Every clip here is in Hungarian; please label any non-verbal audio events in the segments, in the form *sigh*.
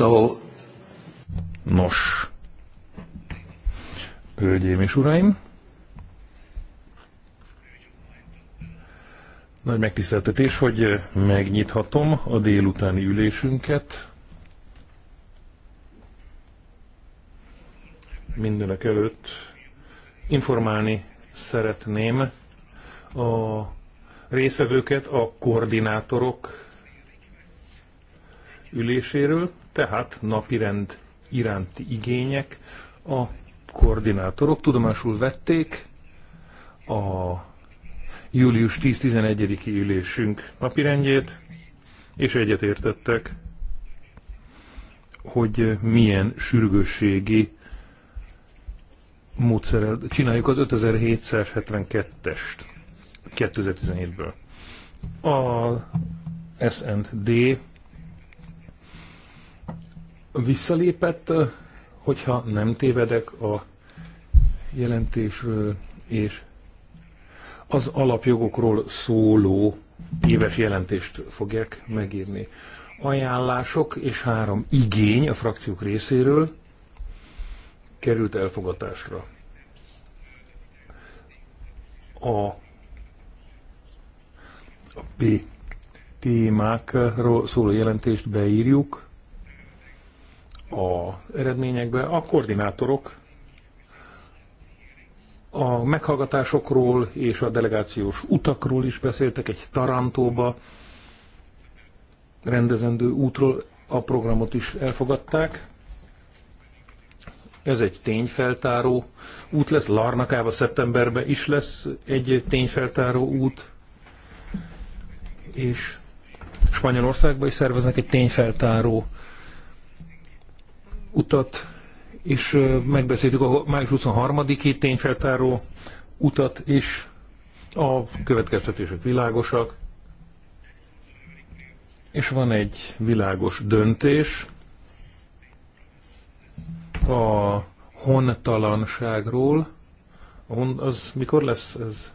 So... Nos, hölgyeim és uraim, nagy megtiszteltetés, hogy megnyithatom a délutáni ülésünket. Mindenek előtt informálni szeretném a részvevőket a koordinátorok üléséről. Tehát napirend iránti igények a koordinátorok tudomásul vették a július 10-11-i ülésünk napirendjét, és egyetértettek, hogy milyen sürgősségi módszerrel csináljuk az 5772-est 2017-ből. A S&D visszalépett, hogyha nem tévedek a jelentésről, és az alapjogokról szóló éves jelentést fogják megírni. Ajánlások és három igény a frakciók részéről került elfogatásra. A, a B témákról szóló jelentést beírjuk, az eredményekbe. A koordinátorok a meghallgatásokról és a delegációs utakról is beszéltek, egy Tarantóba rendezendő útról a programot is elfogadták. Ez egy tényfeltáró út lesz, Larnakába szeptemberben is lesz egy tényfeltáró út, és Spanyolországban is szerveznek egy tényfeltáró utat, és megbeszéltük a május 23-i tényfeltáró utat és A következtetések világosak, és van egy világos döntés a hontalanságról. Hon, az mikor lesz ez?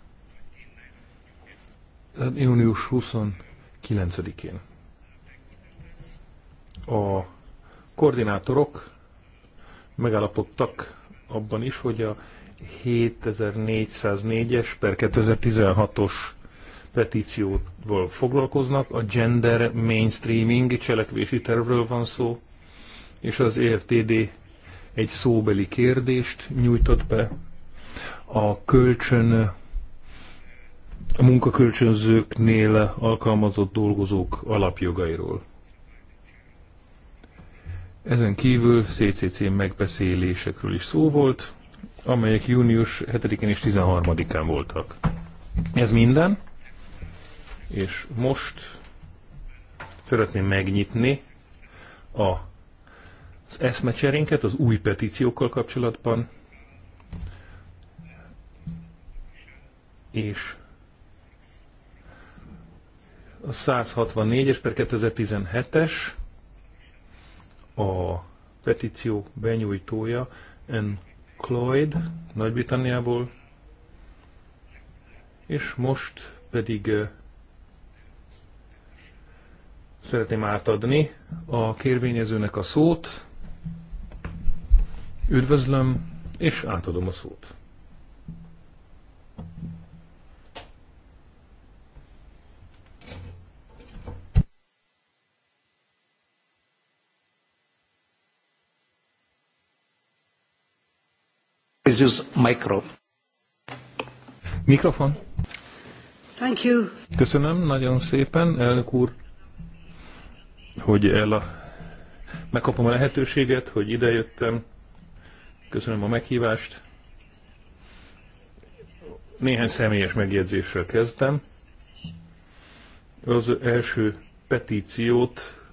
Hát június 29-én. A koordinátorok megállapodtak abban is, hogy a 7404-es per 2016-os petícióval foglalkoznak, a gender mainstreaming cselekvési tervről van szó, és az ERTD egy szóbeli kérdést nyújtott be a kölcsön a munkakölcsönzőknél alkalmazott dolgozók alapjogairól. Ezen kívül CCC megbeszélésekről is szó volt, amelyek június 7-én és 13-án voltak. Ez minden, és most szeretném megnyitni a, az eszmecserénket az új petíciókkal kapcsolatban, és a 164-es per 2017-es a petíció benyújtója N. Cloyd Nagy-Britanniából, és most pedig eh, szeretném átadni a kérvényezőnek a szót. Üdvözlöm, és átadom a szót. micro. Mikrofon. Thank you. Köszönöm nagyon szépen, elnök úr, hogy el a... megkapom a lehetőséget, hogy idejöttem. Köszönöm a meghívást. Néhány személyes megjegyzéssel kezdtem. Az első petíciót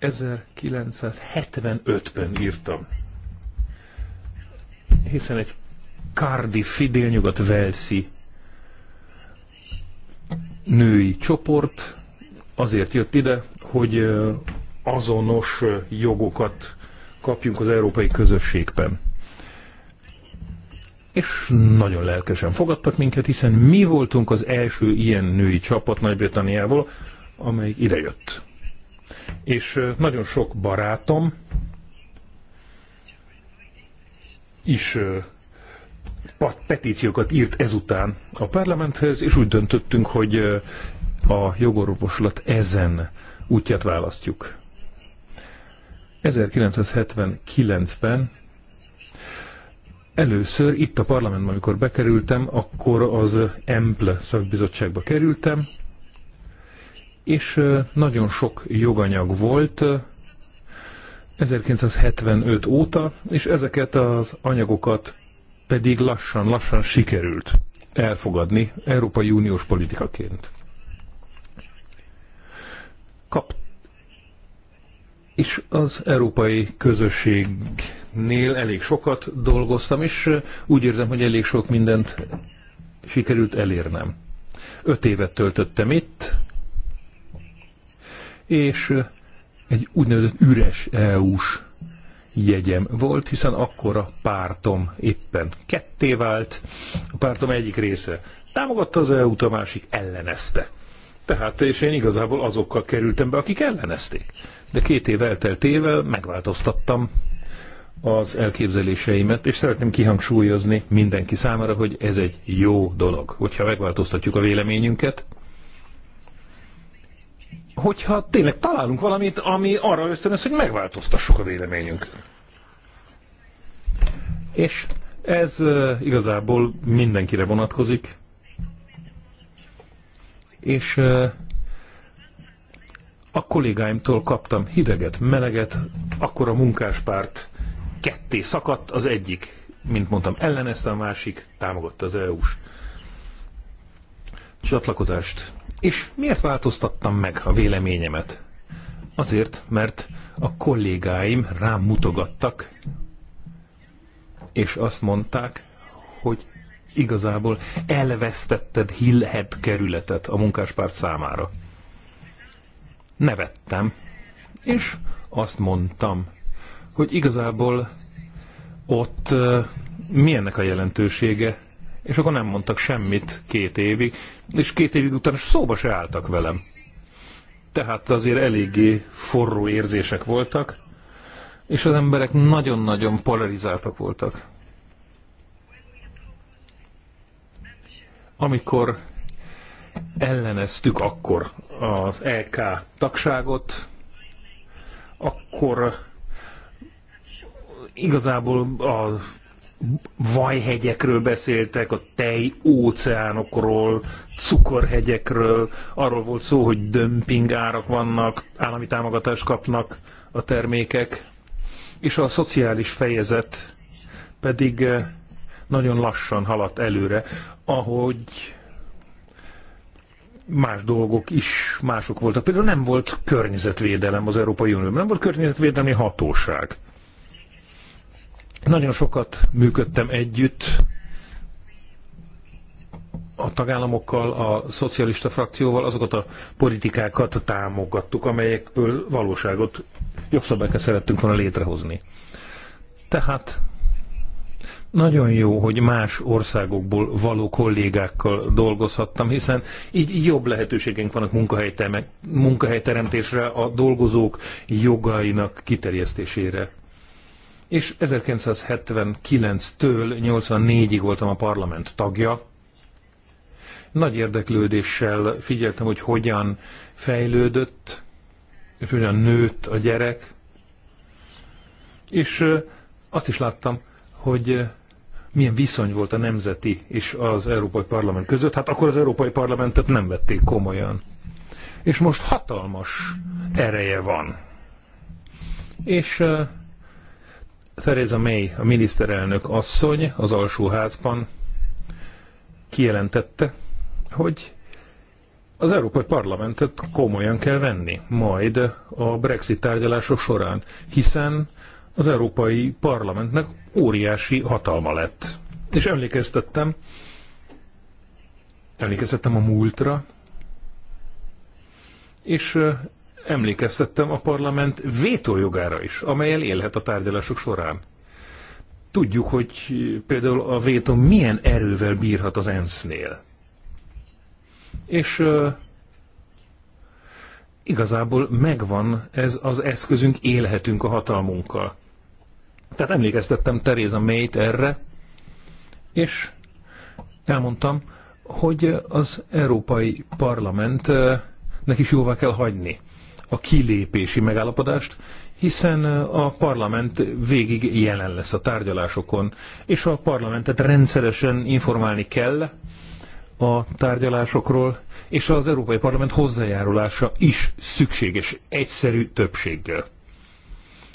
1975-ben írtam hiszen egy Cardiffi délnyugat velszi női csoport azért jött ide, hogy azonos jogokat kapjunk az európai közösségben. És nagyon lelkesen fogadtak minket, hiszen mi voltunk az első ilyen női csapat Nagy-Britanniából, amely idejött. És nagyon sok barátom, is petíciókat írt ezután a parlamenthez, és úgy döntöttünk, hogy a jogorvoslat ezen útját választjuk. 1979-ben először itt a parlamentben, amikor bekerültem, akkor az EMPL szakbizottságba kerültem, és nagyon sok joganyag volt, 1975 óta, és ezeket az anyagokat pedig lassan-lassan sikerült elfogadni Európai Uniós politikaként. Kap. És az európai közösségnél elég sokat dolgoztam, és úgy érzem, hogy elég sok mindent sikerült elérnem. Öt évet töltöttem itt, és egy úgynevezett üres EU-s jegyem volt, hiszen akkor a pártom éppen ketté vált, a pártom egyik része támogatta az EU-t, a másik ellenezte. Tehát, és én igazából azokkal kerültem be, akik ellenezték. De két év elteltével megváltoztattam az elképzeléseimet, és szeretném kihangsúlyozni mindenki számára, hogy ez egy jó dolog, hogyha megváltoztatjuk a véleményünket, hogyha tényleg találunk valamit, ami arra ösztönöz, hogy megváltoztassuk a véleményünk. És ez igazából mindenkire vonatkozik. És a kollégáimtól kaptam hideget, meleget, akkor a munkáspárt ketté szakadt, az egyik, mint mondtam, ellenezte a másik, támogatta az EU-s csatlakozást. És miért változtattam meg a véleményemet? Azért, mert a kollégáim rám mutogattak, és azt mondták, hogy igazából elvesztetted Hillhead kerületet a munkáspárt számára. Nevettem, és azt mondtam, hogy igazából ott uh, milyennek a jelentősége, és akkor nem mondtak semmit két évig, és két évig után szóba se álltak velem. Tehát azért eléggé forró érzések voltak, és az emberek nagyon-nagyon polarizáltak voltak. Amikor elleneztük akkor az LK e tagságot, akkor igazából a vajhegyekről beszéltek, a tej óceánokról, cukorhegyekről, arról volt szó, hogy dömpingárak árak vannak, állami támogatást kapnak a termékek, és a szociális fejezet pedig eh, nagyon lassan haladt előre, ahogy más dolgok is mások voltak. Például nem volt környezetvédelem az Európai Unióban, nem volt környezetvédelmi hatóság. Nagyon sokat működtem együtt a tagállamokkal, a szocialista frakcióval, azokat a politikákat támogattuk, amelyekből valóságot jogszabályokra szerettünk volna létrehozni. Tehát nagyon jó, hogy más országokból való kollégákkal dolgozhattam, hiszen így jobb lehetőségeink vannak munkahelyteremtésre, a dolgozók jogainak kiterjesztésére és 1979-től 84-ig voltam a parlament tagja. Nagy érdeklődéssel figyeltem, hogy hogyan fejlődött, és hogyan nőtt a gyerek. És azt is láttam, hogy milyen viszony volt a nemzeti és az Európai Parlament között. Hát akkor az Európai Parlamentet nem vették komolyan. És most hatalmas ereje van. És Theresa May, a miniszterelnök asszony az alsóházban kijelentette, hogy az Európai Parlamentet komolyan kell venni majd a Brexit tárgyalások során, hiszen az Európai Parlamentnek óriási hatalma lett. És emlékeztettem, emlékeztettem a múltra, és emlékeztettem a parlament vétójogára is, amelyel élhet a tárgyalások során. Tudjuk, hogy például a vétó milyen erővel bírhat az ENSZ-nél. És uh, igazából megvan ez az eszközünk, élhetünk a hatalmunkkal. Tehát emlékeztettem Teréza may erre, és elmondtam, hogy az Európai Parlament uh, neki is jóvá kell hagyni a kilépési megállapodást, hiszen a parlament végig jelen lesz a tárgyalásokon, és a parlamentet rendszeresen informálni kell a tárgyalásokról, és az Európai Parlament hozzájárulása is szükséges egyszerű többséggel.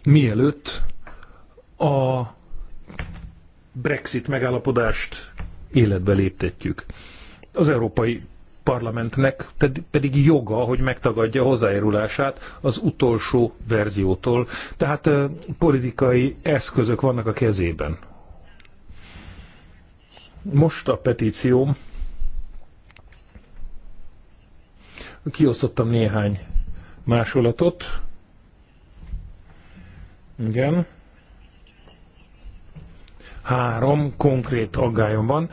Mielőtt a Brexit megállapodást életbe léptetjük. Az Európai parlamentnek pedig joga, hogy megtagadja hozzájárulását az utolsó verziótól. Tehát politikai eszközök vannak a kezében. Most a petícióm. Kiosztottam néhány másolatot. Igen. Három konkrét aggályom van.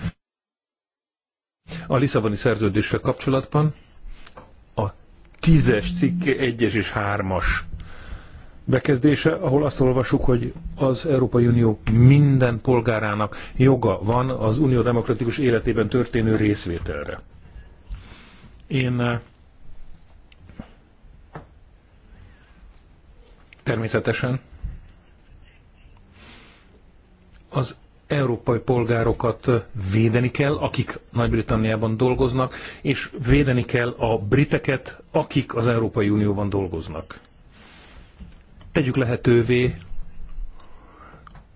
A Lisszaboni szerződéssel kapcsolatban a tízes cikk egyes és hármas bekezdése, ahol azt olvasuk, hogy az Európai Unió minden polgárának joga van az unió demokratikus életében történő részvételre. Én eh, természetesen európai polgárokat védeni kell, akik Nagy-Britanniában dolgoznak, és védeni kell a briteket, akik az Európai Unióban dolgoznak. Tegyük lehetővé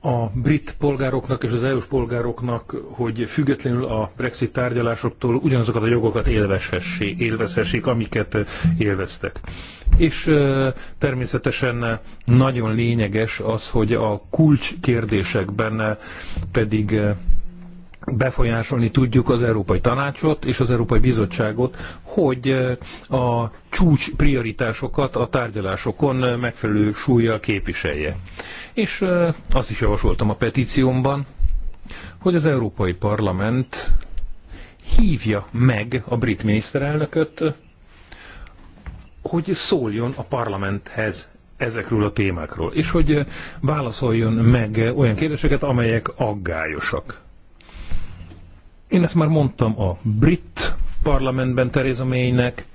a brit polgároknak és az EU-s polgároknak, hogy függetlenül a Brexit tárgyalásoktól ugyanazokat a jogokat élvezhessék, élvezhessék amiket élveztek. És természetesen nagyon lényeges az, hogy a kulcskérdésekben pedig befolyásolni tudjuk az Európai Tanácsot és az Európai Bizottságot, hogy eh, a csúcs prioritásokat a tárgyalásokon eh, megfelelő súlyjal képviselje. És eh, azt is javasoltam a petíciómban, hogy az Európai Parlament hívja meg a brit miniszterelnököt, hogy szóljon a parlamenthez ezekről a témákról, és hogy válaszoljon meg olyan kérdéseket, amelyek aggályosak én ezt már mondtam a brit parlamentben Theresa Maynek,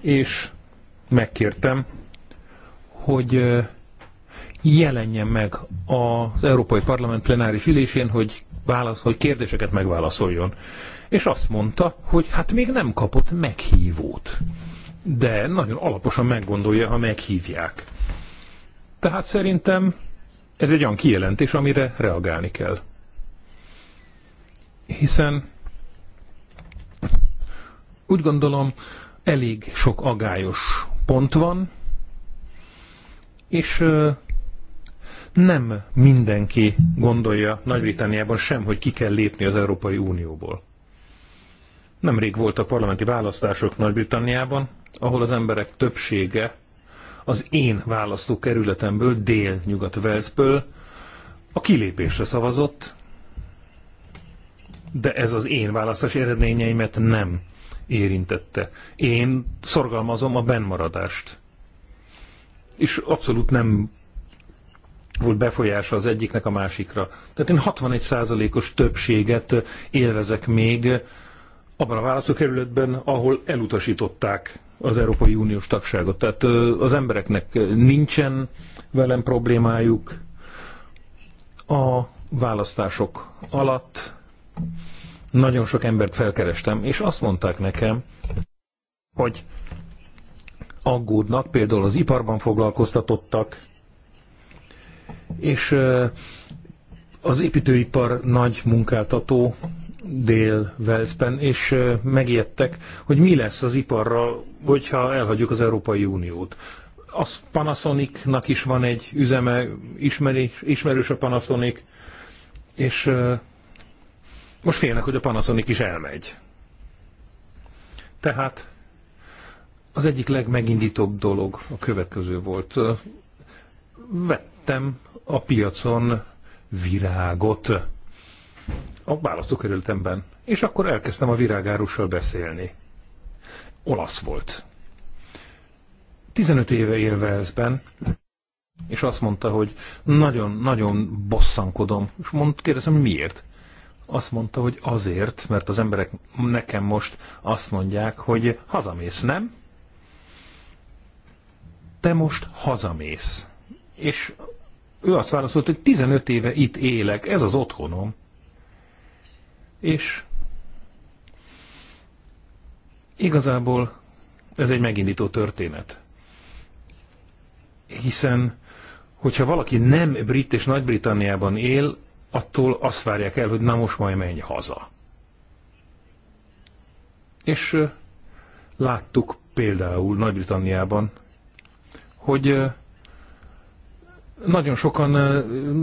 és megkértem, hogy jelenjen meg az Európai Parlament plenáris ülésén, hogy, válasz, hogy kérdéseket megválaszoljon. És azt mondta, hogy hát még nem kapott meghívót. De nagyon alaposan meggondolja, ha meghívják. Tehát szerintem ez egy olyan kijelentés, amire reagálni kell hiszen úgy gondolom elég sok agályos pont van, és nem mindenki gondolja Nagy-Britanniában sem, hogy ki kell lépni az Európai Unióból. Nemrég volt a parlamenti választások Nagy-Britanniában, ahol az emberek többsége az én választókerületemből, dél-nyugat Velszből a kilépésre szavazott, de ez az én választási eredményeimet nem érintette. Én szorgalmazom a benmaradást. És abszolút nem volt befolyása az egyiknek a másikra. Tehát én 61%-os többséget élvezek még abban a választókerületben, ahol elutasították az Európai Uniós tagságot. Tehát az embereknek nincsen velem problémájuk. A választások alatt nagyon sok embert felkerestem, és azt mondták nekem, hogy aggódnak, például az iparban foglalkoztatottak, és az építőipar nagy munkáltató dél velszben és megijedtek, hogy mi lesz az iparral, hogyha elhagyjuk az Európai Uniót. A Panasonicnak is van egy üzeme, ismerős a Panasonic, és most félnek, hogy a Panasonic is elmegy. Tehát az egyik legmegindítóbb dolog a következő volt. Vettem a piacon virágot a választókerületemben, és akkor elkezdtem a virágárussal beszélni. Olasz volt. 15 éve él Velszben, és azt mondta, hogy nagyon-nagyon bosszankodom. És mond, kérdezem, miért? azt mondta, hogy azért, mert az emberek nekem most azt mondják, hogy hazamész, nem? Te most hazamész. És ő azt válaszolta, hogy 15 éve itt élek, ez az otthonom. És igazából ez egy megindító történet. Hiszen, hogyha valaki nem brit és Nagy-Britanniában él, attól azt várják el, hogy na most majd menj haza. És láttuk például Nagy-Britanniában, hogy nagyon sokan,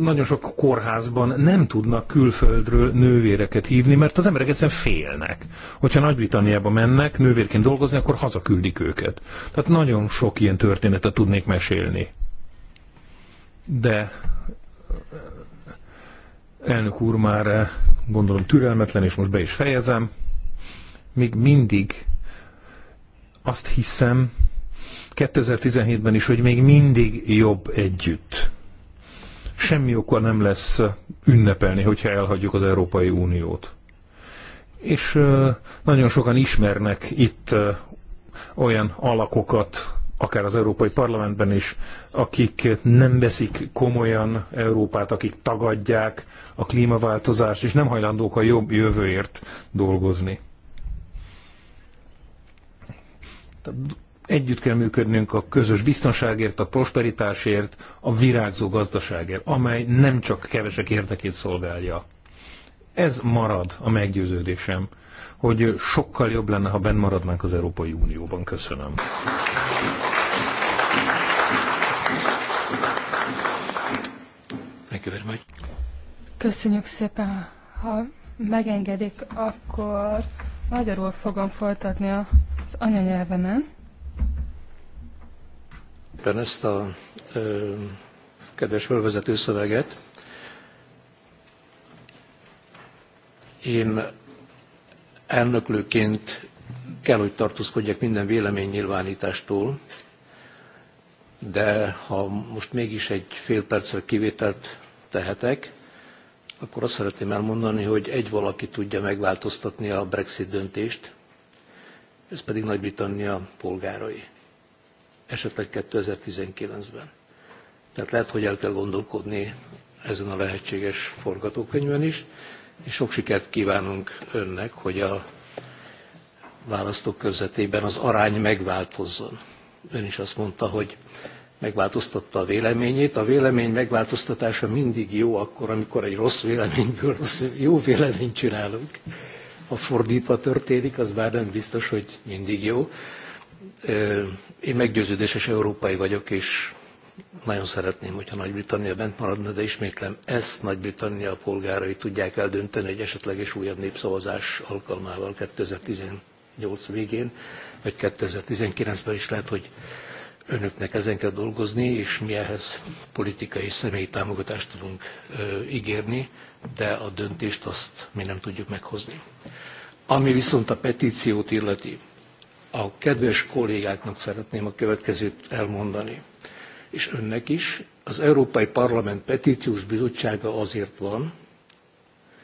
nagyon sok kórházban nem tudnak külföldről nővéreket hívni, mert az emberek egyszerűen félnek. Hogyha Nagy-Britanniába mennek nővérként dolgozni, akkor hazaküldik őket. Tehát nagyon sok ilyen történetet tudnék mesélni. De elnök úr már eh, gondolom türelmetlen, és most be is fejezem. Még mindig azt hiszem, 2017-ben is, hogy még mindig jobb együtt. Semmi oka nem lesz eh, ünnepelni, hogyha elhagyjuk az Európai Uniót. És eh, nagyon sokan ismernek itt olyan alakokat, akár az Európai Parlamentben is, akik nem veszik komolyan Európát, akik tagadják a klímaváltozást, és nem hajlandók a jobb jövőért dolgozni. Együtt kell működnünk a közös biztonságért, a prosperitásért, a virágzó gazdaságért, amely nem csak kevesek érdekét szolgálja. Ez marad a meggyőződésem hogy sokkal jobb lenne, ha benn maradnánk az Európai Unióban. Köszönöm. Köszönjük szépen. Ha megengedik, akkor magyarul fogom folytatni az anyanyelvemen. Éppen ezt a ö, kedves felvezető szöveget én elnöklőként kell, hogy tartózkodjak minden véleménynyilvánítástól, de ha most mégis egy fél percre kivételt tehetek, akkor azt szeretném elmondani, hogy egy valaki tudja megváltoztatni a Brexit döntést, ez pedig Nagy-Britannia polgárai, esetleg 2019-ben. Tehát lehet, hogy el kell gondolkodni ezen a lehetséges forgatókönyvön is, és sok sikert kívánunk önnek, hogy a választók körzetében az arány megváltozzon. Ön is azt mondta, hogy megváltoztatta a véleményét. A vélemény megváltoztatása mindig jó akkor, amikor egy rossz véleményből rossz, jó véleményt csinálunk. Ha fordítva történik, az már nem biztos, hogy mindig jó. Én meggyőződéses európai vagyok, és nagyon szeretném, hogyha Nagy-Britannia bent maradna, de ismétlem, ezt Nagy-Britannia polgárai tudják eldönteni egy esetleges újabb népszavazás alkalmával 2018 végén, vagy 2019-ben is lehet, hogy önöknek ezen kell dolgozni, és mi ehhez politikai és személyi támogatást tudunk ö, ígérni, de a döntést azt mi nem tudjuk meghozni. Ami viszont a petíciót illeti, a kedves kollégáknak szeretném a következőt elmondani, és önnek is. Az Európai Parlament Petíciós Bizottsága azért van,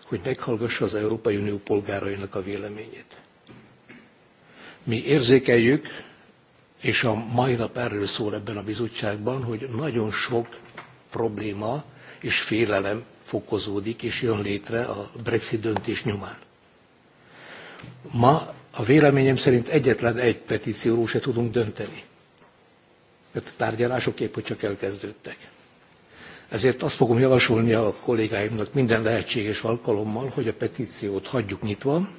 hogy meghallgassa az Európai Unió polgárainak a véleményét. Mi érzékeljük, és a mai nap erről szól ebben a bizottságban, hogy nagyon sok probléma és félelem fokozódik és jön létre a Brexit döntés nyomán. Ma a véleményem szerint egyetlen egy petícióról se tudunk dönteni. Mert a tárgyalások épp, hogy csak elkezdődtek. Ezért azt fogom javasolni a kollégáimnak minden lehetséges alkalommal, hogy a petíciót hagyjuk nyitva,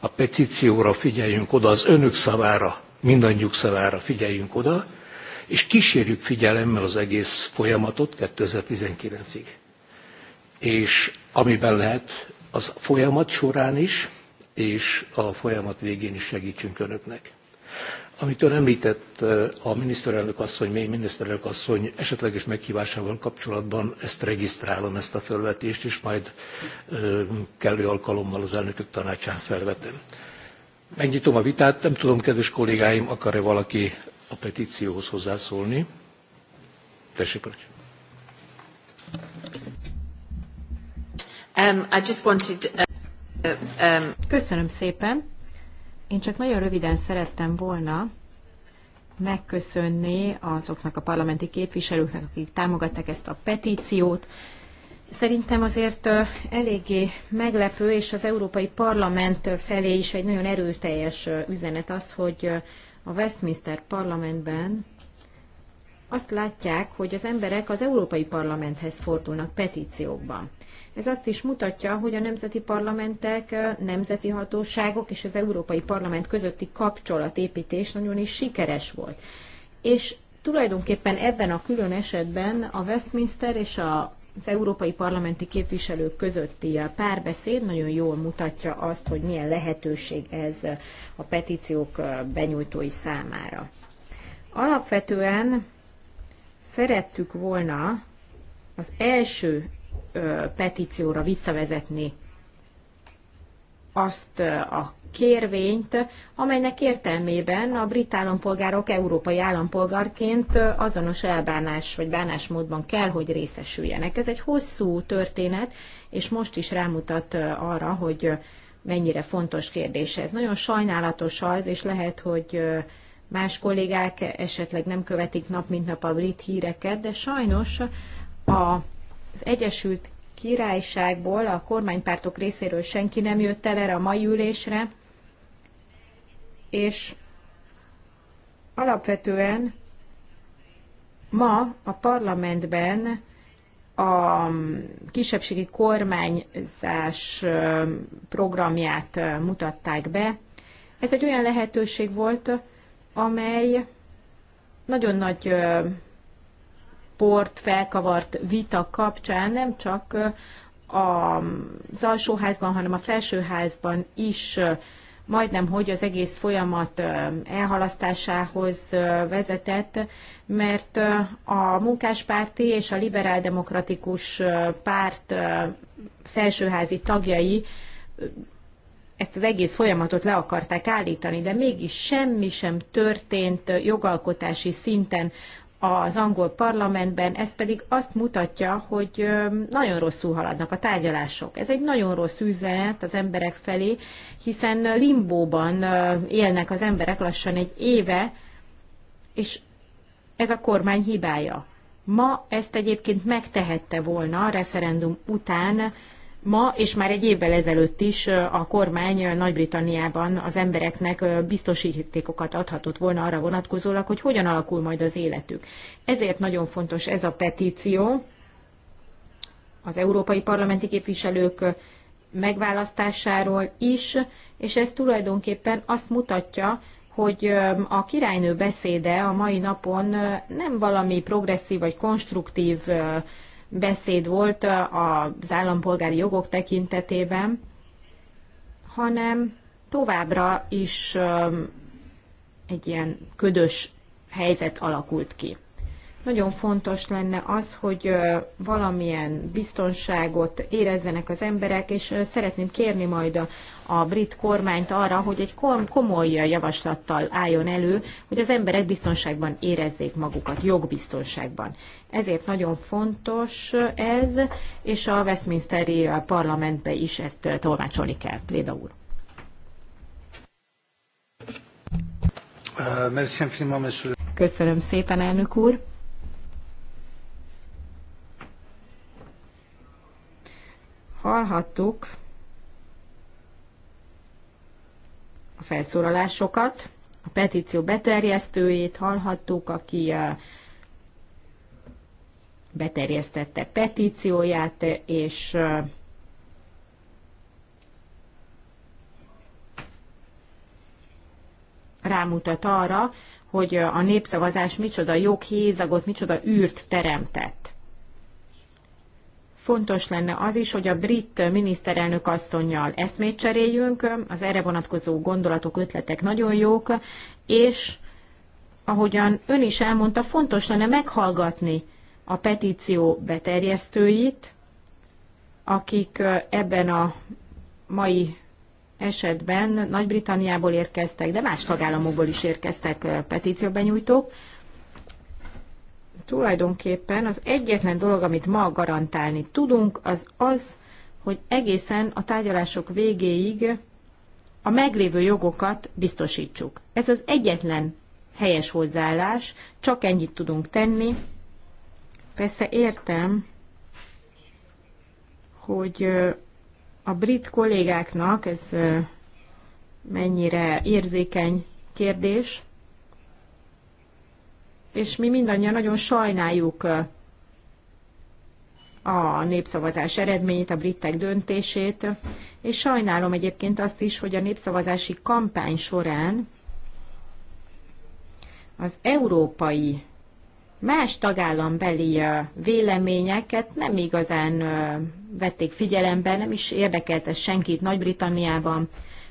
a petícióra figyeljünk oda az önök szavára, mindannyiuk szavára figyeljünk oda, és kísérjük figyelemmel az egész folyamatot 2019-ig. És amiben lehet, az folyamat során is, és a folyamat végén is segítsünk Önöknek. Amit ön említett eh, a miniszterelnök asszony, mély miniszterelnök asszony esetleges meghívásával kapcsolatban, ezt regisztrálom, ezt a felvetést, és majd eh, kellő alkalommal az elnökök tanácsán felvetem. Megnyitom a vitát, nem tudom, kedves kollégáim, akar-e valaki a petícióhoz hozzászólni? Tessék, parancsolj. Um, I just wanted, uh, um... Köszönöm szépen. Én csak nagyon röviden szerettem volna megköszönni azoknak a parlamenti képviselőknek, akik támogatták ezt a petíciót, Szerintem azért eléggé meglepő, és az Európai Parlament felé is egy nagyon erőteljes üzenet az, hogy a Westminster Parlamentben azt látják, hogy az emberek az Európai Parlamenthez fordulnak petíciókban. Ez azt is mutatja, hogy a nemzeti parlamentek, nemzeti hatóságok és az Európai Parlament közötti kapcsolatépítés nagyon is sikeres volt. És tulajdonképpen ebben a külön esetben a Westminster és a az európai parlamenti képviselők közötti párbeszéd nagyon jól mutatja azt, hogy milyen lehetőség ez a petíciók benyújtói számára. Alapvetően szerettük volna az első petícióra visszavezetni azt a kérvényt, amelynek értelmében a brit állampolgárok európai állampolgárként azonos elbánás vagy bánásmódban kell, hogy részesüljenek. Ez egy hosszú történet, és most is rámutat arra, hogy mennyire fontos kérdés ez. Nagyon sajnálatos az, és lehet, hogy más kollégák esetleg nem követik nap mint nap a brit híreket, de sajnos az Egyesült Királyságból a kormánypártok részéről senki nem jött el erre a mai ülésre, és alapvetően ma a parlamentben a kisebbségi kormányzás programját mutatták be. Ez egy olyan lehetőség volt, amely nagyon nagy port felkavart vita kapcsán nem csak az alsóházban, hanem a felsőházban is majdnem, hogy az egész folyamat elhalasztásához vezetett, mert a munkáspárti és a liberáldemokratikus párt felsőházi tagjai ezt az egész folyamatot le akarták állítani, de mégis semmi sem történt jogalkotási szinten az angol parlamentben, ez pedig azt mutatja, hogy nagyon rosszul haladnak a tárgyalások. Ez egy nagyon rossz üzenet az emberek felé, hiszen limbóban élnek az emberek lassan egy éve, és ez a kormány hibája. Ma ezt egyébként megtehette volna a referendum után ma és már egy évvel ezelőtt is a kormány Nagy-Britanniában az embereknek biztosítékokat adhatott volna arra vonatkozólag, hogy hogyan alakul majd az életük. Ezért nagyon fontos ez a petíció, az európai parlamenti képviselők megválasztásáról is, és ez tulajdonképpen azt mutatja, hogy a királynő beszéde a mai napon nem valami progresszív vagy konstruktív beszéd volt az állampolgári jogok tekintetében, hanem továbbra is egy ilyen ködös helyzet alakult ki. Nagyon fontos lenne az, hogy valamilyen biztonságot érezzenek az emberek, és szeretném kérni majd a brit kormányt arra, hogy egy komoly javaslattal álljon elő, hogy az emberek biztonságban érezzék magukat, jogbiztonságban. Ezért nagyon fontos ez, és a Westminsteri parlamentbe is ezt tolmácsolni kell. Léda úr. Köszönöm szépen, elnök úr. hallhattuk a felszólalásokat, a petíció beterjesztőjét hallhattuk, aki beterjesztette petícióját, és rámutat arra, hogy a népszavazás micsoda joghézagot, micsoda űrt teremtett fontos lenne az is, hogy a brit miniszterelnök asszonynal eszmét cseréljünk, az erre vonatkozó gondolatok, ötletek nagyon jók, és ahogyan ön is elmondta, fontos lenne meghallgatni a petíció beterjesztőit, akik ebben a mai esetben Nagy-Britanniából érkeztek, de más tagállamokból is érkeztek petícióbenyújtók, tulajdonképpen az egyetlen dolog, amit ma garantálni tudunk, az az, hogy egészen a tárgyalások végéig a meglévő jogokat biztosítsuk. Ez az egyetlen helyes hozzáállás, csak ennyit tudunk tenni. Persze értem, hogy a brit kollégáknak ez mennyire érzékeny kérdés, és mi mindannyian nagyon sajnáljuk a népszavazás eredményét, a britek döntését, és sajnálom egyébként azt is, hogy a népszavazási kampány során az európai más tagállambeli véleményeket nem igazán vették figyelembe, nem is érdekelte senkit Nagy-Britanniában.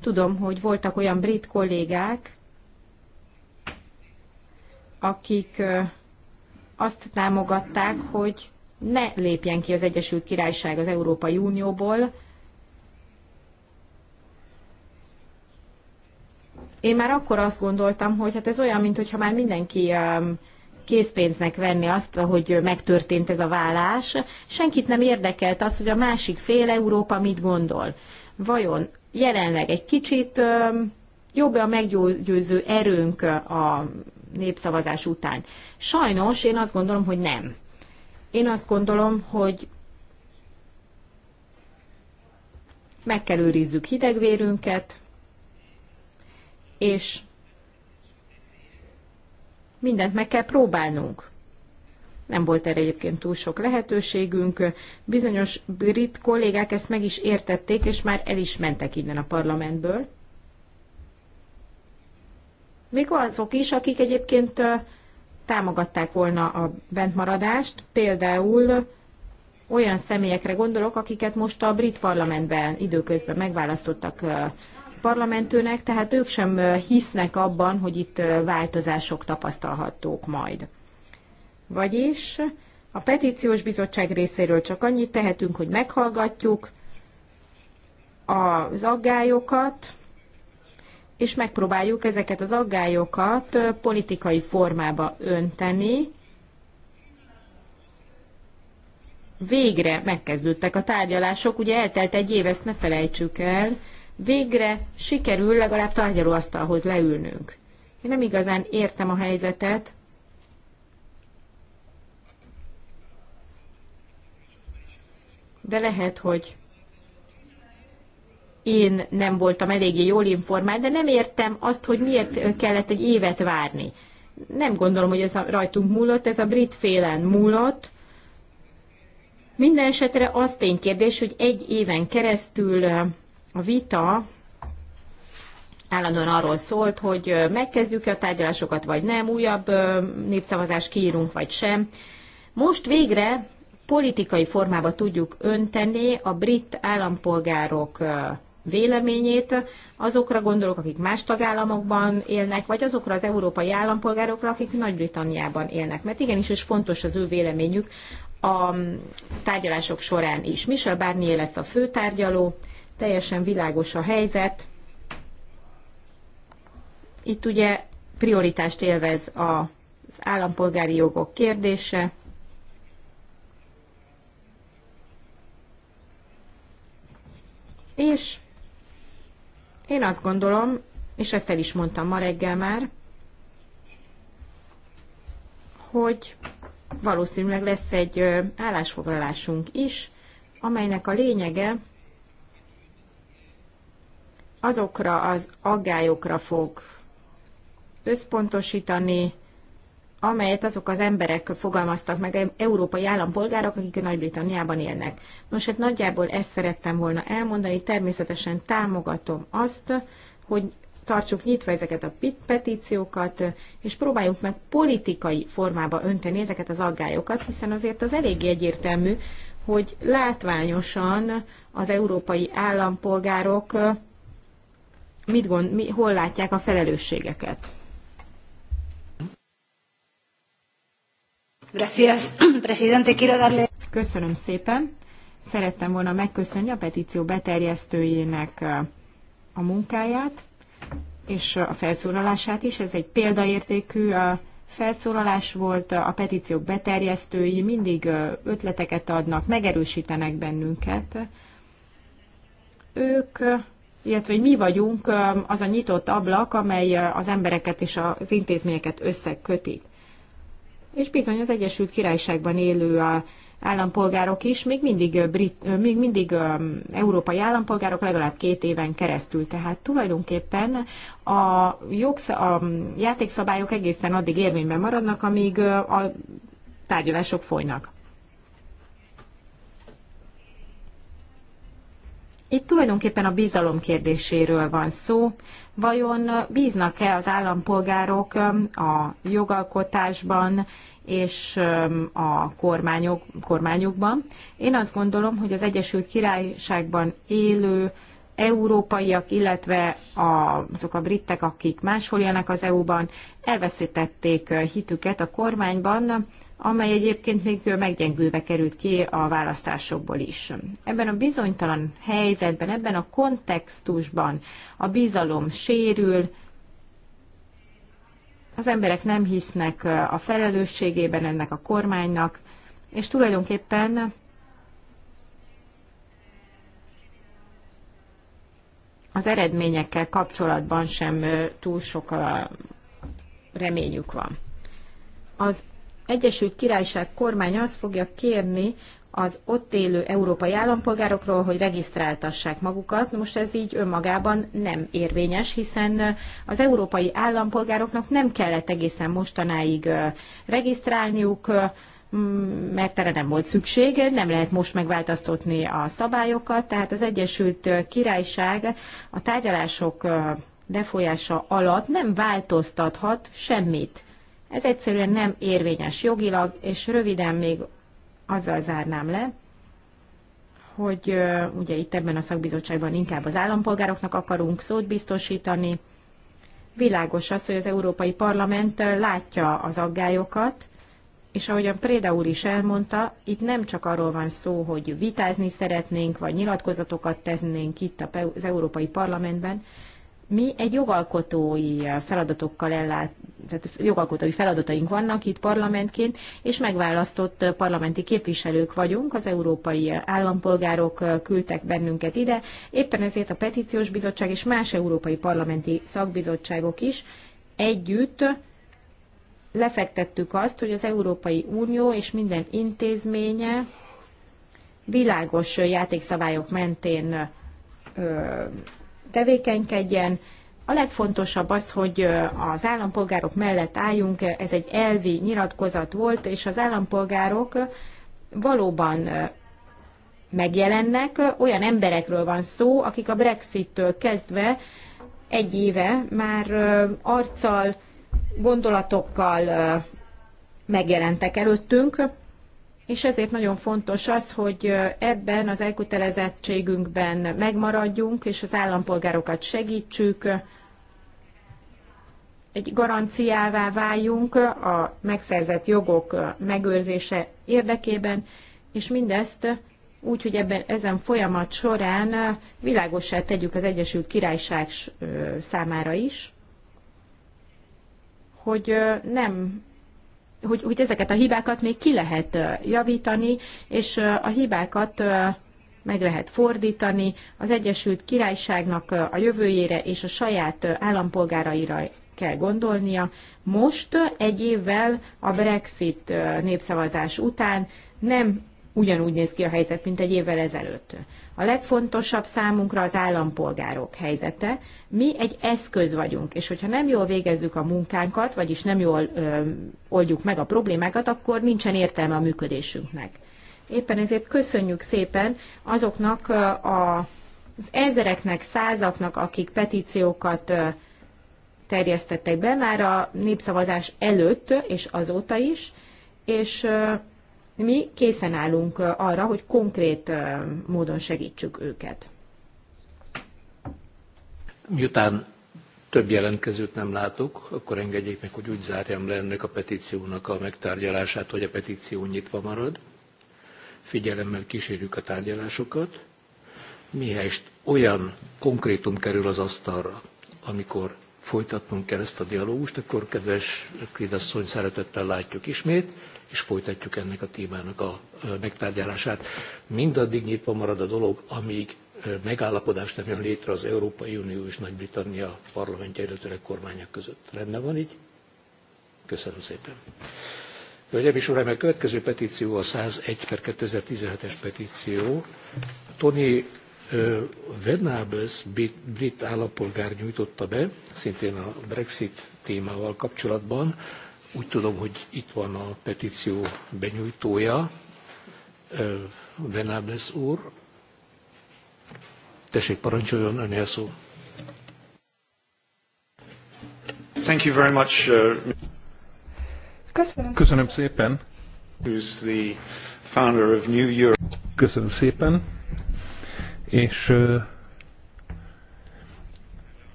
Tudom, hogy voltak olyan brit kollégák, akik azt támogatták, hogy ne lépjen ki az Egyesült Királyság az Európai Unióból. Én már akkor azt gondoltam, hogy hát ez olyan, mintha már mindenki készpénznek venni azt, hogy megtörtént ez a vállás. Senkit nem érdekelt az, hogy a másik fél Európa mit gondol. Vajon jelenleg egy kicsit jobb a meggyőző erőnk a népszavazás után. Sajnos én azt gondolom, hogy nem. Én azt gondolom, hogy meg kell őrizzük hidegvérünket, és mindent meg kell próbálnunk. Nem volt erre egyébként túl sok lehetőségünk. Bizonyos brit kollégák ezt meg is értették, és már el is mentek innen a parlamentből még azok is, akik egyébként támogatták volna a bentmaradást, például olyan személyekre gondolok, akiket most a brit parlamentben időközben megválasztottak parlamentőnek, tehát ők sem hisznek abban, hogy itt változások tapasztalhatók majd. Vagyis a petíciós bizottság részéről csak annyit tehetünk, hogy meghallgatjuk az aggályokat, és megpróbáljuk ezeket az aggályokat politikai formába önteni. Végre megkezdődtek a tárgyalások, ugye eltelt egy év, ezt ne felejtsük el, végre sikerül legalább tárgyalóasztalhoz leülnünk. Én nem igazán értem a helyzetet, de lehet, hogy én nem voltam eléggé jól informált, de nem értem azt, hogy miért kellett egy évet várni. Nem gondolom, hogy ez a rajtunk múlott, ez a brit félen múlott. Minden esetre az ténykérdés, hogy egy éven keresztül a vita állandóan arról szólt, hogy megkezdjük-e a tárgyalásokat, vagy nem, újabb népszavazást kiírunk, vagy sem. Most végre politikai formába tudjuk önteni a brit állampolgárok véleményét, azokra gondolok, akik más tagállamokban élnek, vagy azokra az európai állampolgárokra, akik Nagy-Britanniában élnek. Mert igenis, és fontos az ő véleményük a tárgyalások során is. Michel Barnier lesz a főtárgyaló, teljesen világos a helyzet. Itt ugye prioritást élvez az állampolgári jogok kérdése. És én azt gondolom, és ezt el is mondtam ma reggel már, hogy valószínűleg lesz egy állásfoglalásunk is, amelynek a lényege azokra az aggályokra fog összpontosítani, amelyet azok az emberek fogalmaztak meg, európai állampolgárok, akik Nagy-Britanniában élnek. Nos, hát nagyjából ezt szerettem volna elmondani, természetesen támogatom azt, hogy tartsuk nyitva ezeket a petíciókat, és próbáljuk meg politikai formába önteni ezeket az aggályokat, hiszen azért az elég egyértelmű, hogy látványosan az európai állampolgárok eh, mit gond, mi, hol látják a felelősségeket. Gracias, *clears throat* presidente. Quiero darle... Köszönöm szépen. Szerettem volna megköszönni a petíció beterjesztőjének a munkáját és a felszólalását is. Ez egy példaértékű felszólalás volt, a petíciók beterjesztői mindig ötleteket adnak, megerősítenek bennünket. Ők, illetve mi vagyunk az a nyitott ablak, amely az embereket és az intézményeket összeköti és bizony az Egyesült Királyságban élő a állampolgárok is még mindig, brit, még mindig európai állampolgárok legalább két éven keresztül. Tehát tulajdonképpen a, jogsza, a játékszabályok egészen addig érvényben maradnak, amíg a tárgyalások folynak. Itt tulajdonképpen a bizalom kérdéséről van szó. Vajon bíznak-e az állampolgárok um, a jogalkotásban és um, a kormányok, kormányokban? Én azt gondolom, hogy az Egyesült Királyságban élő európaiak, illetve azok a britek, akik máshol élnek az EU-ban, elveszítették uh, hitüket a kormányban, amely egyébként még meggyengülve került ki a választásokból is. Ebben a bizonytalan helyzetben, ebben a kontextusban a bizalom sérül, az emberek nem hisznek eh, a felelősségében ennek a kormánynak, és tulajdonképpen az eredményekkel kapcsolatban sem eh, túl sok eh, reményük van. Az Egyesült Királyság kormány azt fogja kérni az ott élő európai állampolgárokról, hogy regisztráltassák magukat. Most ez így önmagában nem érvényes, hiszen az európai állampolgároknak nem kellett egészen mostanáig regisztrálniuk, mert erre nem volt szükség, nem lehet most megváltoztatni a szabályokat, tehát az Egyesült Királyság a tárgyalások befolyása alatt nem változtathat semmit. Ez egyszerűen nem érvényes jogilag, és röviden még azzal zárnám le, hogy ugye itt ebben a szakbizottságban inkább az állampolgároknak akarunk szót biztosítani. Világos az, hogy az Európai Parlament látja az aggályokat, és a Préda úr is elmondta, itt nem csak arról van szó, hogy vitázni szeretnénk, vagy nyilatkozatokat tennénk itt az Európai Parlamentben, mi egy jogalkotói feladatokkal ellát, tehát jogalkotói feladataink vannak itt parlamentként, és megválasztott parlamenti képviselők vagyunk, az európai állampolgárok küldtek bennünket ide, éppen ezért a Petíciós Bizottság és más európai parlamenti szakbizottságok is együtt lefektettük azt, hogy az Európai Unió és minden intézménye világos játékszabályok mentén tevékenykedjen. A legfontosabb az, hogy az állampolgárok mellett álljunk, ez egy elvi nyilatkozat volt, és az állampolgárok valóban megjelennek. Olyan emberekről van szó, akik a Brexit-től kezdve egy éve már arccal, gondolatokkal megjelentek előttünk, és ezért nagyon fontos az, hogy ebben az elkötelezettségünkben megmaradjunk, és az állampolgárokat segítsük, egy garanciává váljunk a megszerzett jogok megőrzése érdekében, és mindezt úgy, hogy ebben, ezen folyamat során világossá tegyük az Egyesült Királyság számára is, hogy nem hogy, hogy ezeket a hibákat még ki lehet javítani, és a hibákat meg lehet fordítani az Egyesült Királyságnak a jövőjére és a saját állampolgáraira kell gondolnia. Most egy évvel a Brexit népszavazás után nem ugyanúgy néz ki a helyzet, mint egy évvel ezelőtt. A legfontosabb számunkra az állampolgárok helyzete. Mi egy eszköz vagyunk, és hogyha nem jól végezzük a munkánkat, vagyis nem jól ö, oldjuk meg a problémákat, akkor nincsen értelme a működésünknek. Éppen ezért köszönjük szépen azoknak a, az ezereknek, százaknak, akik petíciókat ö, terjesztettek be már a népszavazás előtt és azóta is, és mi készen állunk arra, hogy konkrét módon segítsük őket. Miután több jelentkezőt nem látok, akkor engedjék meg, hogy úgy zárjam le ennek a petíciónak a megtárgyalását, hogy a petíció nyitva marad. Figyelemmel kísérjük a tárgyalásokat. Mihez, olyan konkrétum kerül az asztalra, amikor folytatnunk kell ezt a dialógust, akkor kedves Kridasszony szeretettel látjuk ismét és folytatjuk ennek a témának a megtárgyalását. Mindaddig nyitva marad a dolog, amíg megállapodást nem jön létre az Európai Unió és Nagy-Britannia parlamentje, illetőleg kormányok között. Rendben van így? Köszönöm szépen. Hölgyeim és Uraim, a következő petíció a 101 per 2017-es petíció. Tony Venables brit állampolgár nyújtotta be, szintén a Brexit témával kapcsolatban. Úgy tudom, hogy itt van a petíció benyújtója, Venábles úr. Tessék, parancsoljon, ön szó. Thank you very much. Uh, Köszönöm. Köszönöm szépen. Who's the founder of New Europe. Köszönöm szépen. És uh,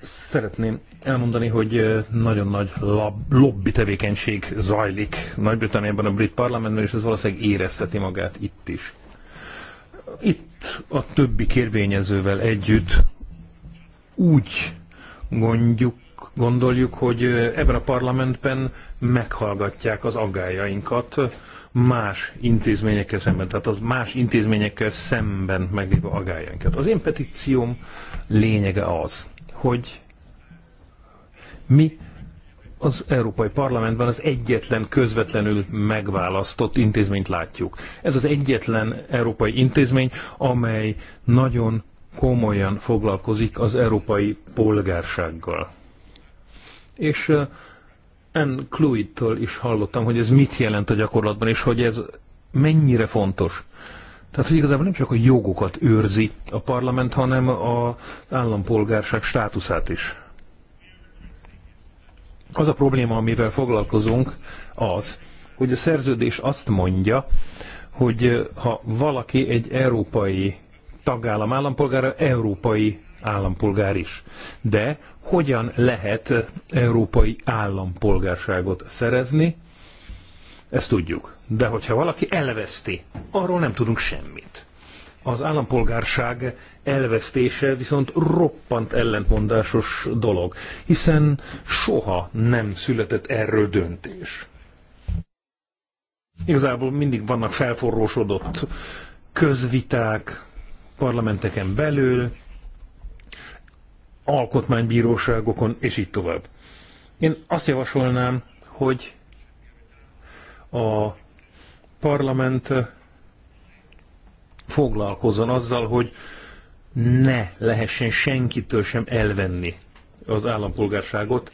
szeretném elmondani, hogy nagyon nagy lab, lobby tevékenység zajlik Nagy-Britanniában a brit parlamentben, és ez valószínűleg érezteti magát itt is. Itt a többi kérvényezővel együtt úgy gondjuk, gondoljuk, hogy ebben a parlamentben meghallgatják az aggájainkat más intézményekkel szemben, tehát az más intézményekkel szemben meglévő aggájainkat. Az én petícióm lényege az, hogy mi az Európai Parlamentben az egyetlen közvetlenül megválasztott intézményt látjuk. Ez az egyetlen európai intézmény, amely nagyon komolyan foglalkozik az európai polgársággal. És uh, Anne Cluid-tól is hallottam, hogy ez mit jelent a gyakorlatban, és hogy ez mennyire fontos. Tehát, hogy igazából nem csak a jogokat őrzi a parlament, hanem az állampolgárság státuszát is. Az a probléma, amivel foglalkozunk, az, hogy a szerződés azt mondja, hogy ha valaki egy európai tagállam állampolgára, európai állampolgár is. De hogyan lehet európai állampolgárságot szerezni? Ezt tudjuk. De hogyha valaki elveszti, arról nem tudunk semmit. Az állampolgárság elvesztése viszont roppant ellentmondásos dolog, hiszen soha nem született erről döntés. Igazából mindig vannak felforrósodott közviták parlamenteken belül, alkotmánybíróságokon, és így tovább. Én azt javasolnám, hogy a parlament foglalkozzon azzal, hogy ne lehessen senkitől sem elvenni az állampolgárságot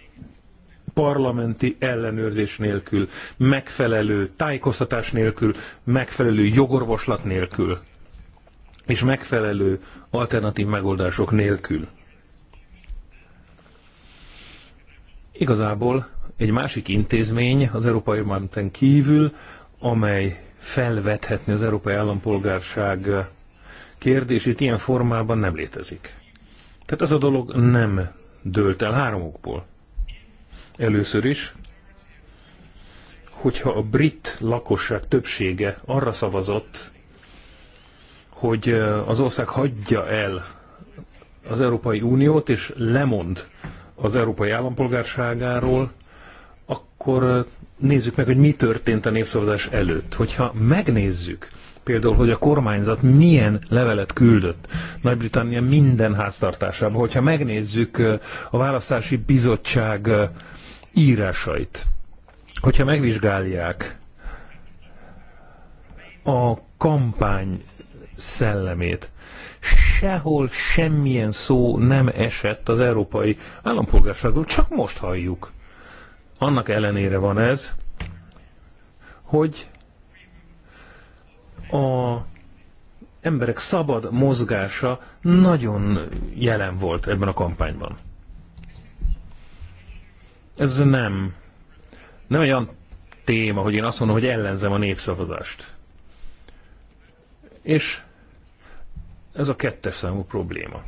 parlamenti ellenőrzés nélkül, megfelelő tájékoztatás nélkül, megfelelő jogorvoslat nélkül, és megfelelő alternatív megoldások nélkül. Igazából egy másik intézmény az Európai Parlamenten kívül, amely felvethetni az európai állampolgárság kérdését ilyen formában nem létezik. Tehát ez a dolog nem dőlt el három okból. Először is, hogyha a brit lakosság többsége arra szavazott, hogy az ország hagyja el az Európai Uniót, és lemond az európai állampolgárságáról, akkor nézzük meg, hogy mi történt a népszavazás előtt. Hogyha megnézzük, például, hogy a kormányzat milyen levelet küldött Nagy-Britannia minden háztartásába, hogyha megnézzük a választási bizottság írásait, hogyha megvizsgálják a kampány szellemét, sehol semmilyen szó nem esett az európai állampolgárságról, csak most halljuk annak ellenére van ez, hogy a emberek szabad mozgása nagyon jelen volt ebben a kampányban. Ez nem, nem olyan téma, hogy én azt mondom, hogy ellenzem a népszavazást. És ez a kettes számú probléma.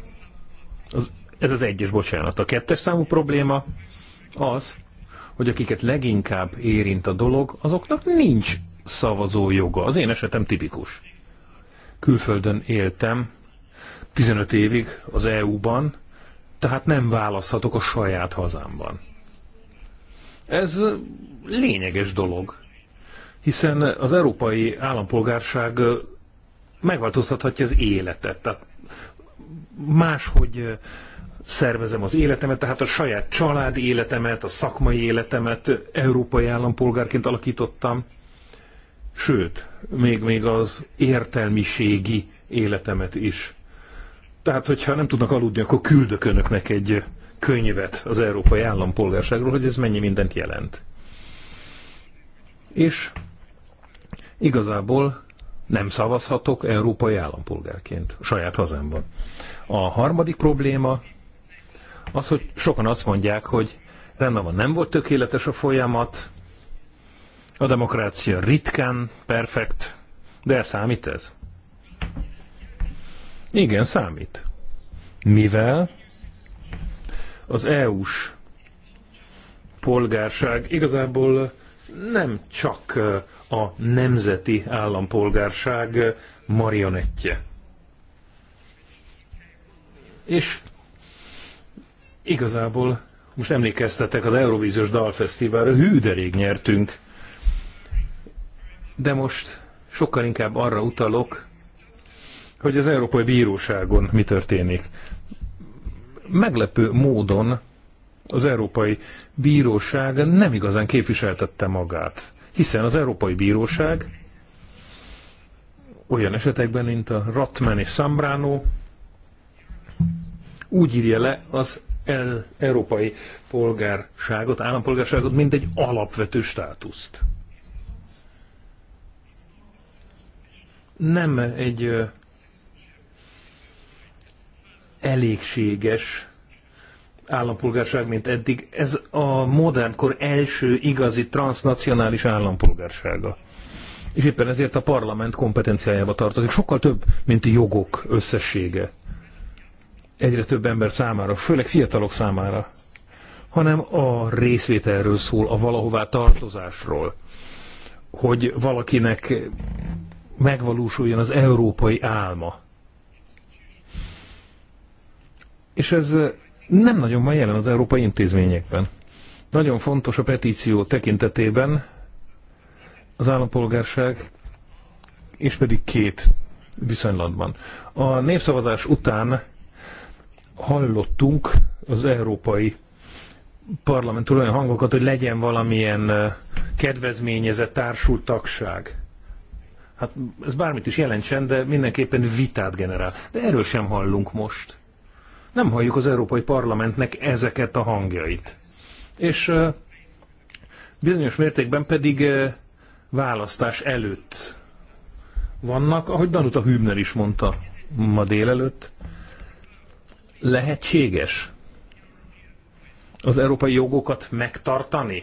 Az, ez az egyes, bocsánat. A kettes számú probléma az, hogy akiket leginkább érint a dolog, azoknak nincs szavazó joga. Az én esetem tipikus. Külföldön éltem 15 évig az EU-ban, tehát nem választhatok a saját hazámban. Ez lényeges dolog, hiszen az európai állampolgárság megváltoztathatja az életet. Tehát máshogy szervezem az életemet, tehát a saját családi életemet, a szakmai életemet európai állampolgárként alakítottam, sőt, még, még az értelmiségi életemet is. Tehát, hogyha nem tudnak aludni, akkor küldök önöknek egy könyvet az európai állampolgárságról, hogy ez mennyi mindent jelent. És igazából nem szavazhatok európai állampolgárként saját hazámban. A harmadik probléma az, hogy sokan azt mondják, hogy rendben van, nem volt tökéletes a folyamat, a demokrácia ritkán perfekt, de számít ez? Igen, számít. Mivel az EU-s polgárság igazából nem csak a nemzeti állampolgárság marionettje. És Igazából most emlékeztetek az Eurovíziós Dalfesztiválra, rég nyertünk. De most sokkal inkább arra utalok, hogy az Európai Bíróságon mi történik. Meglepő módon az Európai Bíróság nem igazán képviseltette magát, hiszen az Európai Bíróság olyan esetekben, mint a Ratman és Sambrano, úgy írja le az el, európai polgárságot, állampolgárságot, mint egy alapvető státuszt. Nem egy elégséges állampolgárság, mint eddig. Ez a modernkor első igazi transnacionális állampolgársága. És éppen ezért a parlament kompetenciájába tartozik. Sokkal több, mint a jogok összessége egyre több ember számára, főleg fiatalok számára, hanem a részvételről szól, a valahová tartozásról, hogy valakinek megvalósuljon az európai álma. És ez nem nagyon van jelen az európai intézményekben. Nagyon fontos a petíció tekintetében az állampolgárság, és pedig két viszonylatban. A népszavazás után hallottunk az európai parlament olyan hangokat, hogy legyen valamilyen kedvezményezett társult tagság. Hát ez bármit is jelentsen, de mindenképpen vitát generál. De erről sem hallunk most. Nem halljuk az Európai Parlamentnek ezeket a hangjait. És bizonyos mértékben pedig választás előtt vannak, ahogy Danuta Hübner is mondta ma délelőtt lehetséges az európai jogokat megtartani?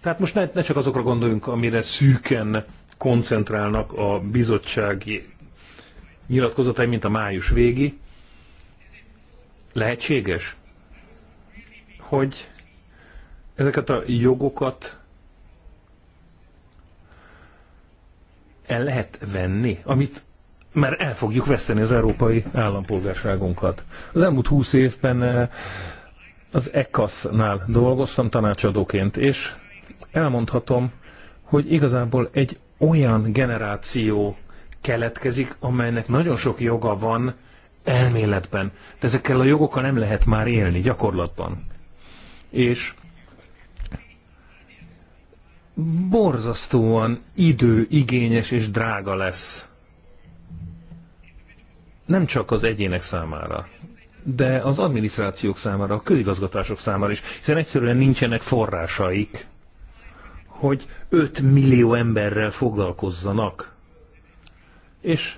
Tehát most ne, ne csak azokra gondoljunk, amire szűken koncentrálnak a bizottsági nyilatkozatai, mint a május végi. Lehetséges, hogy ezeket a jogokat el lehet venni, amit mert el fogjuk veszteni az európai állampolgárságunkat. Az elmúlt húsz évben eh, az ECAS-nál dolgoztam tanácsadóként, és elmondhatom, hogy igazából egy olyan generáció keletkezik, amelynek nagyon sok joga van elméletben. De ezekkel a jogokkal nem lehet már élni gyakorlatban. És borzasztóan időigényes és drága lesz nem csak az egyének számára, de az adminisztrációk számára, a közigazgatások számára is, hiszen egyszerűen nincsenek forrásaik, hogy 5 millió emberrel foglalkozzanak. És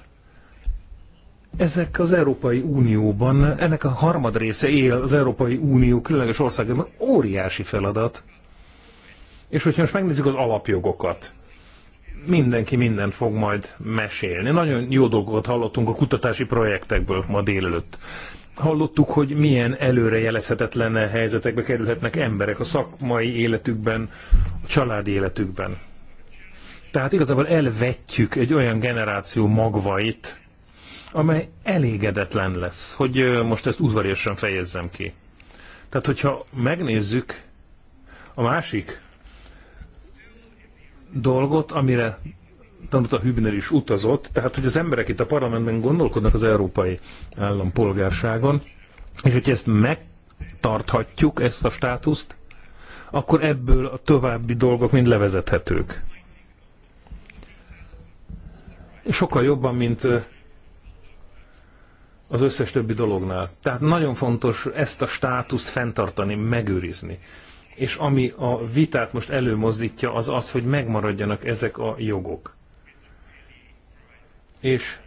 ezek az Európai Unióban, ennek a harmad része él az Európai Unió különleges országában, óriási feladat. És hogyha most megnézzük az alapjogokat, mindenki mindent fog majd mesélni. Nagyon jó dolgokat hallottunk a kutatási projektekből ma délelőtt. Hallottuk, hogy milyen előrejelezhetetlen helyzetekbe kerülhetnek emberek a szakmai életükben, a családi életükben. Tehát igazából elvetjük egy olyan generáció magvait, amely elégedetlen lesz, hogy most ezt udvariasan fejezzem ki. Tehát, hogyha megnézzük a másik dolgot, amire tanult a Hübner is utazott, tehát hogy az emberek itt a parlamentben gondolkodnak az európai állampolgárságon, és hogy ezt megtarthatjuk, ezt a státuszt, akkor ebből a további dolgok mind levezethetők. Sokkal jobban, mint az összes többi dolognál. Tehát nagyon fontos ezt a státuszt fenntartani, megőrizni és ami a vitát most előmozdítja, az az, hogy megmaradjanak ezek a jogok. És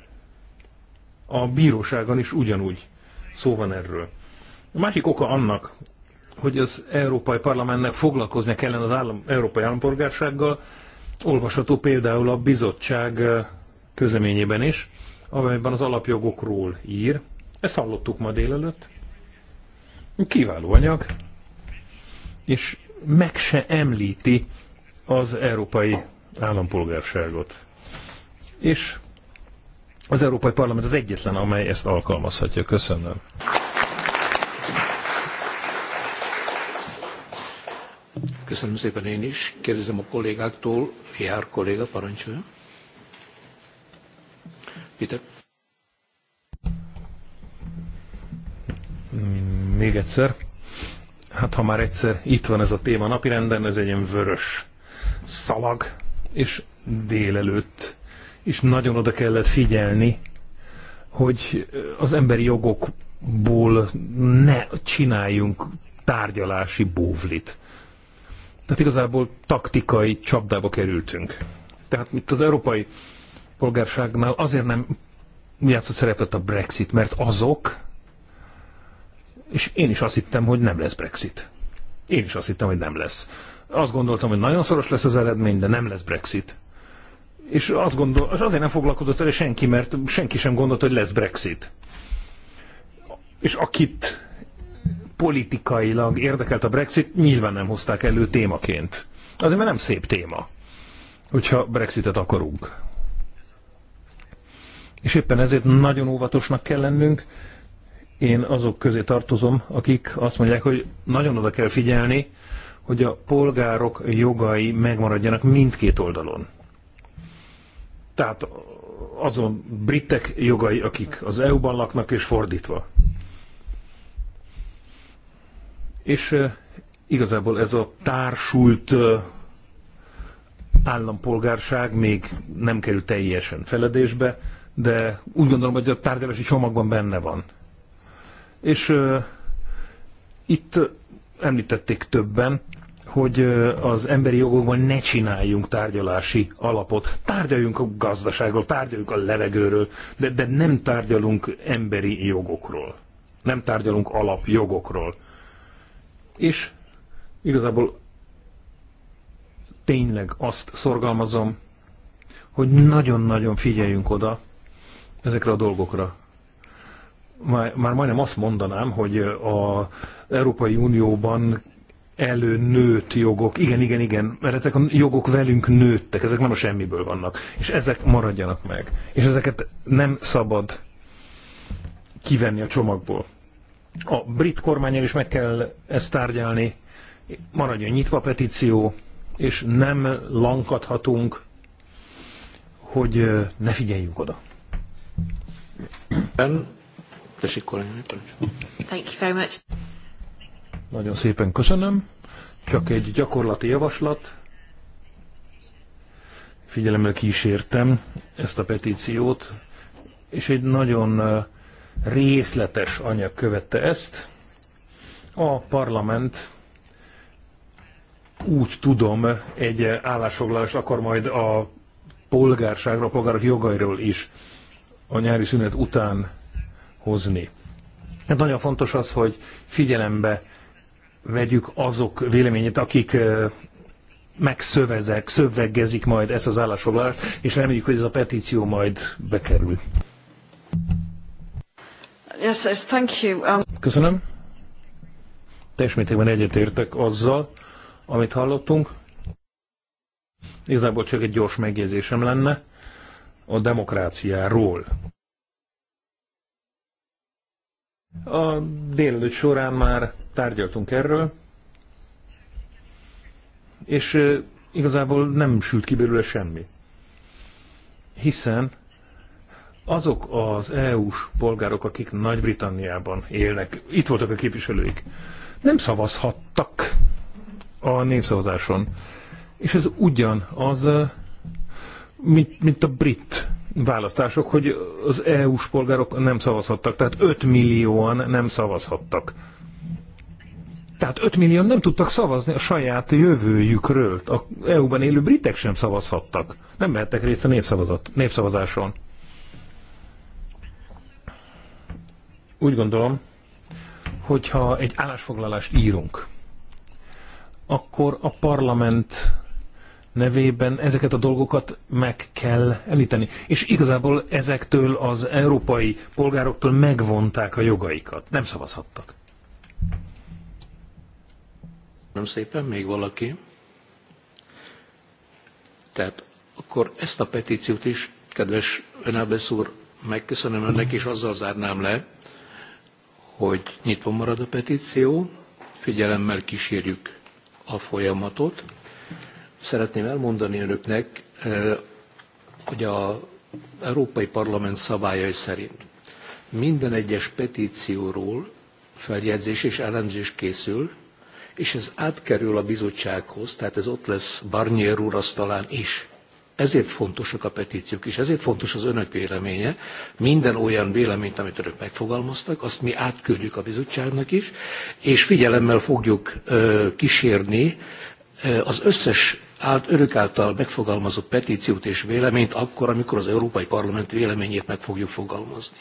a bíróságon is ugyanúgy szó van erről. A másik oka annak, hogy az Európai Parlamentnek foglalkoznia kellene az állam, európai állampolgársággal, olvasható például a bizottság közleményében is, amelyben az alapjogokról ír. Ezt hallottuk ma délelőtt. Kiváló anyag és meg se említi az európai állampolgárságot. És az Európai Parlament az egyetlen, amely ezt alkalmazhatja. Köszönöm. Köszönöm szépen én is. Kérdezem a kollégáktól, Jár kolléga, parancsolja. Peter. Még egyszer hát ha már egyszer itt van ez a téma napirenden, ez egy ilyen vörös szalag, és délelőtt is nagyon oda kellett figyelni, hogy az emberi jogokból ne csináljunk tárgyalási bóvlit. Tehát igazából taktikai csapdába kerültünk. Tehát itt az európai polgárságnál azért nem játszott szerepet a Brexit, mert azok, és én is azt hittem, hogy nem lesz Brexit. Én is azt hittem, hogy nem lesz. Azt gondoltam, hogy nagyon szoros lesz az eredmény, de nem lesz Brexit. És azt gondol, és azért nem foglalkozott vele senki, mert senki sem gondolt, hogy lesz Brexit. És akit politikailag érdekelt a Brexit, nyilván nem hozták elő témaként. Azért mert nem szép téma, hogyha Brexitet akarunk. És éppen ezért nagyon óvatosnak kell lennünk, én azok közé tartozom, akik azt mondják, hogy nagyon oda kell figyelni, hogy a polgárok jogai megmaradjanak mindkét oldalon. Tehát azon britek jogai, akik az EU-ban laknak, és fordítva. És igazából ez a társult állampolgárság még nem kerül teljesen feledésbe, de úgy gondolom, hogy a tárgyalási csomagban benne van. És uh, itt említették többen, hogy az emberi jogokban ne csináljunk tárgyalási alapot. Tárgyaljunk a gazdaságról, tárgyaljunk a levegőről, de, de nem tárgyalunk emberi jogokról. Nem tárgyalunk alapjogokról. És igazából tényleg azt szorgalmazom, hogy nagyon-nagyon figyeljünk oda ezekre a dolgokra már, már majdnem azt mondanám, hogy az Európai Unióban előnőtt jogok, igen, igen, igen, mert ezek a jogok velünk nőttek, ezek nem a semmiből vannak, és ezek maradjanak meg. És ezeket nem szabad kivenni a csomagból. A brit kormányon is meg kell ezt tárgyalni, maradjon nyitva a petíció, és nem lankadhatunk, hogy ne figyeljünk oda. Tessék Thank you very much. Nagyon szépen köszönöm. Csak egy gyakorlati javaslat. Figyelemmel kísértem ezt a petíciót, és egy nagyon részletes anyag követte ezt. A parlament úgy tudom, egy állásfoglalást akar majd a polgárságra, a polgárok jogairól is a nyári szünet után hozni. Hát nagyon fontos az, hogy figyelembe vegyük azok véleményét, akik megszövezek, szöveggezik majd ezt az állásfoglalást, és reméljük, hogy ez a petíció majd bekerül. Yes, yes, thank you. Um... Köszönöm. Teljes mértékben egyetértek azzal, amit hallottunk. Igazából csak egy gyors megjegyzésem lenne a demokráciáról. A délelőtt során már tárgyaltunk erről, és igazából nem sült ki belőle semmi. Hiszen azok az EU-s polgárok, akik Nagy-Britanniában élnek, itt voltak a képviselőik, nem szavazhattak a népszavazáson. És ez ugyanaz, mint, mint a brit választások, hogy az EU-s polgárok nem szavazhattak, tehát 5 millióan nem szavazhattak. Tehát 5 millióan nem tudtak szavazni a saját jövőjükről. A EU-ban élő britek sem szavazhattak. Nem mehettek részt a népszavazat, népszavazáson. Úgy gondolom, hogyha egy állásfoglalást írunk, akkor a parlament nevében ezeket a dolgokat meg kell említeni. És igazából ezektől az európai polgároktól megvonták a jogaikat. Nem szavazhattak. Nem szépen, még valaki? Tehát akkor ezt a petíciót is, kedves Önelbesz úr, megköszönöm önnek, és azzal zárnám le, hogy nyitva marad a petíció, figyelemmel kísérjük a folyamatot, szeretném elmondani önöknek, eh, hogy a Európai Parlament szabályai szerint minden egyes petícióról feljegyzés és elemzés készül, és ez átkerül a bizottsághoz, tehát ez ott lesz Barnier úr asztalán is. Ezért fontosak a petíciók, és ezért fontos az önök véleménye. Minden olyan véleményt, amit önök megfogalmaztak, azt mi átküldjük a bizottságnak is, és figyelemmel fogjuk ö, eh, kísérni ö, eh, az összes állt önök által megfogalmazott petíciót és véleményt akkor, amikor az Európai Parlament véleményét meg fogjuk fogalmazni.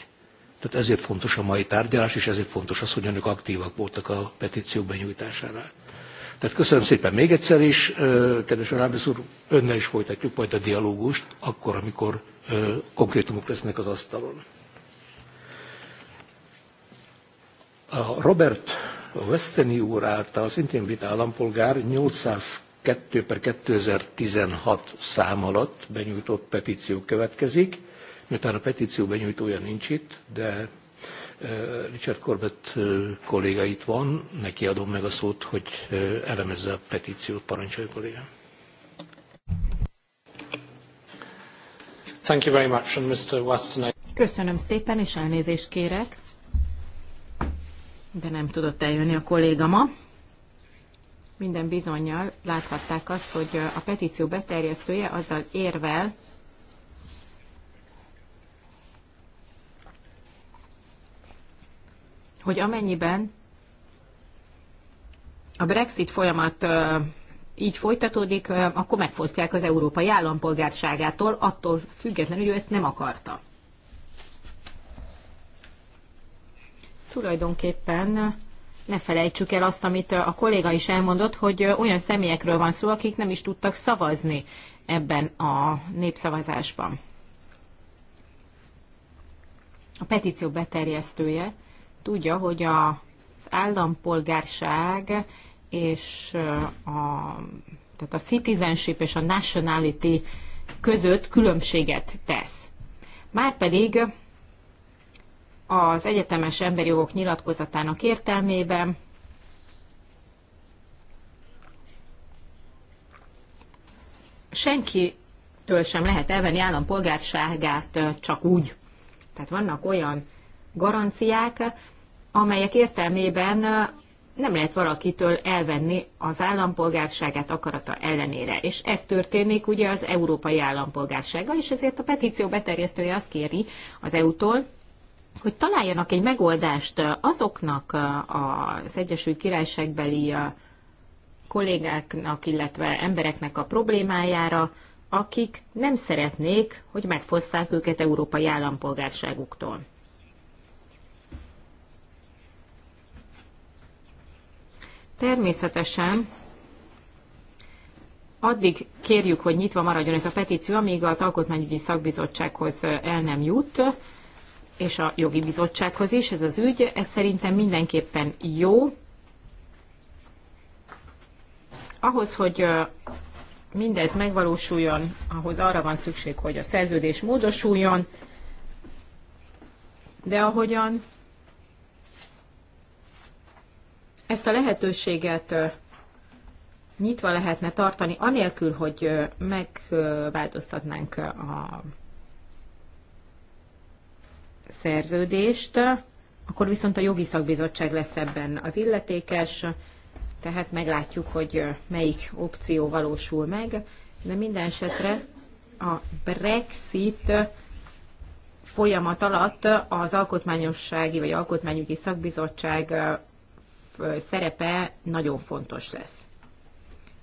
Tehát ezért fontos a mai tárgyalás, és ezért fontos az, hogy önök aktívak voltak a petíciók benyújtásánál. Tehát köszönöm szépen még egyszer is, kedves Rábesz úr, önnel is folytatjuk majd a dialógust, akkor, amikor konkrétumok lesznek az asztalon. A Robert Westeni úr által szintén brit állampolgár 800 2 per 2016 szám alatt benyújtott petíció következik. Miután a petíció benyújtója nincs itt, de Richard Corbett kolléga itt van, neki adom meg a szót, hogy elemezze a petíciót, parancsolja kollégám. Thank you very much, and Mr. Weston. Köszönöm szépen, és elnézést kérek, de nem tudott eljönni a kolléga ma minden bizonyal láthatták azt, hogy a petíció beterjesztője azzal érvel, hogy amennyiben a Brexit folyamat így folytatódik, akkor megfosztják az európai állampolgárságától, attól függetlenül, hogy ő ezt nem akarta. Tulajdonképpen ne felejtsük el azt, amit a kolléga is elmondott, hogy olyan személyekről van szó, akik nem is tudtak szavazni ebben a népszavazásban. A petíció beterjesztője tudja, hogy a állampolgárság és a, tehát a citizenship és a nationality között különbséget tesz. Márpedig az egyetemes emberi jogok nyilatkozatának értelmében. Senkitől sem lehet elvenni állampolgárságát csak úgy. Tehát vannak olyan garanciák, amelyek értelmében nem lehet valakitől elvenni az állampolgárságát akarata ellenére. És ez történik ugye az európai állampolgársággal, és ezért a petíció beterjesztője azt kéri az EU-tól, hogy találjanak egy megoldást azoknak az Egyesült Királyságbeli kollégáknak, illetve embereknek a problémájára, akik nem szeretnék, hogy megfosszák őket európai állampolgárságuktól. Természetesen addig kérjük, hogy nyitva maradjon ez a petíció, amíg az Alkotmányügyi Szakbizottsághoz el nem jut, és a jogi bizottsághoz is ez az ügy. Ez szerintem mindenképpen jó. Ahhoz, hogy mindez megvalósuljon, ahhoz arra van szükség, hogy a szerződés módosuljon, de ahogyan ezt a lehetőséget nyitva lehetne tartani, anélkül, hogy megváltoztatnánk a szerződést, akkor viszont a jogi szakbizottság lesz ebben az illetékes, tehát meglátjuk, hogy melyik opció valósul meg, de minden esetre a Brexit folyamat alatt az alkotmányossági vagy alkotmányügyi szakbizottság szerepe nagyon fontos lesz.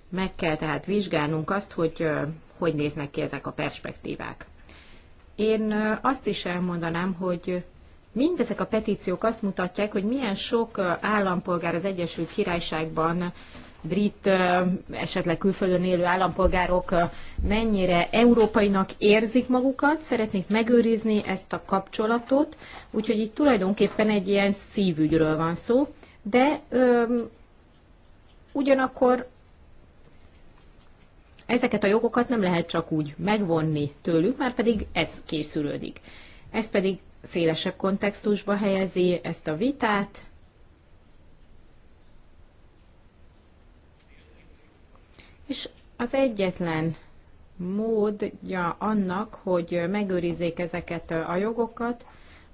Meg kell tehát vizsgálnunk azt, hogy hogy néznek ki ezek a perspektívák. Én azt is elmondanám, hogy mindezek a petíciók azt mutatják, hogy milyen sok állampolgár az Egyesült Királyságban brit, esetleg külföldön élő állampolgárok mennyire európainak érzik magukat, szeretnék megőrizni ezt a kapcsolatot, úgyhogy itt tulajdonképpen egy ilyen szívügyről van szó, de öm, ugyanakkor ezeket a jogokat nem lehet csak úgy megvonni tőlük, már pedig ez készülődik. Ez pedig szélesebb kontextusba helyezi ezt a vitát. És az egyetlen módja annak, hogy megőrizzék ezeket a jogokat,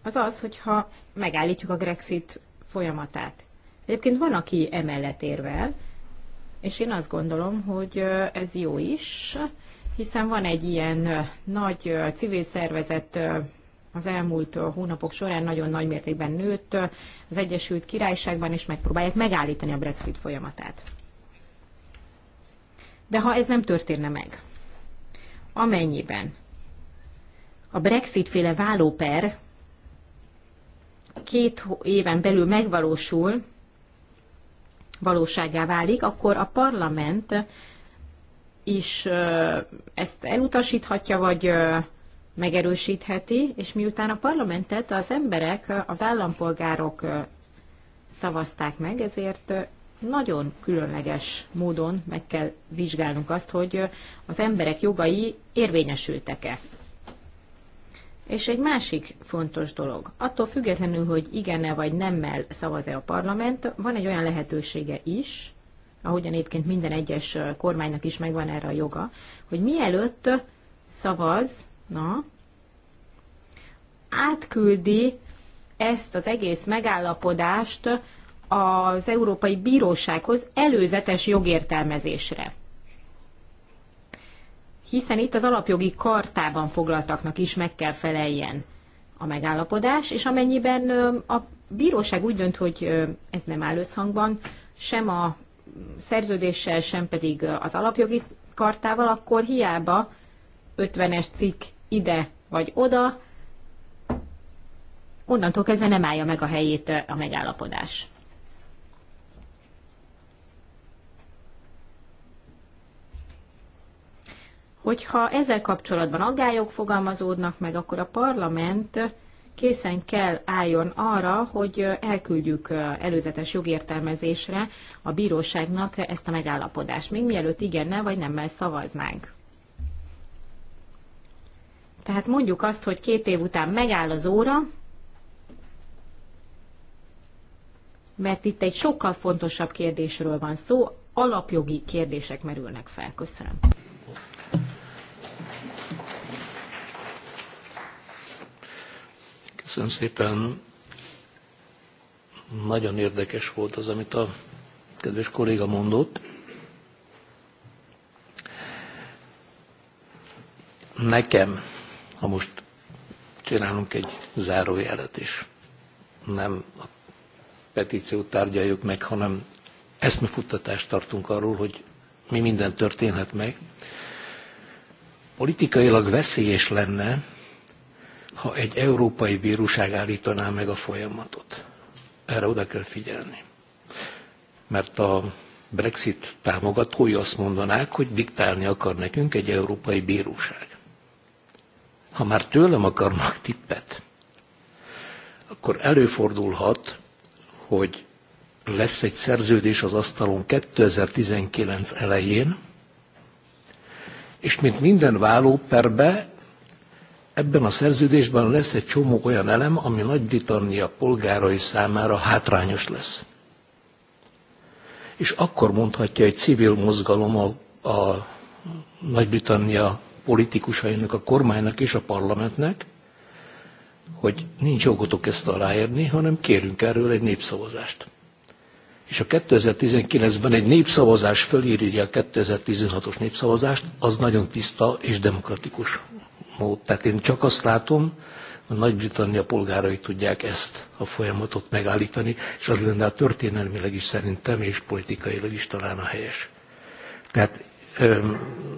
az az, hogyha megállítjuk a Grexit folyamatát. Egyébként van, aki emellett érvel, és én azt gondolom, hogy ez jó is, hiszen van egy ilyen nagy civil szervezet az elmúlt hónapok során nagyon nagy mértékben nőtt az Egyesült Királyságban, és megpróbálják megállítani a Brexit folyamatát. De ha ez nem történne meg, amennyiben a Brexit féle vállóper két éven belül megvalósul, valóságá válik, akkor a parlament is ezt elutasíthatja, vagy megerősítheti, és miután a parlamentet az emberek, az állampolgárok szavazták meg, ezért nagyon különleges módon meg kell vizsgálnunk azt, hogy az emberek jogai érvényesültek-e. És egy másik fontos dolog, attól függetlenül, hogy igen-e vagy nemmel szavaz-e a parlament, van egy olyan lehetősége is, ahogyan egyébként minden egyes kormánynak is megvan erre a joga, hogy mielőtt szavaz, na, átküldi ezt az egész megállapodást az Európai Bírósághoz előzetes jogértelmezésre hiszen itt az alapjogi kartában foglaltaknak is meg kell feleljen a megállapodás, és amennyiben a bíróság úgy dönt, hogy ez nem áll összhangban, sem a szerződéssel, sem pedig az alapjogi kartával, akkor hiába 50-es cikk ide vagy oda, onnantól kezdve nem állja meg a helyét a megállapodás. Hogyha ezzel kapcsolatban aggályok fogalmazódnak meg, akkor a parlament készen kell álljon arra, hogy elküldjük előzetes jogértelmezésre a bíróságnak ezt a megállapodást, még mielőtt igennel vagy nemmel szavaznánk. Tehát mondjuk azt, hogy két év után megáll az óra, mert itt egy sokkal fontosabb kérdésről van szó, alapjogi kérdések merülnek fel. Köszönöm. Köszönöm szépen. Nagyon érdekes volt az, amit a kedves kolléga mondott. Nekem, ha most csinálunk egy zárójelet is, nem a petíciót tárgyaljuk meg, hanem eszmefuttatást tartunk arról, hogy mi minden történhet meg. Politikailag veszélyes lenne, ha egy európai bíróság állítaná meg a folyamatot. Erre oda kell figyelni. Mert a Brexit támogatói azt mondanák, hogy diktálni akar nekünk egy európai bíróság. Ha már tőlem akarnak tippet, akkor előfordulhat, hogy lesz egy szerződés az asztalon 2019 elején, és mint minden vállóperbe Ebben a szerződésben lesz egy csomó olyan elem, ami Nagy-Britannia polgárai számára hátrányos lesz. És akkor mondhatja egy civil mozgalom a, a Nagy-Britannia politikusainak, a kormánynak és a parlamentnek, hogy nincs jogotok ezt aláírni, hanem kérünk erről egy népszavazást. És a 2019-ben egy népszavazás fölírja a 2016-os népszavazást, az nagyon tiszta és demokratikus mód. Tehát én csak azt látom, hogy Nagy-Britannia polgárai tudják ezt a folyamatot megállítani, és az lenne a történelmileg is szerintem, és politikailag is talán a helyes. Tehát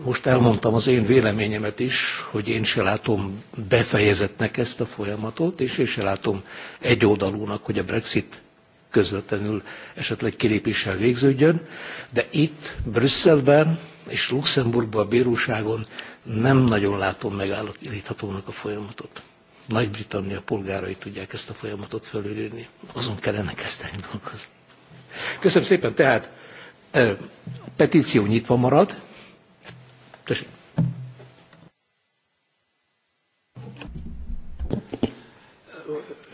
most elmondtam az én véleményemet is, hogy én se látom befejezetnek ezt a folyamatot, és én se látom egyoldalúnak, hogy a Brexit közvetlenül esetleg kilépéssel végződjön, de itt Brüsszelben és Luxemburgban a bíróságon nem nagyon látom megállíthatónak a folyamatot. Nagy-Britannia polgárai tudják ezt a folyamatot felülírni. Azon kellene kezdeni dolgozni. Köszönöm szépen, tehát a petíció nyitva marad. Tessék.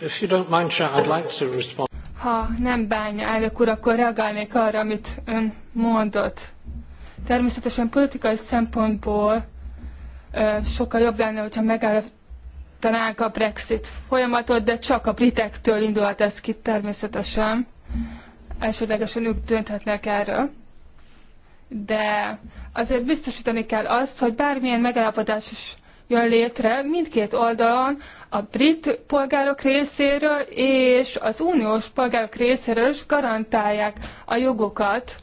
If you don't mind, I'd like to respond. Ha nem bánja, elnök úr, akkor reagálnék arra, amit ön mondott. Természetesen politikai szempontból sokkal jobb lenne, hogyha megállítanánk a Brexit folyamatot, de csak a britektől indulhat ez ki természetesen. Elsődlegesen ők dönthetnek erről. De azért biztosítani kell azt, hogy bármilyen megállapodás is jön létre mindkét oldalon a brit polgárok részéről és az uniós polgárok részéről is garantálják a jogokat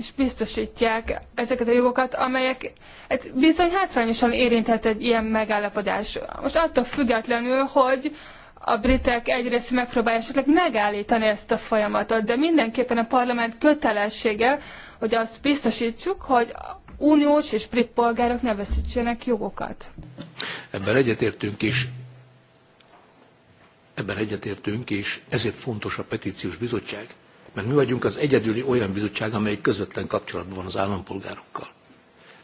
és biztosítják ezeket a jogokat, amelyek hát bizony hátrányosan érinthet egy ilyen megállapodás. Most attól függetlenül, hogy a britek egyrészt megpróbálják esetleg megállítani ezt a folyamatot, de mindenképpen a parlament kötelessége, hogy azt biztosítsuk, hogy uniós és brit polgárok ne veszítsenek jogokat. Ebben egyetértünk is. Ebben egyetértünk, és ezért fontos a petíciós bizottság mert mi vagyunk az egyedüli olyan bizottság, amely közvetlen kapcsolatban van az állampolgárokkal.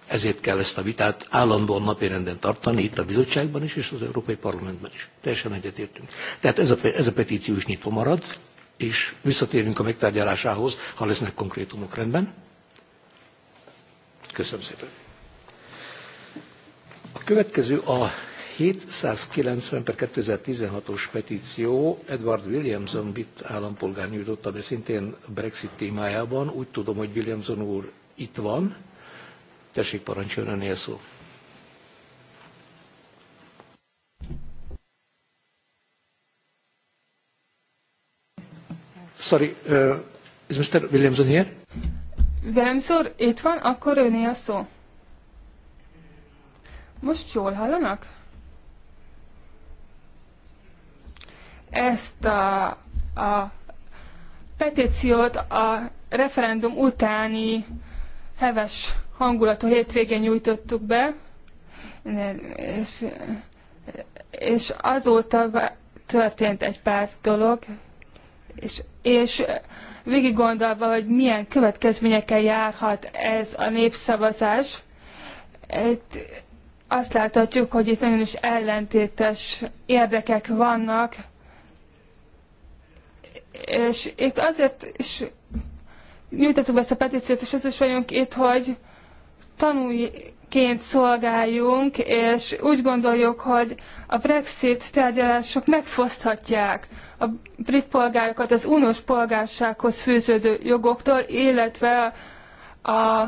Ezért kell ezt a vitát állandóan napirenden tartani, itt a bizottságban is, és az Európai Parlamentben is. Teljesen egyetértünk. Tehát ez a, ez a petíció is nyitva marad, és visszatérünk a megtárgyalásához, ha lesznek konkrétumok rendben. Köszönöm szépen. A következő a 790 per 2016-os petíció Edward Williamson bit állampolgár nyújtotta be szintén Brexit témájában. Úgy tudom, hogy Williamson úr itt van. Tessék parancsoljon önél szó. Sorry, uh, is Mr. Williamson here? Williamson úr itt van, akkor önél szó. Most jól hallanak? ezt a, a petíciót a referendum utáni heves hangulatú hétvégén nyújtottuk be, és, és azóta történt egy pár dolog, és, és végig gondolva, hogy milyen következményekkel járhat ez a népszavazás, itt azt láthatjuk, hogy itt nagyon is ellentétes érdekek vannak, és itt azért is nyújtottuk be ezt a petíciót, és azért is vagyunk itt, hogy tanulként szolgáljunk, és úgy gondoljuk, hogy a Brexit tárgyalások megfoszthatják a brit polgárokat az uniós polgársághoz fűződő jogoktól, illetve a,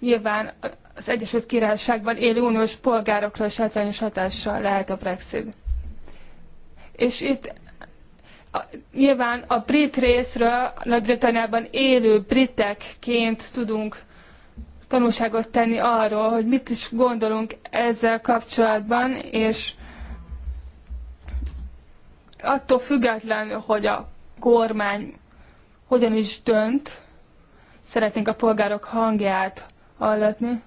nyilván az Egyesült Királyságban élő uniós polgárokra is hatással lehet a Brexit. És itt nyilván a brit részről Nagy-Britanniában élő britekként tudunk tanulságot tenni arról, hogy mit is gondolunk ezzel kapcsolatban, és attól független, hogy a kormány hogyan is dönt, szeretnénk a polgárok hangját hallatni.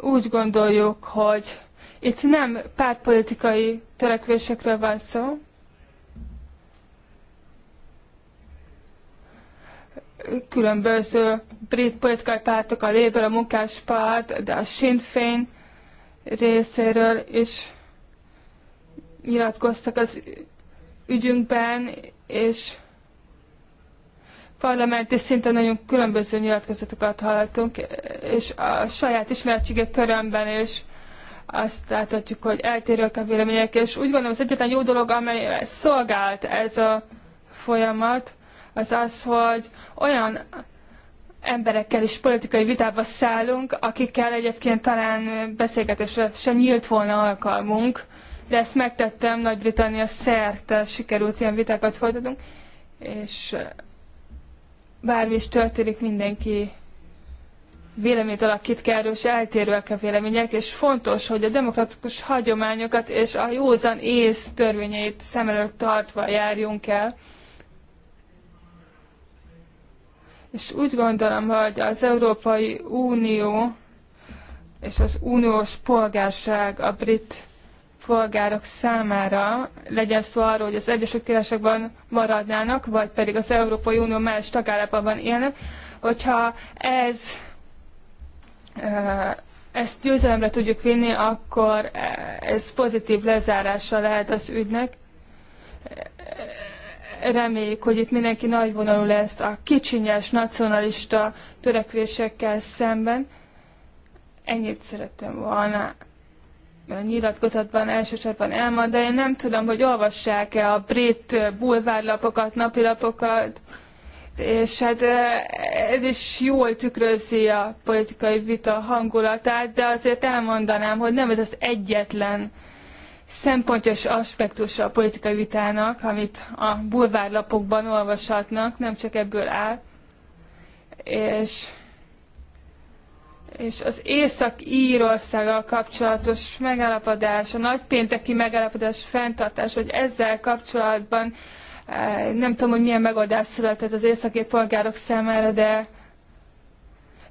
Úgy gondoljuk, hogy itt nem pártpolitikai törekvésekről van szó, különböző brit politikai pártok, a Labour, a Munkáspárt, de a Sinn Féin részéről is nyilatkoztak az ügyünkben, és parlamenti szinten nagyon különböző nyilatkozatokat hallottunk, és a saját ismertsége körömben is azt láthatjuk, hogy eltérőek a vélemények, és úgy gondolom az egyetlen jó dolog, amely szolgált ez a folyamat, az az, hogy olyan emberekkel is politikai vitába szállunk, akikkel egyébként talán beszélgetésre sem nyílt volna alkalmunk, de ezt megtettem, Nagy-Britannia szerte sikerült ilyen vitákat folytatunk, és bármi is történik, mindenki véleményt alakít ki, erős eltérőek a vélemények, és fontos, hogy a demokratikus hagyományokat és a józan ész törvényeit szem előtt tartva járjunk el, és úgy gondolom, hogy az Európai Unió és az uniós polgárság a brit polgárok számára, legyen szó arról, hogy az Egyesült Királyságban maradnának, vagy pedig az Európai Unió más tagállamában élnek, hogyha ez ezt győzelemre tudjuk vinni, akkor ez pozitív lezárása lehet az ügynek, reméljük, hogy itt mindenki nagyvonalú lesz a kicsinyes nacionalista törekvésekkel szemben. Ennyit szerettem volna a nyilatkozatban elsősorban elmond, de én nem tudom, hogy olvassák-e a brit bulvárlapokat, napilapokat, és hát ez is jól tükrözi a politikai vita hangulatát, de azért elmondanám, hogy nem ez az egyetlen uh, szempontos aspektusa a politikai vitának, amit a bulvárlapokban olvashatnak, nem csak ebből áll. És, és az Észak-Írországgal kapcsolatos megállapodás, a nagypénteki megállapodás fenntartás, hogy ezzel kapcsolatban eh, nem tudom, hogy milyen megoldás született az északi polgárok számára, de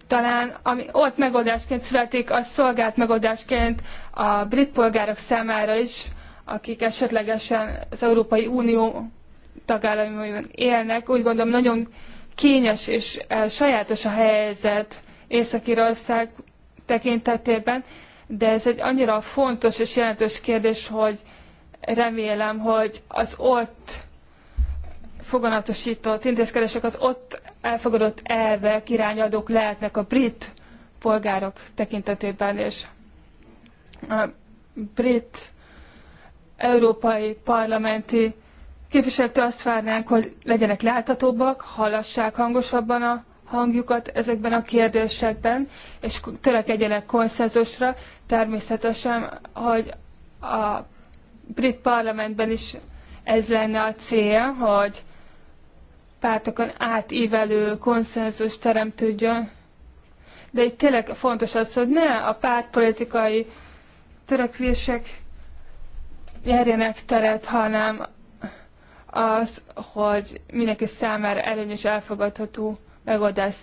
talán ami ott megoldásként születik, az szolgált megoldásként a brit polgárok számára is, akik esetlegesen az Európai Unió tagállamaiban élnek. Úgy gondolom, nagyon kényes és eh, sajátos a helyzet Észak-Írország tekintetében, de ez egy annyira fontos és jelentős kérdés, hogy remélem, hogy az ott foganatosított intézkedések az ott elfogadott elvek, irányadók lehetnek a brit polgárok tekintetében, és a brit európai parlamenti képviselőktől azt várnánk, hogy legyenek láthatóbbak, hallassák hangosabban a hangjukat ezekben a kérdésekben, és törekedjenek konszenzusra. Természetesen, hogy a brit parlamentben is ez lenne a célja, hogy pártokon átívelő konszenzus teremtődjön. De itt tényleg fontos az, hogy ne a pártpolitikai törekvések nyerjenek teret, hanem az, hogy mindenki számára előnyös elfogadható megoldás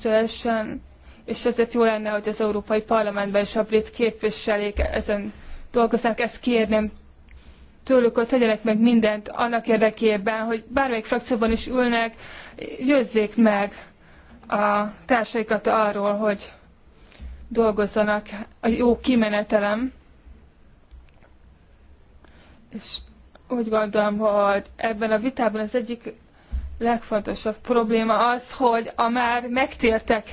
szülessen, és ezért jó lenne, hogy az Európai Parlamentben is a brit képviselék ezen dolgoznak, ezt kérném tőlük, hogy tegyenek meg mindent annak érdekében, hogy bármelyik frakcióban is ülnek, győzzék meg a társaikat arról, hogy dolgozzanak a jó kimenetelem. És úgy gondolom, hogy ebben a vitában az egyik legfontosabb probléma az, hogy a már megtértek,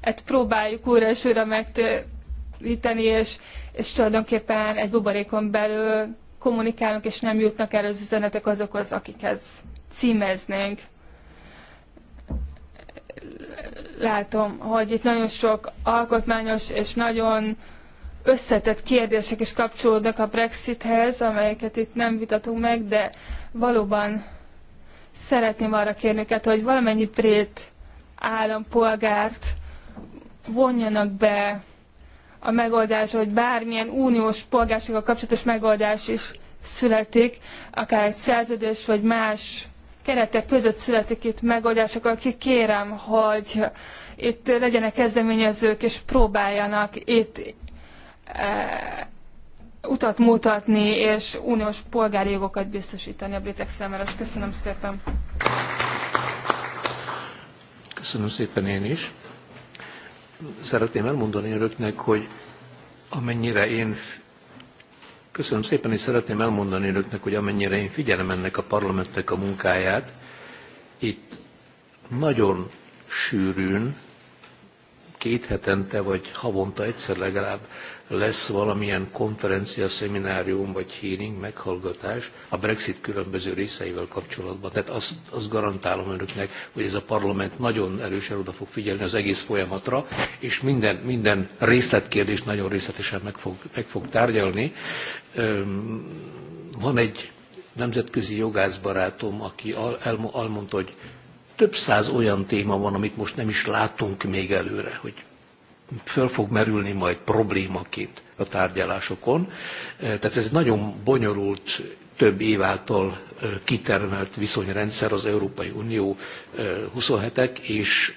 ezt próbáljuk újra és újra megtéríteni, és, és tulajdonképpen egy buborékon belül kommunikálunk, és nem jutnak el az üzenetek azokhoz, akikhez címeznénk. Látom, hogy itt nagyon sok alkotmányos és nagyon összetett kérdések is kapcsolódnak a Brexithez, amelyeket itt nem vitatunk meg, de valóban szeretném arra kérni őket, hogy valamennyi prét állampolgárt vonjanak be a megoldás, hogy bármilyen uniós polgársággal kapcsolatos megoldás is születik, akár egy szerződés vagy más keretek között születik itt megoldások, aki kérem, hogy itt legyenek kezdeményezők, és próbáljanak itt e, utat mutatni, és uniós polgári jogokat biztosítani a britek számára. És köszönöm szépen! Köszönöm szépen én is! szeretném elmondani önöknek, hogy amennyire én Köszönöm szépen, és szeretném elmondani önöknek, hogy amennyire én figyelem ennek a parlamentnek a munkáját, itt nagyon sűrűn, két hetente vagy havonta egyszer legalább lesz valamilyen konferencia, szeminárium vagy hearing, meghallgatás a Brexit különböző részeivel kapcsolatban. Tehát azt, azt garantálom önöknek, hogy ez a parlament nagyon erősen oda fog figyelni az egész folyamatra, és minden, minden részletkérdést nagyon részletesen meg fog, meg fog tárgyalni. Van egy nemzetközi jogászbarátom, aki elmondta, hogy több száz olyan téma van, amit most nem is látunk még előre, hogy föl fog merülni majd problémaként a tárgyalásokon. Eh, tehát ez egy nagyon bonyolult, több év által eh, kitermelt viszonyrendszer az Európai Unió 27-ek eh, és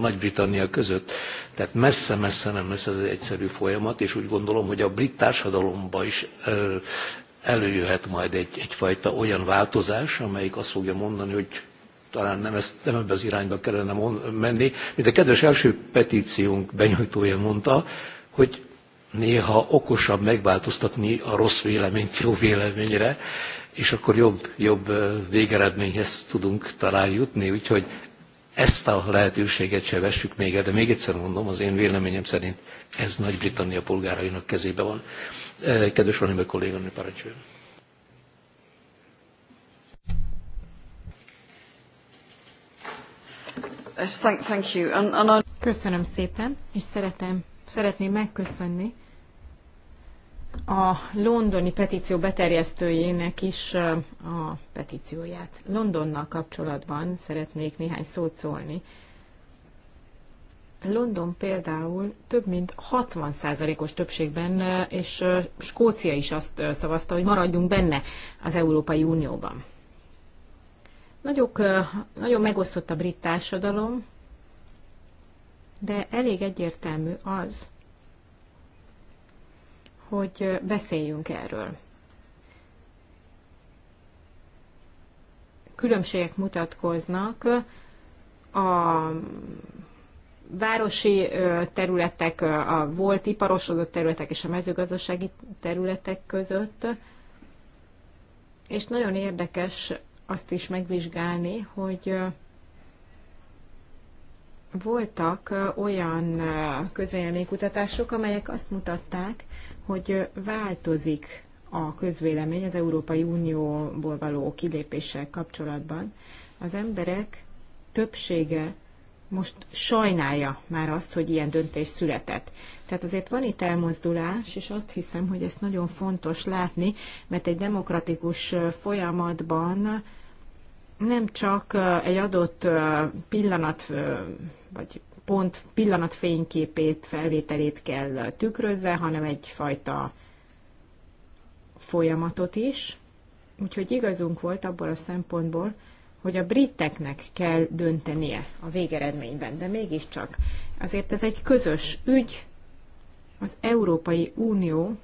Nagy-Britannia között. Tehát messze-messze nem lesz ez egy egyszerű folyamat, és úgy gondolom, hogy a brit társadalomba is előjöhet majd egy, egyfajta olyan változás, amelyik azt fogja mondani, hogy talán nem, ezt, nem ebbe az irányba kellene menni, mint a kedves első petíciónk benyújtója mondta, hogy néha okosabb megváltoztatni a rossz véleményt jó véleményre, és akkor jobb, jobb végeredményhez tudunk talán jutni, úgyhogy ezt a lehetőséget se vessük még el, de még egyszer mondom, az én véleményem szerint ez Nagy-Britannia polgárainak kezébe van. Kedves Anime kolléganő, parancsoljon! Köszönöm szépen, és szeretem, szeretném megköszönni a londoni petíció beterjesztőjének is a petícióját. Londonnal kapcsolatban szeretnék néhány szót szólni. London például több mint 60%-os többségben, és Skócia is azt szavazta, hogy maradjunk benne az Európai Unióban. Nagyok, nagyon megosztott a brit társadalom, de elég egyértelmű az, hogy beszéljünk erről. Különbségek mutatkoznak a városi területek, a volt iparosodott területek és a mezőgazdasági területek között, és nagyon érdekes azt is megvizsgálni, hogy voltak olyan közvéleménykutatások, amelyek azt mutatták, hogy változik a közvélemény az Európai Unióból való kilépéssel kapcsolatban. Az emberek többsége most sajnálja már azt, hogy ilyen döntés született. Tehát azért van itt elmozdulás, és azt hiszem, hogy ezt nagyon fontos látni, mert egy demokratikus folyamatban nem csak egy adott pillanat vagy pont pillanat fényképét, felvételét kell tükrözze, hanem egyfajta folyamatot is. Úgyhogy igazunk volt abból a szempontból, hogy a briteknek kell döntenie a végeredményben, de mégiscsak azért ez egy közös ügy, az Európai Unió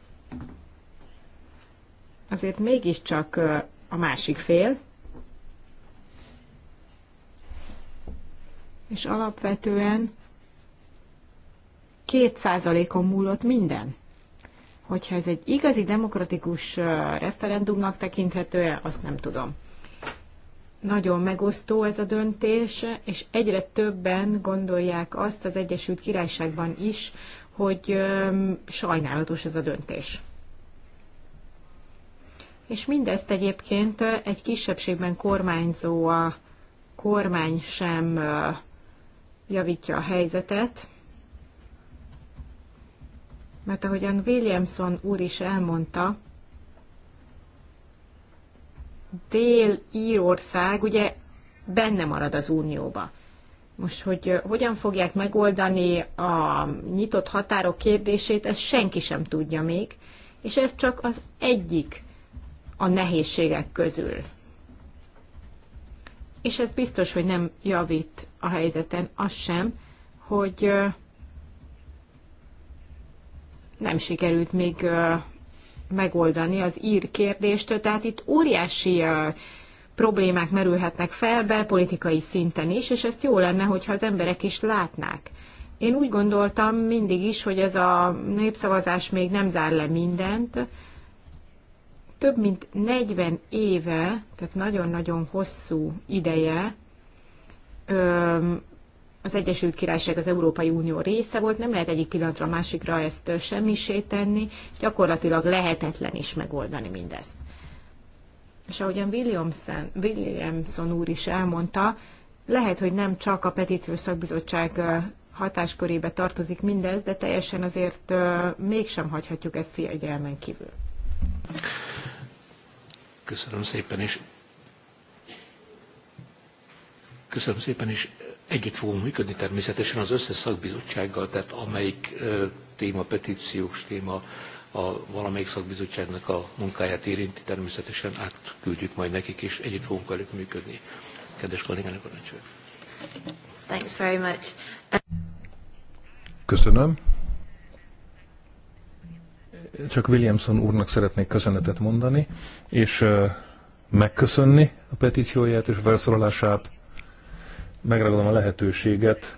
azért mégiscsak a másik fél, és alapvetően kétszázalékon múlott minden. Hogyha ez egy igazi demokratikus referendumnak tekinthető, azt nem tudom. Nagyon megosztó ez a döntés, és egyre többen gondolják azt az Egyesült Királyságban is, hogy sajnálatos ez a döntés. És mindezt egyébként egy kisebbségben kormányzó a kormány sem javítja a helyzetet, mert ahogyan Williamson úr is elmondta, Dél-Írország ugye benne marad az Unióba. Most, hogy hogyan fogják megoldani a nyitott határok kérdését, ezt senki sem tudja még, és ez csak az egyik a nehézségek közül és ez biztos, hogy nem javít a helyzeten, az sem, hogy nem sikerült még megoldani az ír kérdést, tehát itt óriási problémák merülhetnek fel belpolitikai szinten is, és ezt jó lenne, hogyha az emberek is látnák. Én úgy gondoltam mindig is, hogy ez a népszavazás még nem zár le mindent, több mint 40 éve, tehát nagyon-nagyon hosszú ideje az Egyesült Királyság az Európai Unió része volt, nem lehet egyik pillanatra a másikra ezt semmisé tenni, gyakorlatilag lehetetlen is megoldani mindezt. És ahogyan Williamson, Williamson úr is elmondta, lehet, hogy nem csak a petíciós szakbizottság hatáskörébe tartozik mindez, de teljesen azért mégsem hagyhatjuk ezt figyelmen kívül. Köszönöm szépen, és köszönöm szépen, és együtt fogunk működni természetesen az összes szakbizottsággal, tehát amelyik téma, petíciós téma a valamelyik szakbizottságnak a munkáját érinti, természetesen átküldjük majd nekik, és együtt fogunk velük működni. Kedves kollégának, a Thanks very much. Köszönöm. Csak Williamson úrnak szeretnék köszönetet mondani, és megköszönni a petícióját és a felszólalását. Megragadom a lehetőséget,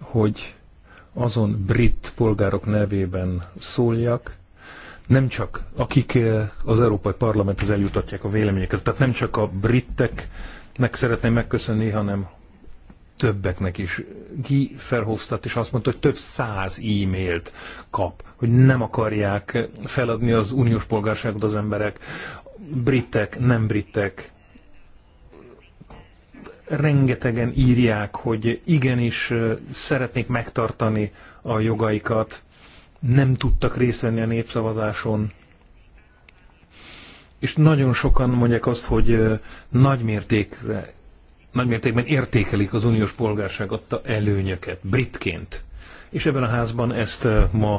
hogy azon brit polgárok nevében szóljak, nem csak akik az Európai Parlamenthez eljutatják a véleményeket, tehát nem csak a briteknek szeretném megköszönni, hanem többeknek is. Guy Verhofstadt is azt mondta, hogy több száz e-mailt kap, hogy nem akarják feladni az uniós polgárságot az emberek, britek, nem britek, rengetegen írják, hogy igenis szeretnék megtartani a jogaikat, nem tudtak részt venni a népszavazáson, és nagyon sokan mondják azt, hogy nagy mértékre nagymértékben értékelik az uniós polgárság adta előnyöket, britként. És ebben a házban ezt ma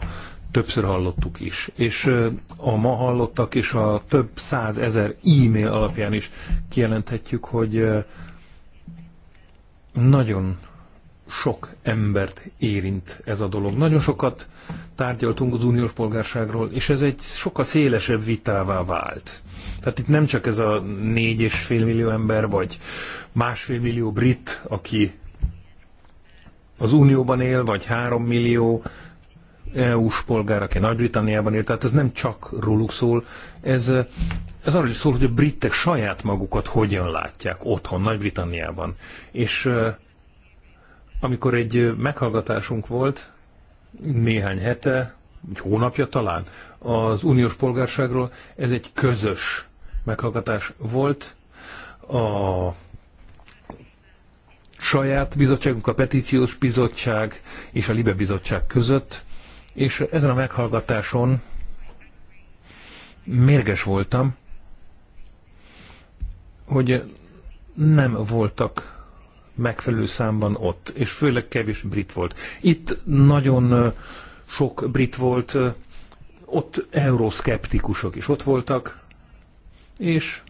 többször hallottuk is. És a ma hallottak és a több százezer e-mail alapján is kijelenthetjük, hogy nagyon sok embert érint ez a dolog. Nagyon sokat tárgyaltunk az uniós polgárságról, és ez egy sokkal szélesebb vitává vált. Tehát itt nem csak ez a négy és fél millió ember, vagy másfél millió brit, aki az unióban él, vagy három millió EU-s polgár, aki Nagy-Britanniában él, tehát ez nem csak róluk szól, ez, ez arról is szól, hogy a britek saját magukat hogyan látják otthon, Nagy-Britanniában. És eh, amikor egy eh, meghallgatásunk volt, néhány hete, egy hónapja talán, az uniós polgárságról. Ez egy közös meghallgatás volt. A saját bizottságunk, a petíciós bizottság és a Libe bizottság között, és ezen a meghallgatáson mérges voltam, hogy nem voltak megfelelő számban ott, és főleg kevés brit volt. Itt nagyon sok brit volt, ott euroszkeptikusok is ott voltak, és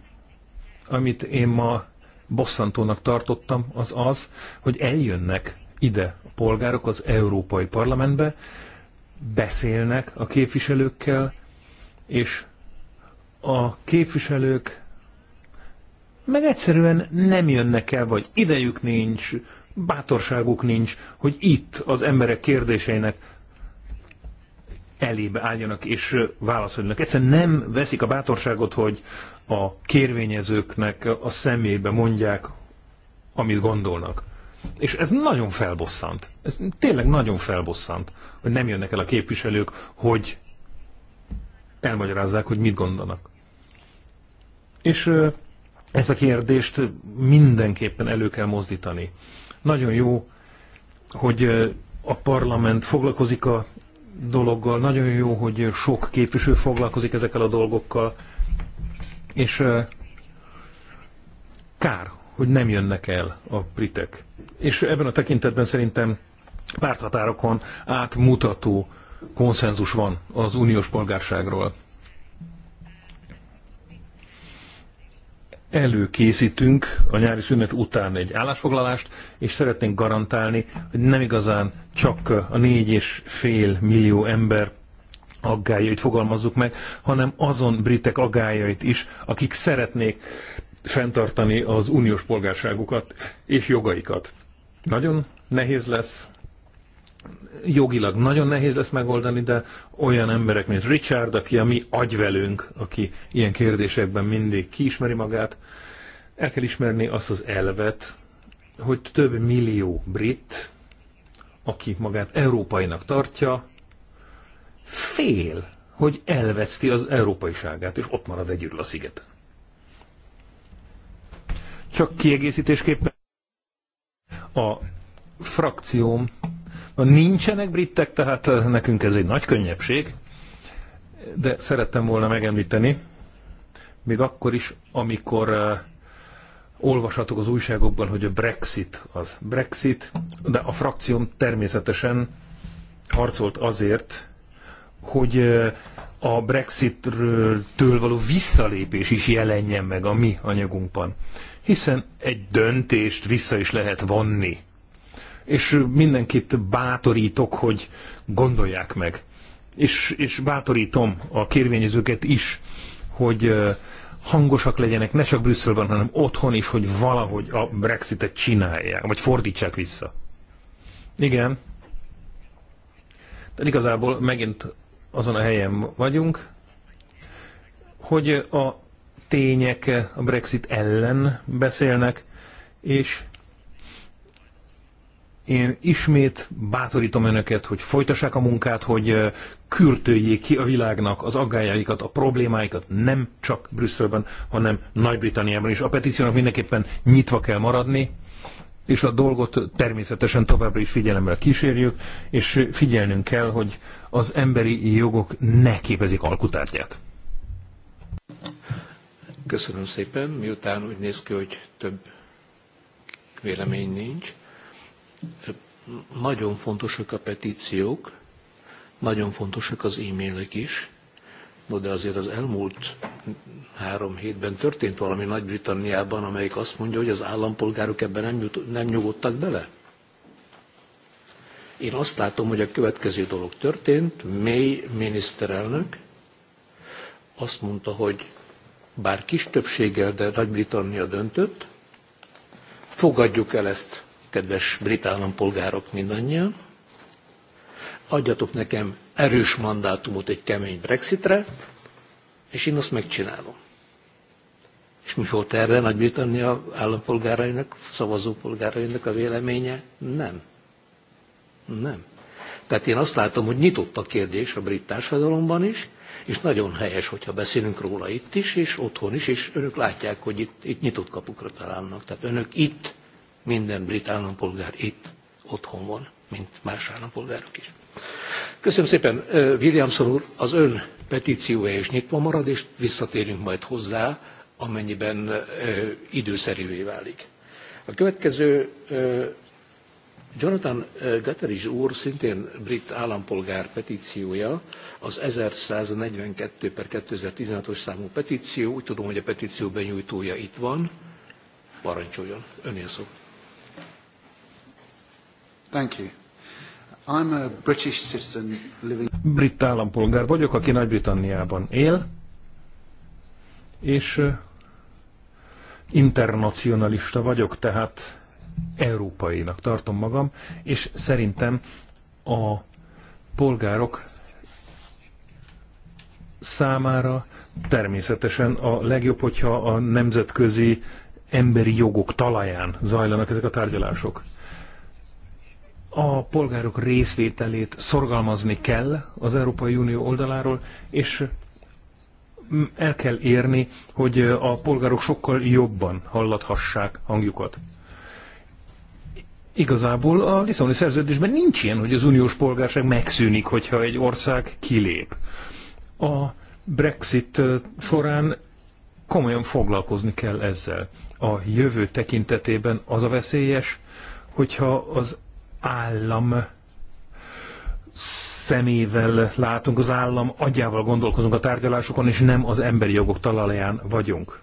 amit én ma bosszantónak tartottam, az az, hogy eljönnek ide a polgárok az Európai Parlamentbe, beszélnek a képviselőkkel, és a képviselők meg egyszerűen nem jönnek el, vagy idejük nincs, bátorságuk nincs, hogy itt az emberek kérdéseinek elébe álljanak és válaszoljanak. Egyszerűen nem veszik a bátorságot, hogy a kérvényezőknek a szemébe mondják, amit gondolnak. És ez nagyon felbosszant. Ez tényleg nagyon felbosszant, hogy nem jönnek el a képviselők, hogy elmagyarázzák, hogy mit gondolnak. És ezt a kérdést mindenképpen elő kell mozdítani. Nagyon jó, hogy a parlament foglalkozik a dologgal, nagyon jó, hogy sok képviselő foglalkozik ezekkel a dolgokkal, és kár, hogy nem jönnek el a britek. És ebben a tekintetben szerintem párthatárokon átmutató konszenzus van az uniós polgárságról. előkészítünk a nyári szünet után egy állásfoglalást, és szeretnénk garantálni, hogy nem igazán csak a négy és fél millió ember aggájait fogalmazzuk meg, hanem azon britek aggájait is, akik szeretnék fenntartani az uniós polgárságukat és jogaikat. Nagyon nehéz lesz jogilag nagyon nehéz lesz megoldani, de olyan emberek, mint Richard, aki a mi agyvelünk, aki ilyen kérdésekben mindig kiismeri magát, el kell ismerni azt az elvet, hogy több millió brit, aki magát európainak tartja, fél, hogy elveszti az európaiságát, és ott marad egyedül a szigeten. Csak kiegészítésképpen a frakcióm Nincsenek britek, tehát eh, nekünk ez egy nagy könnyebbség, de szerettem volna megemlíteni, még akkor is, amikor eh, olvashatok az újságokban, hogy a Brexit az Brexit, de a frakcióm természetesen harcolt azért, hogy eh, a Brexit-től való visszalépés is jelenjen meg a mi anyagunkban. Hiszen egy döntést vissza is lehet vonni és mindenkit bátorítok, hogy gondolják meg. És, és bátorítom a kérvényezőket is, hogy hangosak legyenek, ne csak Brüsszelben, hanem otthon is, hogy valahogy a Brexitet csinálják, vagy fordítsák vissza. Igen. De igazából megint azon a helyen vagyunk, hogy a tények a Brexit ellen beszélnek, és én ismét bátorítom önöket, hogy folytassák a munkát, hogy kürtőjék ki a világnak az aggájaikat, a problémáikat, nem csak Brüsszelben, hanem Nagy-Britanniában is. A petíciónak mindenképpen nyitva kell maradni, és a dolgot természetesen továbbra is figyelemmel kísérjük, és figyelnünk kell, hogy az emberi jogok ne képezik alkutárgyát. Köszönöm szépen, miután úgy néz ki, hogy több vélemény nincs, nagyon fontosak a petíciók, nagyon fontosak az e-mailek is, no de azért az elmúlt három hétben történt valami Nagy-Britanniában, amelyik azt mondja, hogy az állampolgárok ebben nem, jut, nem nyugodtak bele. Én azt látom, hogy a következő dolog történt. May miniszterelnök azt mondta, hogy bár kis többséggel, de Nagy-Britannia döntött, fogadjuk el ezt kedves brit állampolgárok mindannyian, adjatok nekem erős mandátumot egy kemény Brexitre, és én azt megcsinálom. És mi volt erre Nagy-Britannia állampolgárainak, szavazópolgárainak a véleménye? Nem. Nem. Tehát én azt látom, hogy nyitott a kérdés a brit társadalomban is, és nagyon helyes, hogyha beszélünk róla itt is, és otthon is, és önök látják, hogy itt, itt nyitott kapukra találnak. Tehát önök itt minden brit állampolgár itt otthon van, mint más állampolgárok is. Köszönöm szépen, Williamson úr, az ön petíciója is nyitva marad, és visszatérünk majd hozzá, amennyiben időszerűvé válik. A következő Jonathan Gatteridge úr, szintén brit állampolgár petíciója, az 1142 per 2016-os számú petíció. Úgy tudom, hogy a petíció benyújtója itt van. Parancsoljon, önél szó. Brit állampolgár vagyok, aki Nagy-Britanniában él, és internacionalista vagyok, tehát európainak tartom magam, és szerintem a polgárok számára természetesen a legjobb, hogyha a nemzetközi emberi jogok talaján zajlanak ezek a tárgyalások a polgárok részvételét szorgalmazni kell az Európai Unió oldaláról, és el kell érni, hogy a polgárok sokkal jobban hallathassák hangjukat. Igazából a Lisszaboni szerződésben nincs ilyen, hogy az uniós polgárság megszűnik, hogyha egy ország kilép. A Brexit során komolyan foglalkozni kell ezzel. A jövő tekintetében az a veszélyes, hogyha az állam szemével látunk, az állam agyával gondolkozunk a tárgyalásokon, és nem az emberi jogok talaján vagyunk.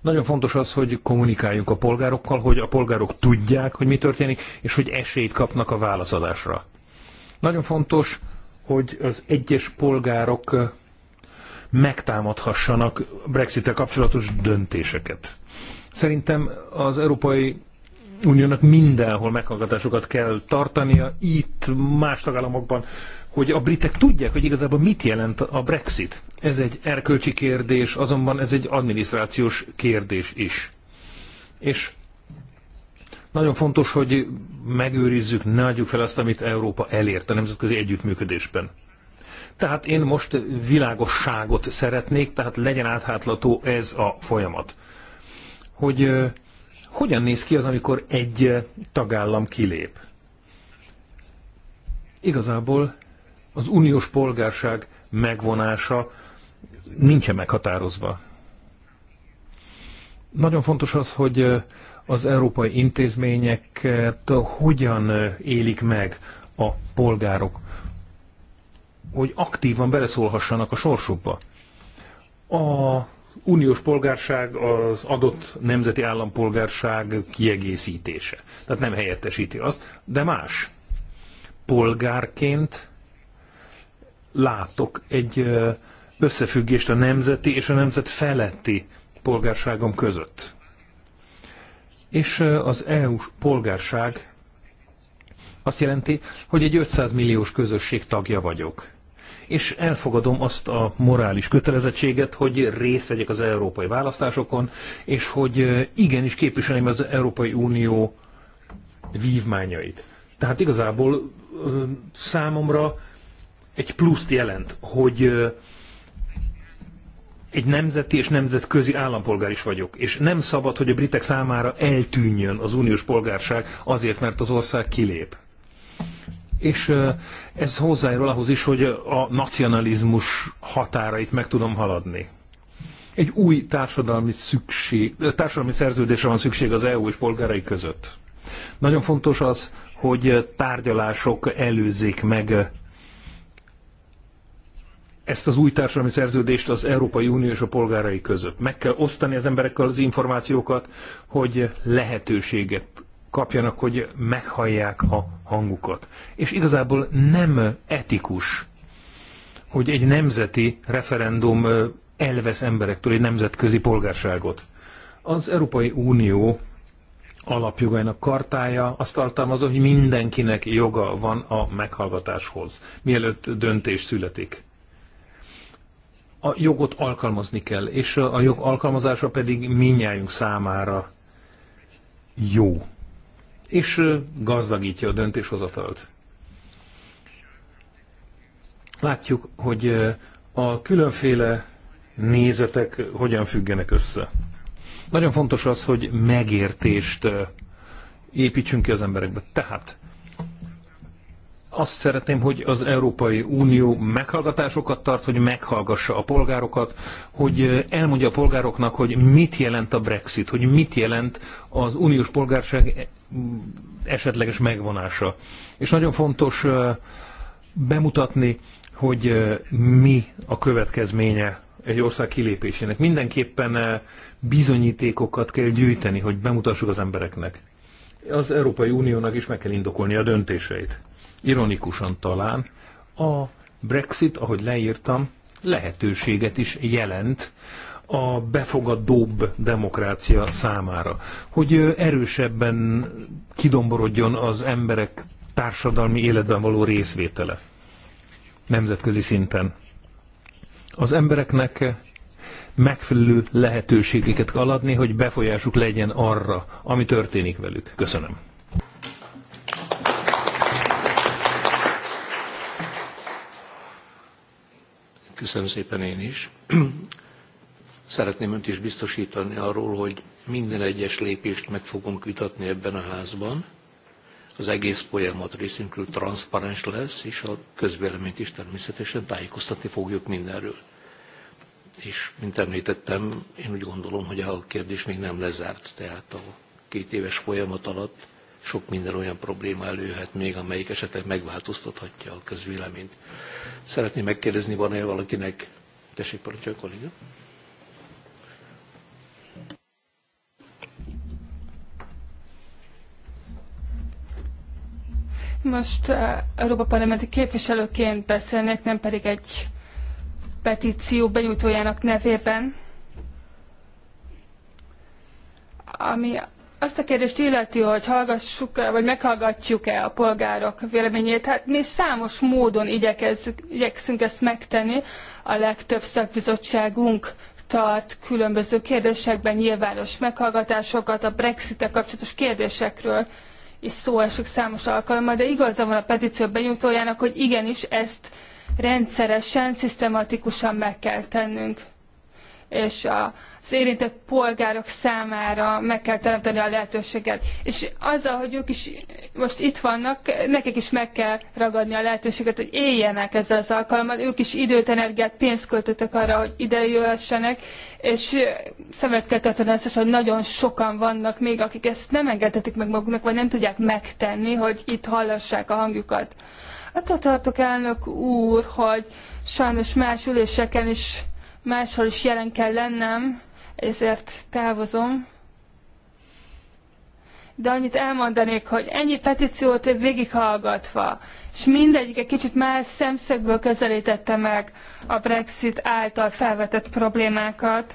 Nagyon fontos az, hogy kommunikáljunk a polgárokkal, hogy a polgárok tudják, hogy mi történik, és hogy esélyt kapnak a válaszadásra. Nagyon fontos, hogy az egyes polgárok megtámadhassanak brexit kapcsolatos döntéseket. Szerintem az Európai Uniónak mindenhol meghallgatásokat kell tartania, itt, más tagállamokban, hogy a britek tudják, hogy igazából mit jelent a Brexit. Ez egy erkölcsi kérdés, azonban ez egy adminisztrációs kérdés is. És nagyon fontos, hogy megőrizzük, ne adjuk fel azt, amit Európa elért a nemzetközi együttműködésben. Tehát én most világosságot szeretnék, tehát legyen áthátlató ez a folyamat. Hogy hogyan néz ki az, amikor egy tagállam kilép? Igazából az uniós polgárság megvonása nincsen meghatározva. Nagyon fontos az, hogy az európai intézményeket hogyan élik meg a polgárok, hogy aktívan beleszólhassanak a sorsukba. A uniós polgárság az adott nemzeti állampolgárság kiegészítése. Tehát nem helyettesíti azt, de más. Polgárként látok egy összefüggést a nemzeti és a nemzet feletti polgárságom között. És az eu polgárság azt jelenti, hogy egy 500 milliós közösség tagja vagyok és elfogadom azt a morális kötelezettséget, hogy részt vegyek az európai választásokon, és hogy igenis képviseljem az Európai Unió vívmányait. Tehát igazából számomra egy pluszt jelent, hogy egy nemzeti és nemzetközi állampolgár is vagyok, és nem szabad, hogy a britek számára eltűnjön az uniós polgárság azért, mert az ország kilép és ez hozzájárul ahhoz is, hogy a nacionalizmus határait meg tudom haladni. Egy új társadalmi, szükség, társadalmi szerződésre van szükség az EU és polgárai között. Nagyon fontos az, hogy tárgyalások előzzék meg ezt az új társadalmi szerződést az Európai Unió és a polgárai között. Meg kell osztani az emberekkel az információkat, hogy lehetőséget kapjanak, hogy meghallják a hangukat. És igazából nem etikus, hogy egy nemzeti referendum elvesz emberektől egy nemzetközi polgárságot. Az Európai Unió alapjogainak kartája azt tartalmazza, hogy mindenkinek joga van a meghallgatáshoz, mielőtt döntés születik. A jogot alkalmazni kell, és a jog alkalmazása pedig minnyájunk számára jó és gazdagítja a döntéshozatalt. Látjuk, hogy a különféle nézetek hogyan függenek össze. Nagyon fontos az, hogy megértést építsünk ki az emberekbe. Tehát azt szeretném, hogy az Európai Unió meghallgatásokat tart, hogy meghallgassa a polgárokat, hogy elmondja a polgároknak, hogy mit jelent a Brexit, hogy mit jelent az uniós polgárság esetleges megvonása. És nagyon fontos bemutatni, hogy mi a következménye egy ország kilépésének. Mindenképpen bizonyítékokat kell gyűjteni, hogy bemutassuk az embereknek. Az Európai Uniónak is meg kell indokolni a döntéseit. Ironikusan talán a Brexit, ahogy leírtam, lehetőséget is jelent a befogadóbb demokrácia számára, hogy erősebben kidomborodjon az emberek társadalmi életben való részvétele nemzetközi szinten. Az embereknek megfelelő lehetőségeket kell adni, hogy befolyásuk legyen arra, ami történik velük. Köszönöm. Köszönöm szépen én is. Szeretném önt is biztosítani arról, hogy minden egyes lépést meg fogunk vitatni ebben a házban. Az egész folyamat részünkről transzparens lesz, és a közvéleményt is természetesen tájékoztatni fogjuk mindenről. És, mint említettem, én úgy gondolom, hogy a kérdés még nem lezárt, tehát a két éves folyamat alatt sok minden olyan probléma előhet még, amelyik esetleg megváltoztathatja a közvéleményt. Szeretném megkérdezni, van-e valakinek, tessék parancsolja kolléga? Most eh, Európa Parlamenti képviselőként beszélnék, nem pedig egy petíció benyújtójának nevében, ami azt a kérdést illeti, hogy hallgassuk -e, vagy meghallgatjuk-e a polgárok véleményét. Hát mi számos módon igyekszünk ezt megtenni. A legtöbb szakbizottságunk tart különböző kérdésekben nyilvános meghallgatásokat a brexit -e kapcsolatos kérdésekről is szó esik számos alkalommal, de igaza van a petíció benyújtójának, hogy igenis ezt rendszeresen, szisztematikusan meg kell tennünk. És a, az érintett polgárok számára meg kell teremteni a lehetőséget. És azzal, hogy ők is most itt vannak, nekik is meg kell ragadni a lehetőséget, hogy éljenek ezzel az alkalommal. Ők is időt, energiát, pénzt költöttek arra, hogy ide jöhessenek, és szemet kell tartani azt, hogy nagyon sokan vannak még, akik ezt nem engedhetik meg maguknak, vagy nem tudják megtenni, hogy itt hallassák a hangjukat. Attól tartok, elnök úr, hogy sajnos más üléseken is máshol is jelen kell lennem, ezért távozom. De annyit elmondanék, hogy ennyi petíciót végighallgatva, és mindegyik egy kicsit más szemszögből közelítette meg a Brexit által felvetett problémákat,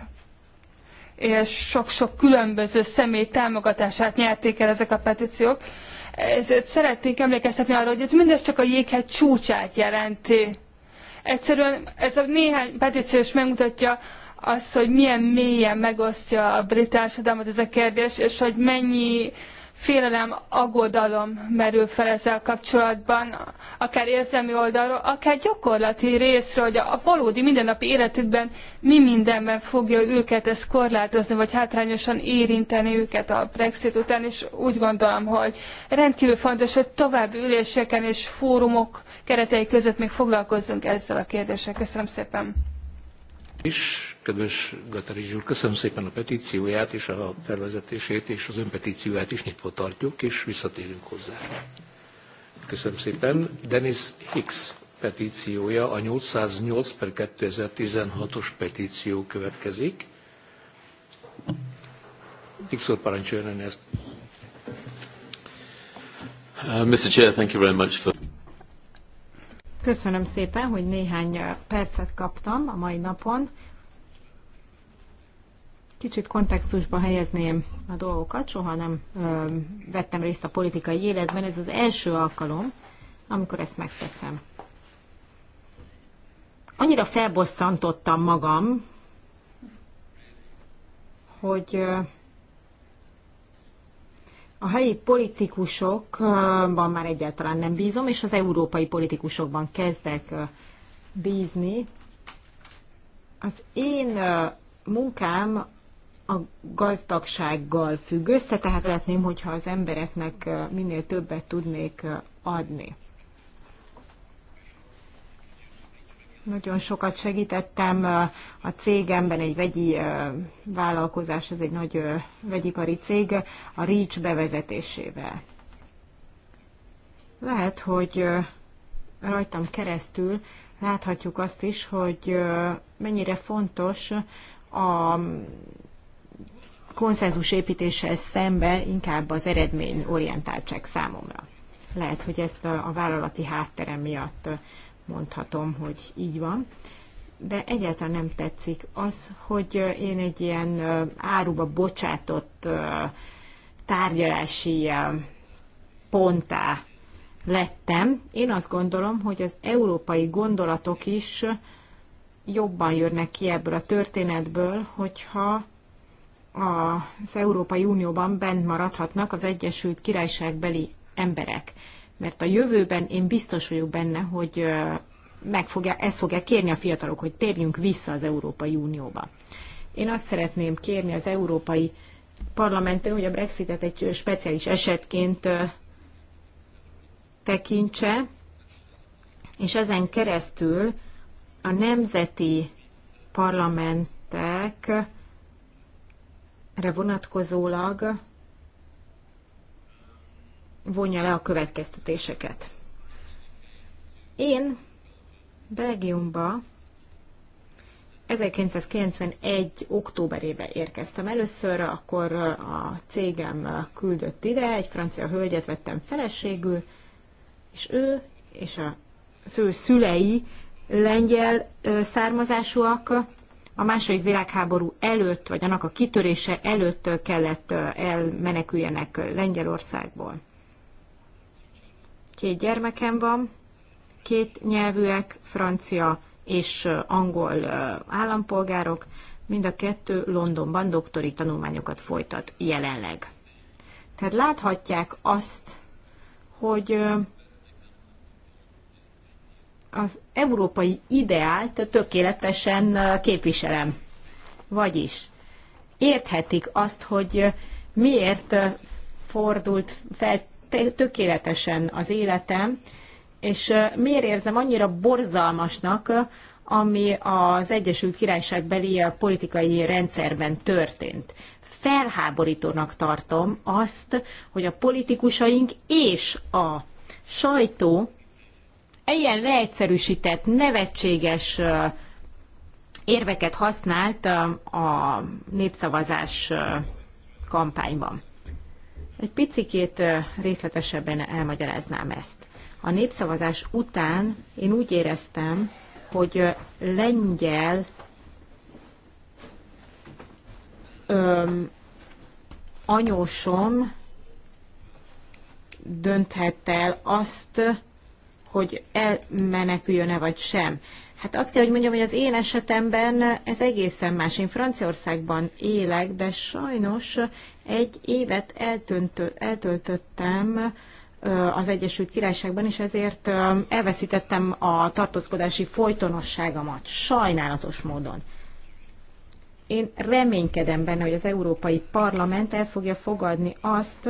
és sok-sok különböző személy támogatását nyerték el ezek a petíciók. Ezért szeretnék emlékeztetni arra, hogy ez mindez csak a jéghegy csúcsát jelenti. Egyszerűen ez a néhány petíció is megmutatja, az, hogy milyen mélyen megosztja a brit társadalmat ez a kérdés, és hogy mennyi félelem, aggodalom merül fel ezzel kapcsolatban, akár érzelmi oldalról, akár gyakorlati részről, hogy a valódi mindennapi életükben mi mindenben fogja őket ezt korlátozni, vagy hátrányosan érinteni őket a Brexit után, és úgy gondolom, hogy rendkívül fontos, hogy további üléseken és fórumok keretei között még foglalkozzunk ezzel a kérdéssel. Köszönöm szépen! is. Kedves Gatarizs köszönöm szépen a petícióját és a felvezetését, és az önpetícióját is nyitva tartjuk, és visszatérünk hozzá. Köszönöm szépen. Dennis Hicks petíciója, a 808 per 2016-os petíció következik. Hicks úr, parancsoljon ezt. Uh, Mr. Chair, thank you very much for... Köszönöm szépen, hogy néhány eh, percet kaptam a mai napon. Kicsit kontextusba helyezném a dolgokat, soha nem ö, eh, vettem részt a politikai életben, ez az első alkalom, amikor ezt megteszem. Annyira felbosszantottam magam, hogy eh, a helyi politikusokban már egyáltalán nem bízom, és az európai politikusokban kezdek bízni. Az én munkám a gazdagsággal függ össze, tehát lehetném, hogyha az embereknek minél többet tudnék adni. Nagyon sokat segítettem a cégemben, egy vegyi vállalkozás, ez egy nagy vegyipari cég, a REACH bevezetésével. Lehet, hogy rajtam keresztül láthatjuk azt is, hogy mennyire fontos a konszenzus építéssel szemben inkább az eredmény orientáltság számomra. Lehet, hogy ezt a vállalati hátterem miatt mondhatom, hogy így van. De egyáltalán nem tetszik az, hogy én egy ilyen áruba bocsátott tárgyalási pontá lettem. Én azt gondolom, hogy az európai gondolatok is jobban jönnek ki ebből a történetből, hogyha az Európai Unióban bent maradhatnak az Egyesült Királyságbeli emberek mert a jövőben én biztos vagyok benne, hogy meg fogja, ezt fogja kérni a fiatalok, hogy térjünk vissza az Európai Unióba. Én azt szeretném kérni az Európai Parlamenttől, hogy a Brexitet egy speciális esetként tekintse, és ezen keresztül a nemzeti parlamentekre vonatkozólag vonja le a következtetéseket. Én Belgiumba 1991. októberében érkeztem először, akkor a cégem küldött ide, egy francia hölgyet vettem feleségül, és ő és a ő szülei lengyel származásúak, a második világháború előtt, vagy annak a kitörése előtt kellett elmeneküljenek Lengyelországból. Két gyermekem van, két nyelvűek, francia és angol állampolgárok, mind a kettő Londonban doktori tanulmányokat folytat jelenleg. Tehát láthatják azt, hogy az európai ideált tökéletesen képviselem. Vagyis érthetik azt, hogy miért fordult fel tökéletesen az életem, és miért érzem annyira borzalmasnak, ami az Egyesült a politikai rendszerben történt. Felháborítónak tartom azt, hogy a politikusaink és a sajtó ilyen leegyszerűsített, nevetséges érveket használt a népszavazás kampányban. Egy picikét részletesebben elmagyaráznám ezt. A népszavazás után én úgy éreztem, hogy lengyel öm, anyósom dönthet el azt, hogy elmeneküljön-e vagy sem. Hát azt kell, hogy mondjam, hogy az én esetemben ez egészen más. Én Franciaországban élek, de sajnos egy évet eltöntö, eltöltöttem az Egyesült Királyságban, és ezért elveszítettem a tartózkodási folytonosságomat. sajnálatos módon. Én reménykedem benne, hogy az Európai Parlament el fogja fogadni azt,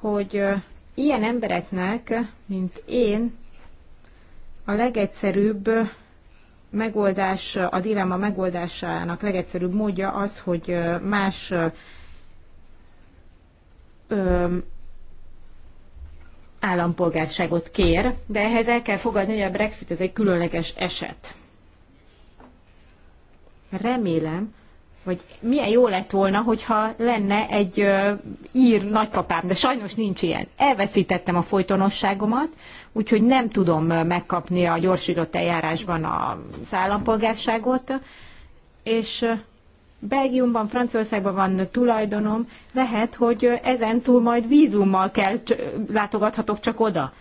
hogy ilyen embereknek, mint én, a legegyszerűbb megoldás, a dilemma megoldásának legegyszerűbb módja az, hogy más öm, állampolgárságot kér, de ehhez el kell fogadni, hogy a Brexit ez egy különleges eset. Remélem, vagy milyen jó lett volna, hogyha lenne egy ö, ír nagypapám, de sajnos nincs ilyen. Elveszítettem a folytonosságomat, úgyhogy nem tudom megkapni a gyorsított eljárásban az állampolgárságot, és Belgiumban, Franciaországban van tulajdonom, lehet, hogy ezen túl majd vízummal kell, látogathatok csak oda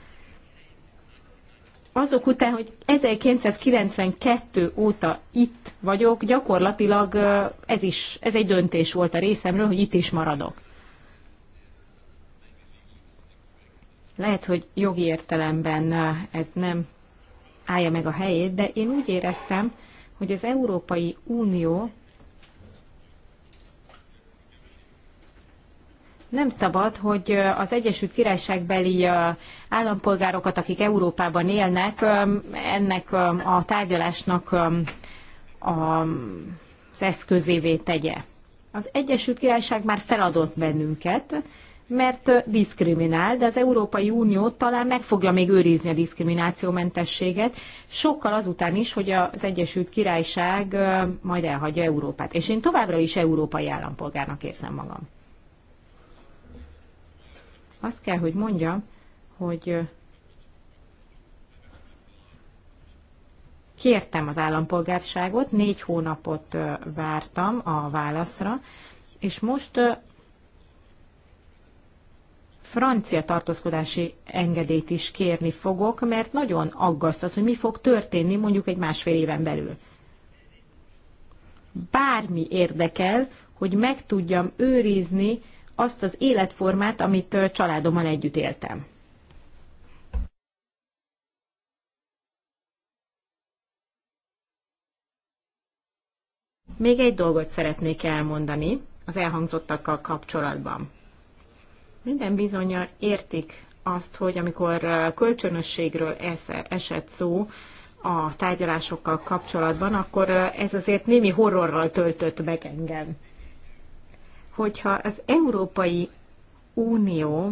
azok után, hogy 1992 óta itt vagyok, gyakorlatilag ez is, ez egy döntés volt a részemről, hogy itt is maradok. Lehet, hogy jogi értelemben ez nem állja meg a helyét, de én úgy éreztem, hogy az Európai Unió Nem szabad, hogy az Egyesült Királyságbeli állampolgárokat, akik Európában élnek, ennek a tárgyalásnak az eszközévé tegye. Az Egyesült Királyság már feladott bennünket, mert diszkriminál, de az Európai Unió talán meg fogja még őrizni a diszkriminációmentességet, sokkal azután is, hogy az Egyesült Királyság majd elhagyja Európát. És én továbbra is európai állampolgárnak érzem magam. Azt kell, hogy mondjam, hogy kértem az állampolgárságot, négy hónapot vártam a válaszra, és most francia tartózkodási engedélyt is kérni fogok, mert nagyon aggaszt az, hogy mi fog történni mondjuk egy másfél éven belül. Bármi érdekel, hogy meg tudjam őrizni azt az életformát, amit családommal együtt éltem. Még egy dolgot szeretnék elmondani az elhangzottakkal kapcsolatban. Minden bizonyal értik azt, hogy amikor kölcsönösségről esett szó a tárgyalásokkal kapcsolatban, akkor ez azért némi horrorral töltött meg engem hogyha az Európai Unió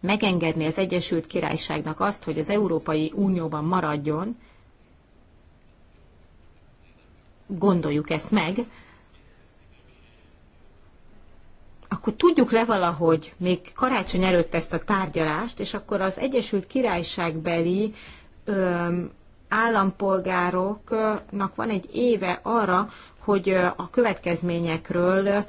megengedni az Egyesült Királyságnak azt, hogy az Európai Unióban maradjon, gondoljuk ezt meg, akkor tudjuk le valahogy még karácsony előtt ezt a tárgyalást, és akkor az Egyesült Királyságbeli ö, állampolgároknak van egy éve arra, hogy a következményekről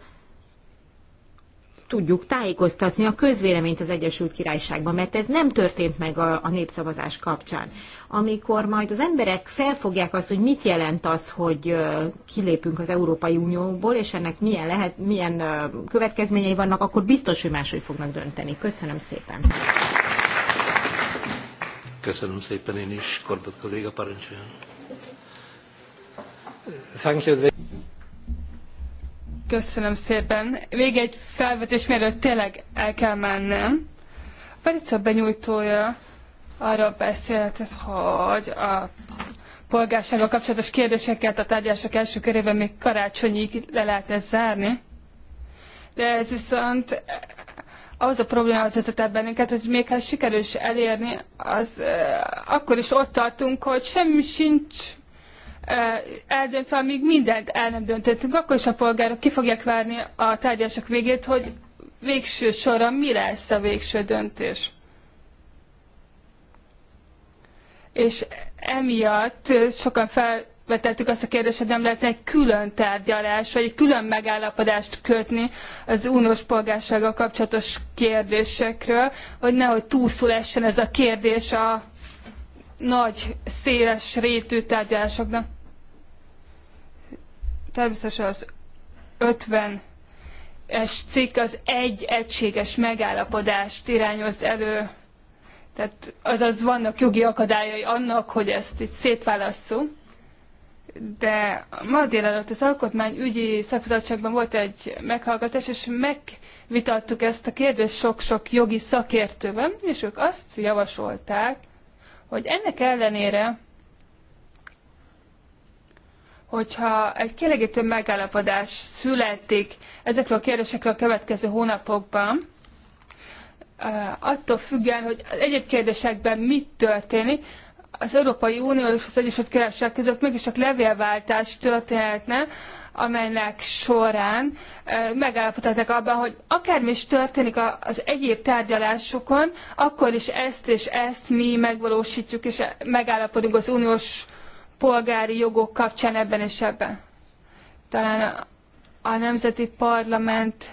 tudjuk tájékoztatni a közvéleményt az Egyesült Királyságban, mert ez nem történt meg a, a népszavazás kapcsán. Amikor majd az emberek felfogják azt, hogy mit jelent az, hogy kilépünk az Európai Unióból, és ennek milyen, lehet, milyen következményei vannak, akkor biztos, hogy máshogy fognak dönteni. Köszönöm szépen. Köszönöm szépen én is, Korbett kolléga parancsoljon. Köszönöm szépen. Még egy felvetés, mielőtt tényleg el kell mennem. A Perica benyújtója arra beszélt, hogy a polgársággal kapcsolatos kérdéseket a tárgyalások első körében még karácsonyig le ezt zárni. De ez viszont az a probléma az vezet bennünket, hogy még ha sikerül is elérni, az, eh, akkor is ott tartunk, hogy semmi sincs eldöntve, amíg mindent el nem döntöttünk, akkor is a polgárok ki fogják várni a tárgyalások végét, hogy végső soron mi lesz a végső döntés. És emiatt sokan felvetettük azt a kérdést, hogy nem lehetne egy külön tárgyalás, vagy egy külön megállapodást kötni az uniós polgársággal kapcsolatos kérdésekről, hogy nehogy túlszul essen ez a kérdés a nagy, széles rétű tárgyalásoknak. Természetesen az 50 es cikk az egy egységes megállapodást irányoz elő, tehát azaz vannak jogi akadályai annak, hogy ezt itt szétválasszunk. De ma délelőtt az alkotmányügyi szakbizottságban volt egy meghallgatás, és megvitattuk ezt a kérdést sok-sok jogi szakértővel, és ők azt javasolták, hogy ennek ellenére, hogyha egy kielégítő megállapodás születik ezekről a kérdésekről a következő hónapokban, eh, attól függően, hogy az egyéb kérdésekben mit történik, az Európai Unió és az Egyesült Királyság között mégis csak levélváltás történhetne, amelynek során megállapodhatnak abban, hogy akármi is történik az egyéb tárgyalásokon, akkor is ezt és ezt mi megvalósítjuk, és megállapodunk az uniós polgári jogok kapcsán ebben és ebben. Talán a, a nemzeti parlament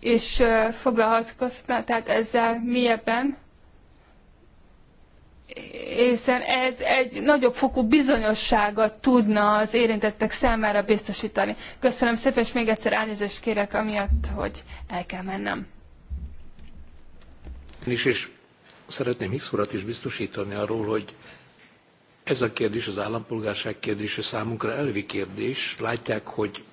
is foglalkozhatna, tehát ezzel mélyebben hiszen ez egy nagyobb fokú bizonyosságot tudna az érintettek számára biztosítani. Köszönöm szépen, és még egyszer elnézést kérek, amiatt, hogy el kell mennem. Én is, és szeretném Hicks urat is biztosítani arról, hogy ez a kérdés, az állampolgárság kérdése számunkra elvi kérdés. Látják, hogy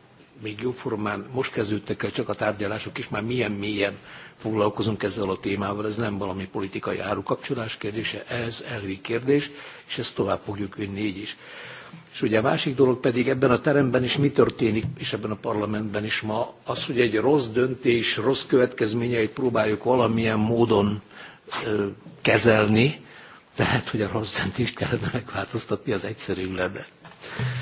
még jóformán most kezdődtek el csak a tárgyalások, és már milyen mélyen foglalkozunk ezzel a témával, ez nem valami politikai árukapcsolás kérdése, ez elvi kérdés, és ezt tovább fogjuk vinni így is. És ugye a másik dolog pedig ebben a teremben is mi történik, és ebben a parlamentben is ma, az, hogy egy rossz döntés, rossz következményeit próbáljuk valamilyen módon ö, kezelni, lehet, hogy a rossz döntést kellene megváltoztatni, az egyszerű lenne.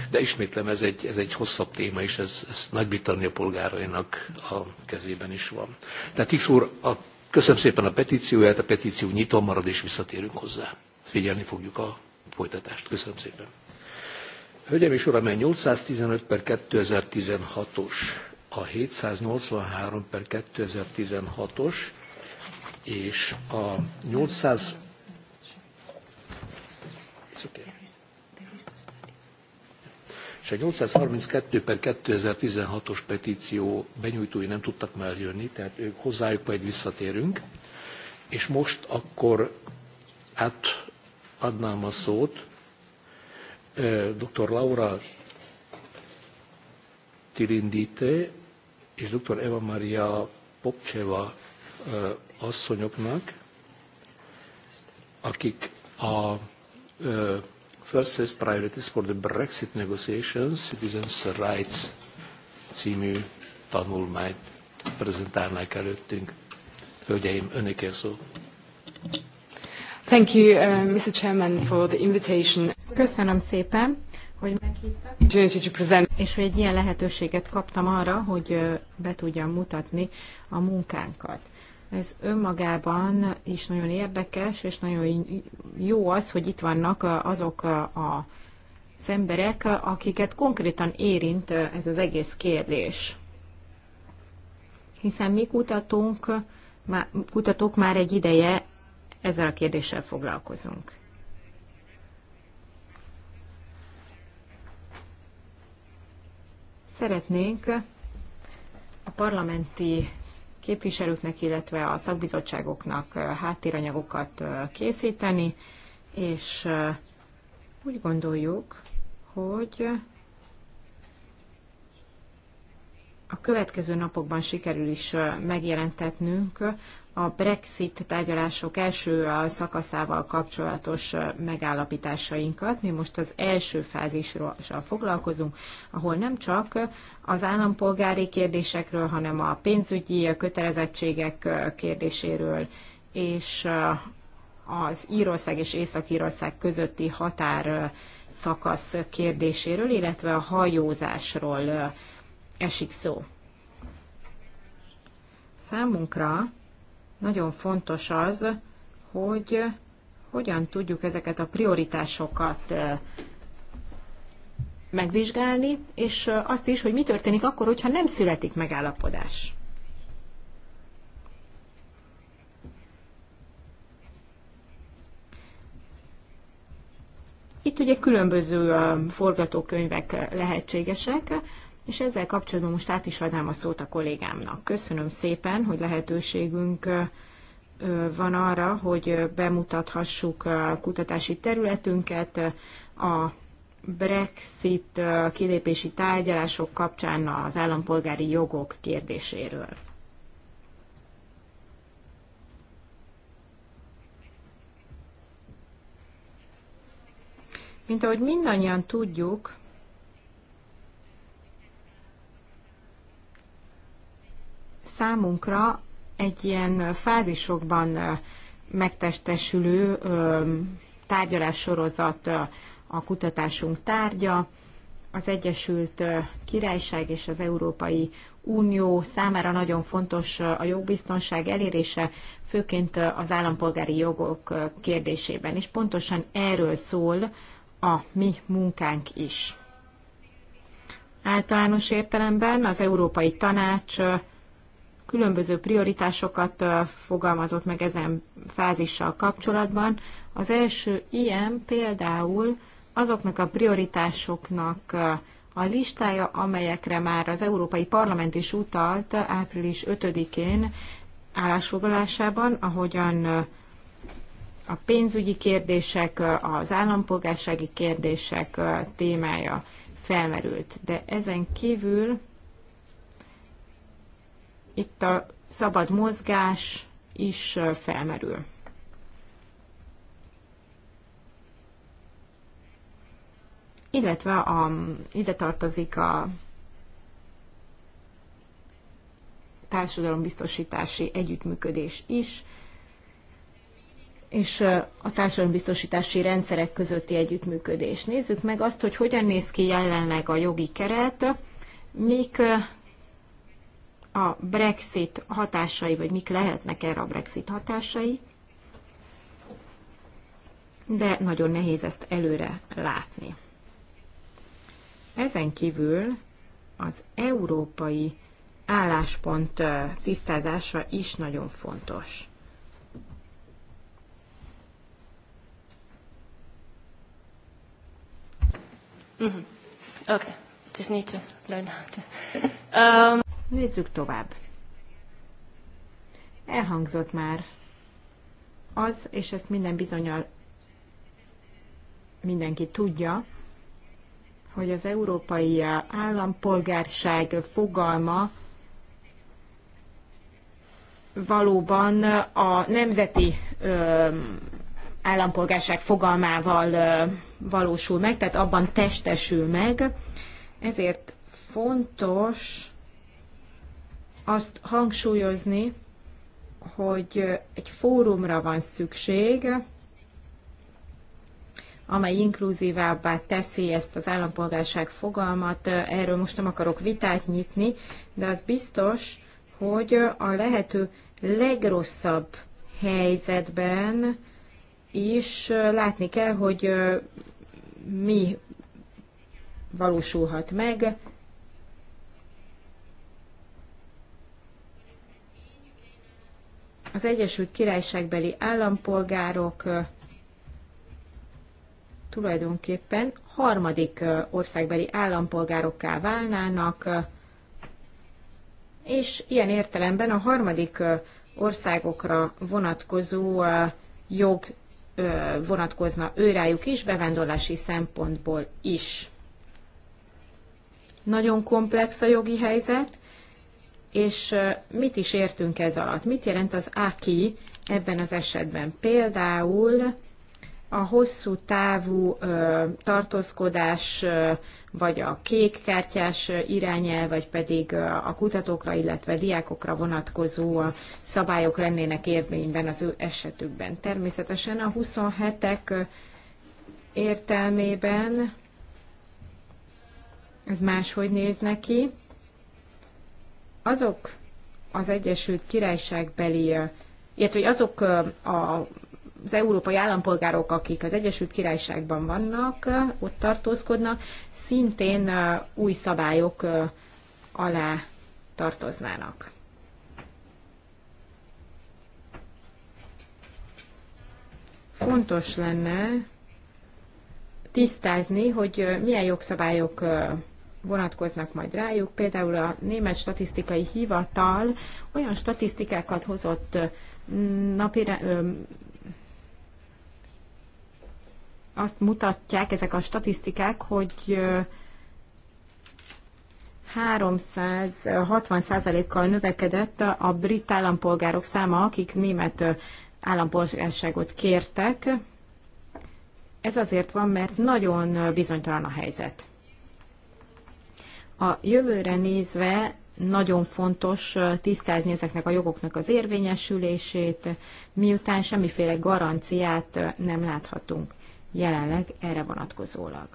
De ismétlem, ez egy, ez egy hosszabb téma, és ez, ez Nagy-Britannia polgárainak a kezében is van. Tehát Tisz úr, a, köszönöm szépen a petícióját, a petíció nyitva marad, és visszatérünk hozzá. Figyelni fogjuk a folytatást. Köszönöm szépen. Hölgyeim és Uram, 815 per 2016-os, a 783 per 2016-os és a 800... It's okay és a 832 per 2016-os petíció benyújtói nem tudtak már jönni, tehát ők hozzájuk majd visszatérünk, és most akkor átadnám a szót dr. Laura Tirindite és dr. Eva Maria Popcseva asszonyoknak, akik a First has priorities for the Brexit negotiations, citizens' rights című tanulmányt prezentálnák előttünk. Hölgyeim, önöké szó. Thank you, uh, Mr. Chairman, for the invitation. Köszönöm szépen, hogy meghívtak, és hogy egy ilyen lehetőséget kaptam arra, hogy uh, be tudjam mutatni a munkánkat. Ez önmagában is nagyon érdekes, és nagyon jó az, hogy itt vannak azok a az emberek, akiket konkrétan érint ez az egész kérdés. Hiszen mi kutatunk, kutatók már egy ideje ezzel a kérdéssel foglalkozunk. Szeretnénk a parlamenti képviselőknek, illetve a szakbizottságoknak háttéranyagokat készíteni, és úgy gondoljuk, hogy a következő napokban sikerül is megjelentetnünk a Brexit tárgyalások első szakaszával kapcsolatos megállapításainkat. Mi most az első fázisról foglalkozunk, ahol nem csak az állampolgári kérdésekről, hanem a pénzügyi kötelezettségek kérdéséről és az Írország és Észak-Írország közötti határ szakasz kérdéséről, illetve a hajózásról esik szó. Számunkra nagyon fontos az, hogy hogyan tudjuk ezeket a prioritásokat megvizsgálni, és azt is, hogy mi történik akkor, hogyha nem születik megállapodás. Itt ugye különböző forgatókönyvek lehetségesek és ezzel kapcsolatban most át is adnám a szót a kollégámnak. Köszönöm szépen, hogy lehetőségünk van arra, hogy bemutathassuk a kutatási területünket, a Brexit kilépési tárgyalások kapcsán az állampolgári jogok kérdéséről. Mint ahogy mindannyian tudjuk, számunkra egy ilyen fázisokban megtestesülő tárgyalássorozat a kutatásunk tárgya. Az Egyesült Királyság és az Európai Unió számára nagyon fontos a jogbiztonság elérése, főként az állampolgári jogok kérdésében, és pontosan erről szól a mi munkánk is. Általános értelemben az Európai Tanács különböző prioritásokat fogalmazott meg ezen fázissal kapcsolatban. Az első ilyen például azoknak a prioritásoknak a listája, amelyekre már az Európai Parlament is utalt április 5-én állásfoglalásában, ahogyan a pénzügyi kérdések, az állampolgársági kérdések témája felmerült. De ezen kívül itt a szabad mozgás is felmerül. Illetve a, ide tartozik a társadalombiztosítási együttműködés is, és a társadalombiztosítási rendszerek közötti együttműködés. Nézzük meg azt, hogy hogyan néz ki jelenleg a jogi keret, mik a Brexit hatásai, vagy mik lehetnek erre a Brexit hatásai, de nagyon nehéz ezt előre látni. Ezen kívül az európai álláspont tisztázása is nagyon fontos. Mm-hmm. Okay, just need to learn how to. *laughs* Um... Nézzük tovább. Elhangzott már az, és ezt minden bizonyal mindenki tudja, hogy az európai állampolgárság fogalma valóban a nemzeti állampolgárság fogalmával valósul meg, tehát abban testesül meg. Ezért fontos azt hangsúlyozni, hogy egy fórumra van szükség, amely inkluzívábbá teszi ezt az állampolgárság fogalmat. Erről most nem akarok vitát nyitni, de az biztos, hogy a lehető legrosszabb helyzetben is látni kell, hogy mi valósulhat meg, az Egyesült Királyságbeli állampolgárok tulajdonképpen harmadik országbeli állampolgárokká válnának, és ilyen értelemben a harmadik országokra vonatkozó jog vonatkozna őrájuk is, bevándorlási szempontból is. Nagyon komplex a jogi helyzet, és mit is értünk ez alatt? Mit jelent az AKI ebben az esetben? Például a hosszú távú ö, tartózkodás, ö, vagy a kékkártyás irányel, vagy pedig ö, a kutatókra, illetve diákokra vonatkozó a szabályok lennének érvényben az ő esetükben. Természetesen a 27-ek értelmében ez máshogy néz neki azok az Egyesült beli, illetve hogy azok a az európai állampolgárok, akik az Egyesült Királyságban vannak, ott tartózkodnak, szintén új szabályok alá tartoznának. Fontos lenne tisztázni, hogy milyen jogszabályok vonatkoznak majd rájuk. Például a Német Statisztikai Hivatal olyan statisztikákat hozott napire, azt mutatják ezek a statisztikák, hogy 360%-kal növekedett a brit állampolgárok száma, akik német állampolgárságot kértek. Ez azért van, mert nagyon bizonytalan a helyzet. A jövőre nézve nagyon fontos tisztázni ezeknek a jogoknak az érvényesülését, miután semmiféle garanciát nem láthatunk jelenleg erre vonatkozólag.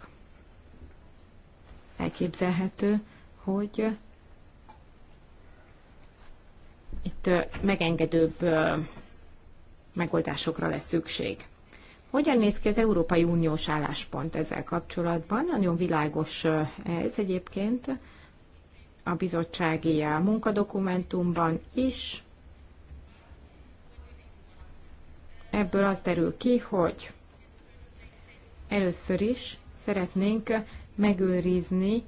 Elképzelhető, hogy itt megengedőbb megoldásokra lesz szükség. Hogyan néz ki az Európai Uniós álláspont ezzel kapcsolatban? Nagyon világos ez egyébként a bizottsági munkadokumentumban is. Ebből az derül ki, hogy először is szeretnénk megőrizni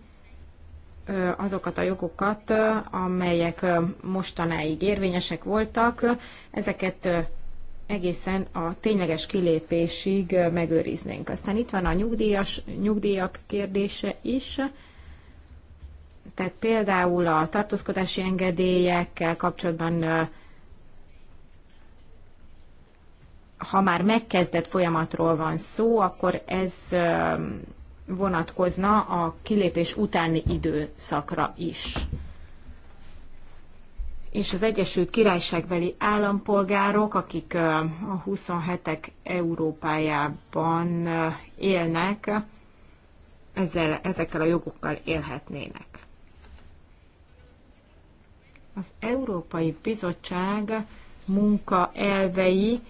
azokat a jogokat, amelyek mostanáig érvényesek voltak, ezeket egészen a tényleges kilépésig megőriznénk. Aztán itt van a nyugdíjas, nyugdíjak kérdése is, tehát például a tartózkodási engedélyekkel kapcsolatban ha már megkezdett folyamatról van szó, akkor ez vonatkozna a kilépés utáni időszakra is és az Egyesült Királyságbeli állampolgárok, akik a 27-ek Európájában élnek, ezzel, ezekkel a jogokkal élhetnének. Az Európai Bizottság munka elvei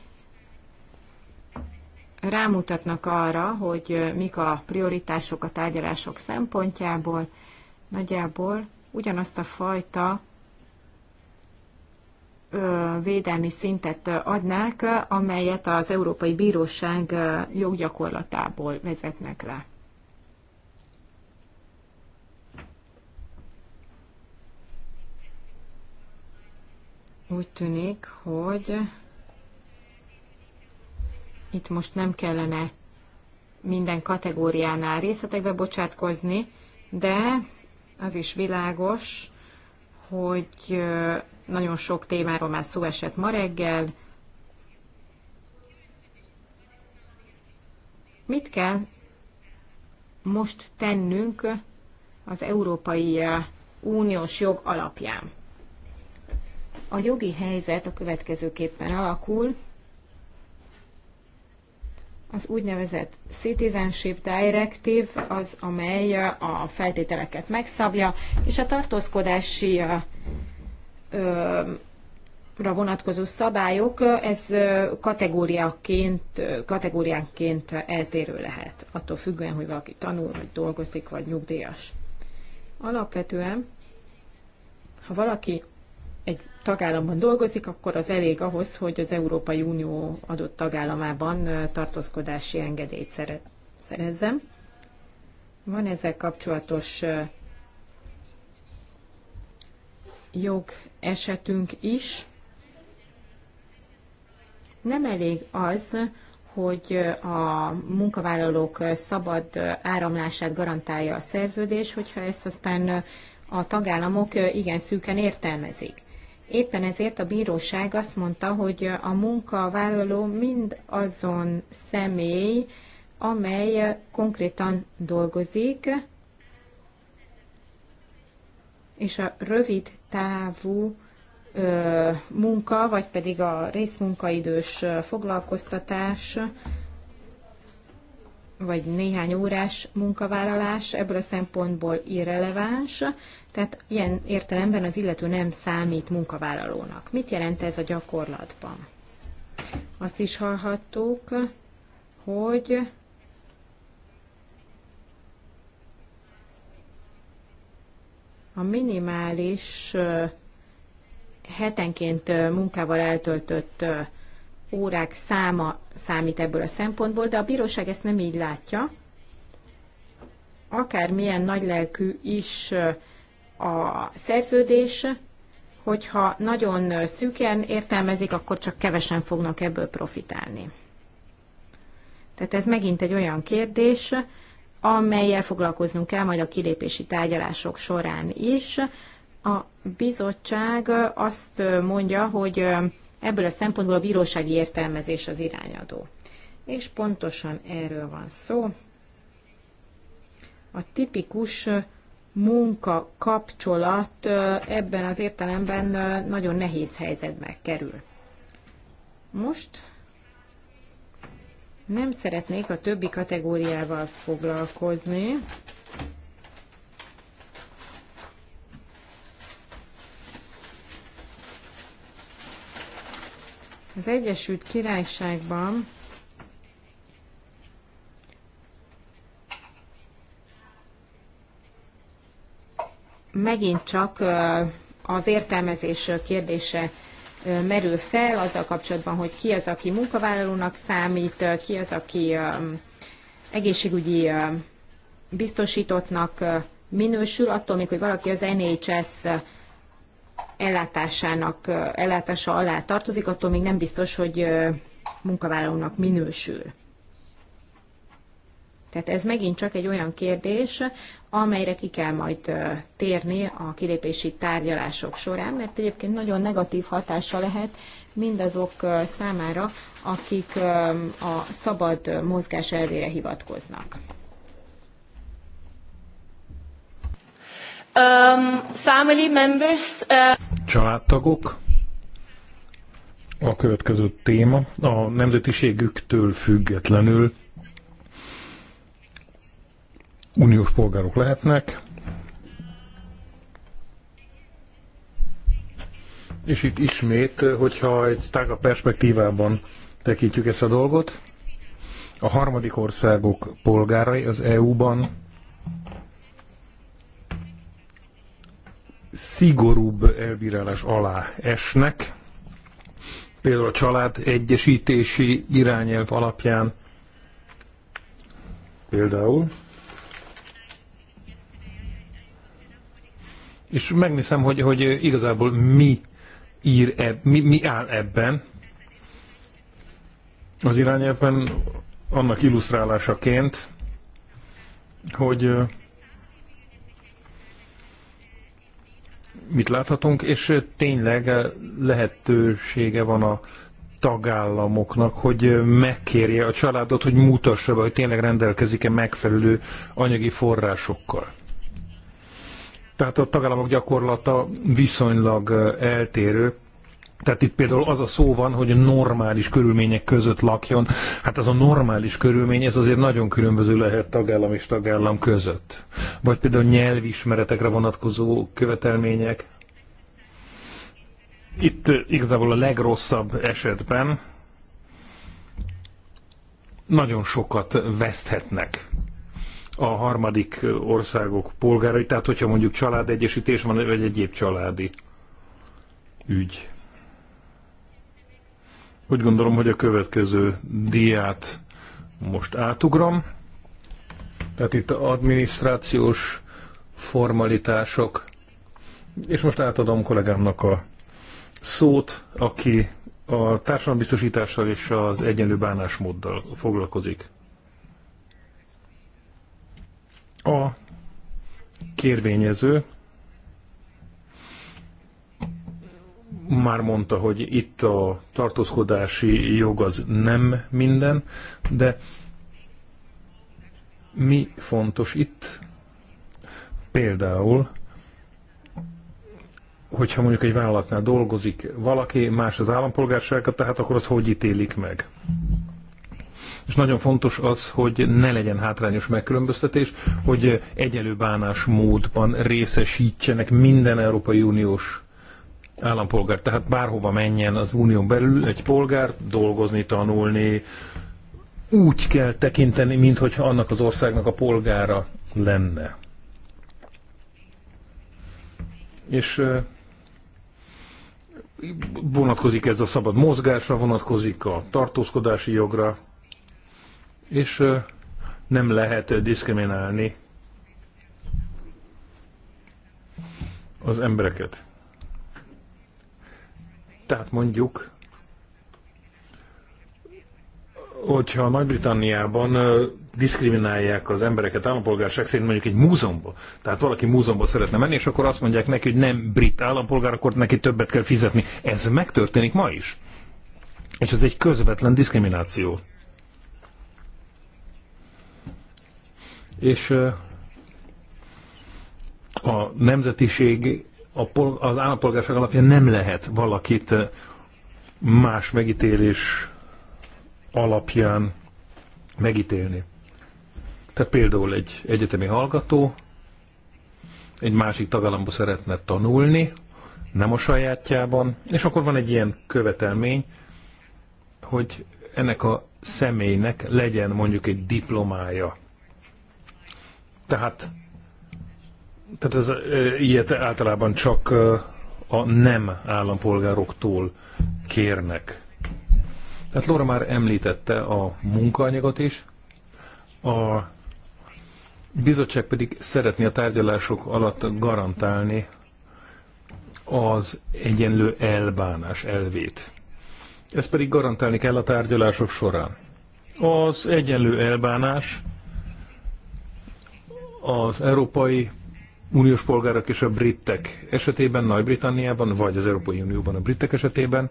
rámutatnak arra, hogy mik a prioritások a tárgyalások szempontjából, nagyjából ugyanazt a fajta védelmi szintet adnák, amelyet az Európai Bíróság joggyakorlatából vezetnek le. Úgy tűnik, hogy itt most nem kellene minden kategóriánál részletekbe bocsátkozni, de az is világos, hogy nagyon sok témáról már szó esett ma reggel. Mit kell most tennünk az Európai Uniós jog alapján? A jogi helyzet a következőképpen alakul. Az úgynevezett Citizenship Directive az, amely a feltételeket megszabja, és a tartózkodási ra vonatkozó szabályok, ez kategóriaként, kategóriánként eltérő lehet, attól függően, hogy valaki tanul, vagy dolgozik, vagy nyugdíjas. Alapvetően, ha valaki egy tagállamban dolgozik, akkor az elég ahhoz, hogy az Európai Unió adott tagállamában tartózkodási engedélyt szerezzem. Van ezzel kapcsolatos jog esetünk is. Nem elég az, hogy a munkavállalók szabad áramlását garantálja a szerződés, hogyha ezt aztán a tagállamok igen szűken értelmezik. Éppen ezért a bíróság azt mondta, hogy a munkavállaló mind azon személy, amely konkrétan dolgozik, és a rövid távú munka, vagy pedig a részmunkaidős foglalkoztatás, vagy néhány órás munkavállalás ebből a szempontból irreleváns, tehát ilyen értelemben az illető nem számít munkavállalónak. Mit jelent ez a gyakorlatban? Azt is hallhattuk, hogy a minimális hetenként munkával eltöltött órák száma számít ebből a szempontból, de a bíróság ezt nem így látja. Akármilyen nagylelkű is a szerződés, hogyha nagyon szűken értelmezik, akkor csak kevesen fognak ebből profitálni. Tehát ez megint egy olyan kérdés, amelyel foglalkoznunk kell majd a kilépési tárgyalások során is. A bizottság azt mondja, hogy ebből a szempontból a bírósági értelmezés az irányadó. És pontosan erről van szó. A tipikus munka kapcsolat ebben az értelemben nagyon nehéz helyzetbe kerül. Most nem szeretnék a többi kategóriával foglalkozni. Az Egyesült Királyságban megint csak az értelmezés kérdése merül fel azzal kapcsolatban, hogy ki az, aki munkavállalónak számít, ki az, aki egészségügyi biztosítottnak minősül, attól még, hogy valaki az NHS ellátásának, ellátása alá tartozik, attól még nem biztos, hogy munkavállalónak minősül. Tehát ez megint csak egy olyan kérdés, amelyre ki kell majd térni a kilépési tárgyalások során, mert egyébként nagyon negatív hatása lehet mindazok számára, akik a szabad mozgás elvére hivatkoznak. Um, family members, uh... Családtagok. A következő téma a nemzetiségüktől függetlenül uniós polgárok lehetnek, És itt ismét, hogyha egy tágabb perspektívában tekintjük ezt a dolgot, a harmadik országok polgárai az EU-ban szigorúbb elbírálás alá esnek, például a család egyesítési irányelv alapján, például És megnézem, hogy, hogy igazából mi ír, eb, mi, mi áll ebben az irányelven annak illusztrálásaként, hogy mit láthatunk, és tényleg lehetősége van a tagállamoknak, hogy megkérje a családot, hogy mutassa be, hogy tényleg rendelkezik-e megfelelő anyagi forrásokkal. Tehát a tagállamok gyakorlata viszonylag eltérő. Tehát itt például az a szó van, hogy normális körülmények között lakjon. Hát az a normális körülmény, ez azért nagyon különböző lehet tagállam és tagállam között. Vagy például nyelvismeretekre vonatkozó követelmények. Itt igazából a legrosszabb esetben nagyon sokat veszthetnek a harmadik országok polgárai, tehát hogyha mondjuk családegyesítés van, vagy egyéb családi ügy. Úgy gondolom, hogy a következő diát most átugram. Tehát itt adminisztrációs formalitások. És most átadom kollégámnak a szót, aki a társadalombiztosítással és az egyenlő bánásmóddal foglalkozik. A kérvényező már mondta, hogy itt a tartózkodási jog az nem minden, de mi fontos itt? Például, hogyha mondjuk egy vállalatnál dolgozik valaki, más az állampolgársága, tehát akkor az hogy ítélik meg? És nagyon fontos az, hogy ne legyen hátrányos megkülönböztetés, hogy egyelő bánásmódban részesítsenek minden Európai Uniós állampolgár. Tehát bárhova menjen az unió belül egy polgár, dolgozni, tanulni, úgy kell tekinteni, mintha annak az országnak a polgára lenne. És vonatkozik ez a szabad mozgásra, vonatkozik a tartózkodási jogra, és nem lehet diszkriminálni az embereket. Tehát mondjuk, hogyha Nagy-Britanniában diszkriminálják az embereket állampolgárság szerint mondjuk egy múzeumba, tehát valaki múzeumba szeretne menni, és akkor azt mondják neki, hogy nem brit állampolgár, akkor neki többet kell fizetni. Ez megtörténik ma is. És ez egy közvetlen diszkrimináció. és a nemzetiség az állampolgárság alapján nem lehet valakit más megítélés alapján megítélni. Tehát például egy egyetemi hallgató egy másik tagállamba szeretne tanulni, nem a sajátjában, és akkor van egy ilyen követelmény, hogy ennek a személynek legyen mondjuk egy diplomája tehát, tehát ez, ilyet általában csak a nem állampolgároktól kérnek. Tehát Laura már említette a munkaanyagot is, a bizottság pedig szeretné a tárgyalások alatt garantálni az egyenlő elbánás elvét. Ezt pedig garantálni kell a tárgyalások során. Az egyenlő elbánás az európai uniós polgárok és a britek esetében, Nagy-Britanniában, vagy az Európai Unióban a britek esetében,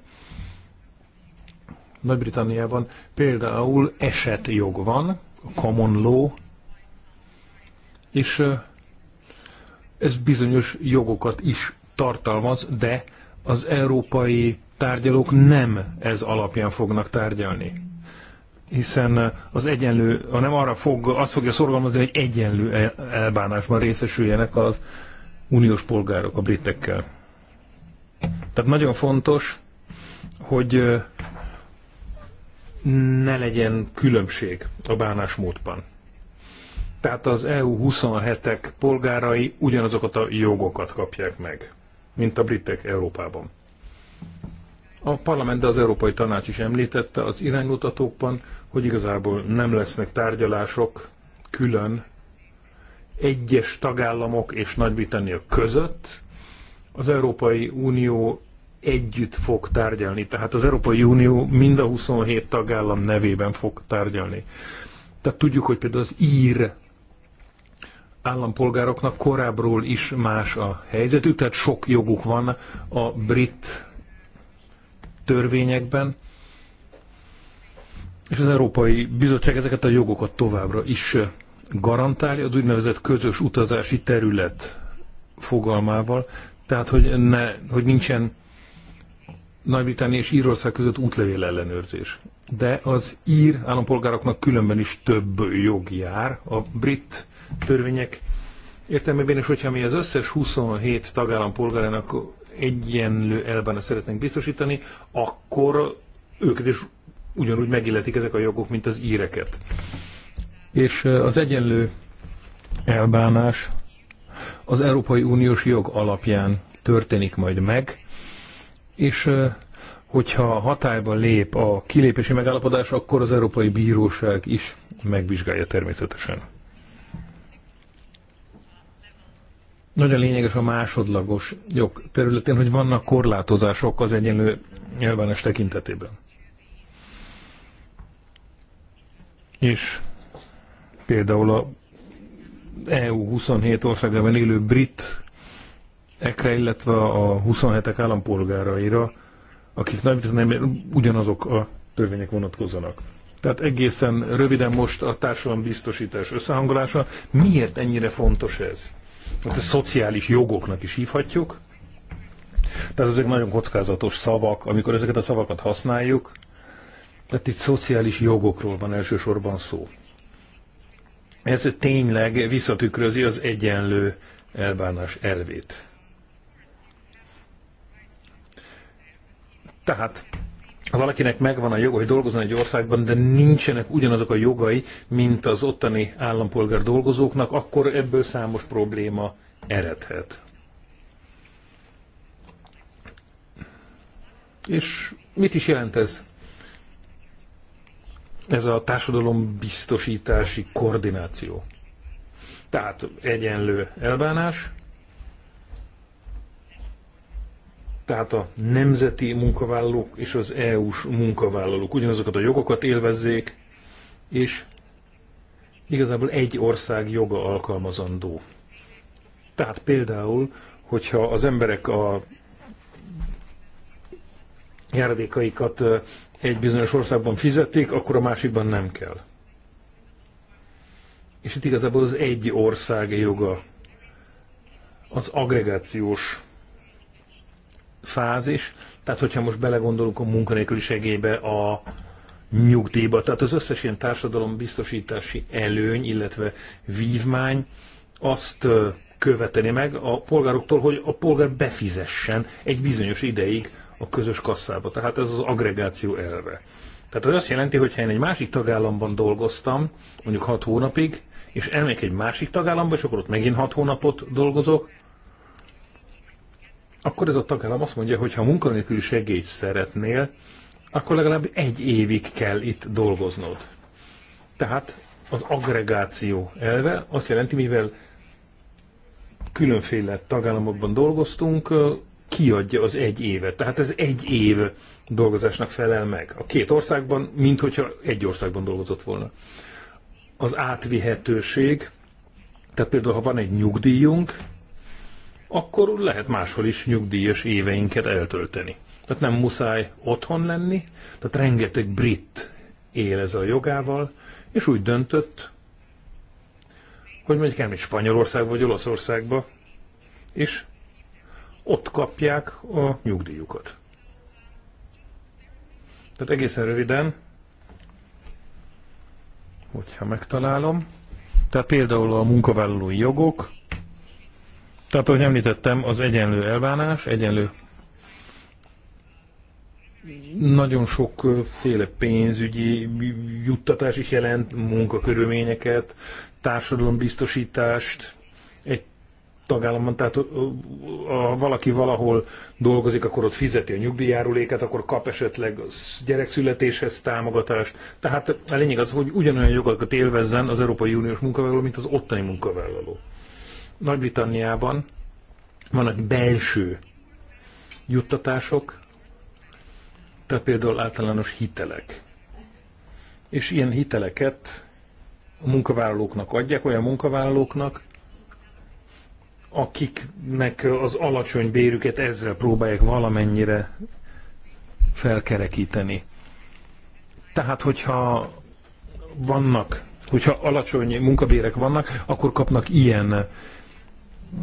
Nagy-Britanniában például esetjog van, a common law, és ez bizonyos jogokat is tartalmaz, de az európai tárgyalók nem ez alapján fognak tárgyalni hiszen az egyenlő, a nem arra fog, azt fogja szorgalmazni, hogy egyenlő elbánásban részesüljenek az uniós polgárok a britekkel. Tehát nagyon fontos, hogy ne legyen különbség a bánásmódban. Tehát az EU 27-ek polgárai ugyanazokat a jogokat kapják meg, mint a britek Európában. A parlament, de az Európai Tanács is említette az iránymutatókban, hogy igazából nem lesznek tárgyalások külön egyes tagállamok és Nagy-Britannia között. Az Európai Unió együtt fog tárgyalni, tehát az Európai Unió mind a 27 tagállam nevében fog tárgyalni. Tehát tudjuk, hogy például az ír állampolgároknak korábbról is más a helyzetük, tehát sok joguk van a brit törvényekben, és az Európai Bizottság ezeket a jogokat továbbra is garantálja az úgynevezett közös utazási terület fogalmával, tehát hogy, ne, hogy nincsen Nagy-Britannia és Írország között útlevél ellenőrzés. De az ír állampolgároknak különben is több jog jár a brit törvények értelmében, és hogyha mi az összes 27 tagállampolgárának egyenlő elben szeretnénk biztosítani, akkor őket is ugyanúgy megilletik ezek a jogok, mint az íreket. És az egyenlő elbánás az Európai Uniós jog alapján történik majd meg, és hogyha hatályba lép a kilépési megállapodás, akkor az Európai Bíróság is megvizsgálja természetesen. Nagyon lényeges a másodlagos jog területén, hogy vannak korlátozások az egyenlő nyilvános tekintetében. És például a EU 27 országában élő brit ekre, illetve a 27-ek állampolgáraira, akik nem ugyanazok a törvények vonatkozzanak. Tehát egészen röviden most a társadalombiztosítás összehangolása. Miért ennyire fontos ez? Hát ezt a szociális jogoknak is hívhatjuk. Tehát ezek nagyon kockázatos szavak, amikor ezeket a szavakat használjuk, tehát itt szociális jogokról van elsősorban szó. Ez tényleg visszatükrözi az egyenlő elbánás elvét. Tehát ha valakinek megvan a joga, hogy dolgozzon egy országban, de nincsenek ugyanazok a jogai, mint az ottani állampolgár dolgozóknak, akkor ebből számos probléma eredhet. És mit is jelent ez? Ez a társadalom biztosítási koordináció. Tehát egyenlő elbánás, tehát a nemzeti munkavállalók és az EU-s munkavállalók ugyanazokat a jogokat élvezzék, és igazából egy ország joga alkalmazandó. Tehát például, hogyha az emberek a járadékaikat egy bizonyos országban fizették, akkor a másikban nem kell. És itt igazából az egy ország joga, az agregációs fázis, tehát hogyha most belegondolunk a munkanélküliségébe, a nyugdíjba, tehát az összes ilyen társadalombiztosítási előny, illetve vívmány azt követeni meg a polgároktól, hogy a polgár befizessen egy bizonyos ideig a közös kasszába. Tehát ez az agregáció elve. Tehát az azt jelenti, hogy ha én egy másik tagállamban dolgoztam, mondjuk 6 hónapig, és elmegyek egy másik tagállamba, és akkor ott megint 6 hónapot dolgozok, akkor ez a tagállam azt mondja, hogy ha munkanélküli segélyt szeretnél, akkor legalább egy évig kell itt dolgoznod. Tehát az agregáció elve azt jelenti, mivel különféle tagállamokban dolgoztunk, kiadja az egy évet. Tehát ez egy év dolgozásnak felel meg. A két országban, mint hogyha egy országban dolgozott volna. Az átvihetőség, tehát például, ha van egy nyugdíjunk, akkor lehet máshol is nyugdíjas éveinket eltölteni. Tehát nem muszáj otthon lenni, tehát rengeteg brit él ez a jogával, és úgy döntött, hogy mondjuk elmegy Spanyolországba vagy Olaszországba, és ott kapják a nyugdíjukat. Tehát egészen röviden, hogyha megtalálom, tehát például a munkavállalói jogok, tehát, ahogy említettem, az egyenlő elvánás, egyenlő nagyon sokféle pénzügyi juttatás is jelent, munkakörülményeket, társadalombiztosítást, egy tagállamban, tehát ha valaki valahol dolgozik, akkor ott fizeti a nyugdíjáruléket, akkor kap esetleg gyerekszületéshez támogatást. Tehát a lényeg az, hogy ugyanolyan jogokat élvezzen az Európai Uniós munkavállaló, mint az ottani munkavállaló. Nagy-Britanniában vannak belső juttatások, tehát például általános hitelek. És ilyen hiteleket a munkavállalóknak adják, olyan munkavállalóknak, akiknek az alacsony bérüket ezzel próbálják valamennyire felkerekíteni. Tehát, hogyha vannak, hogyha alacsony munkabérek vannak, akkor kapnak ilyen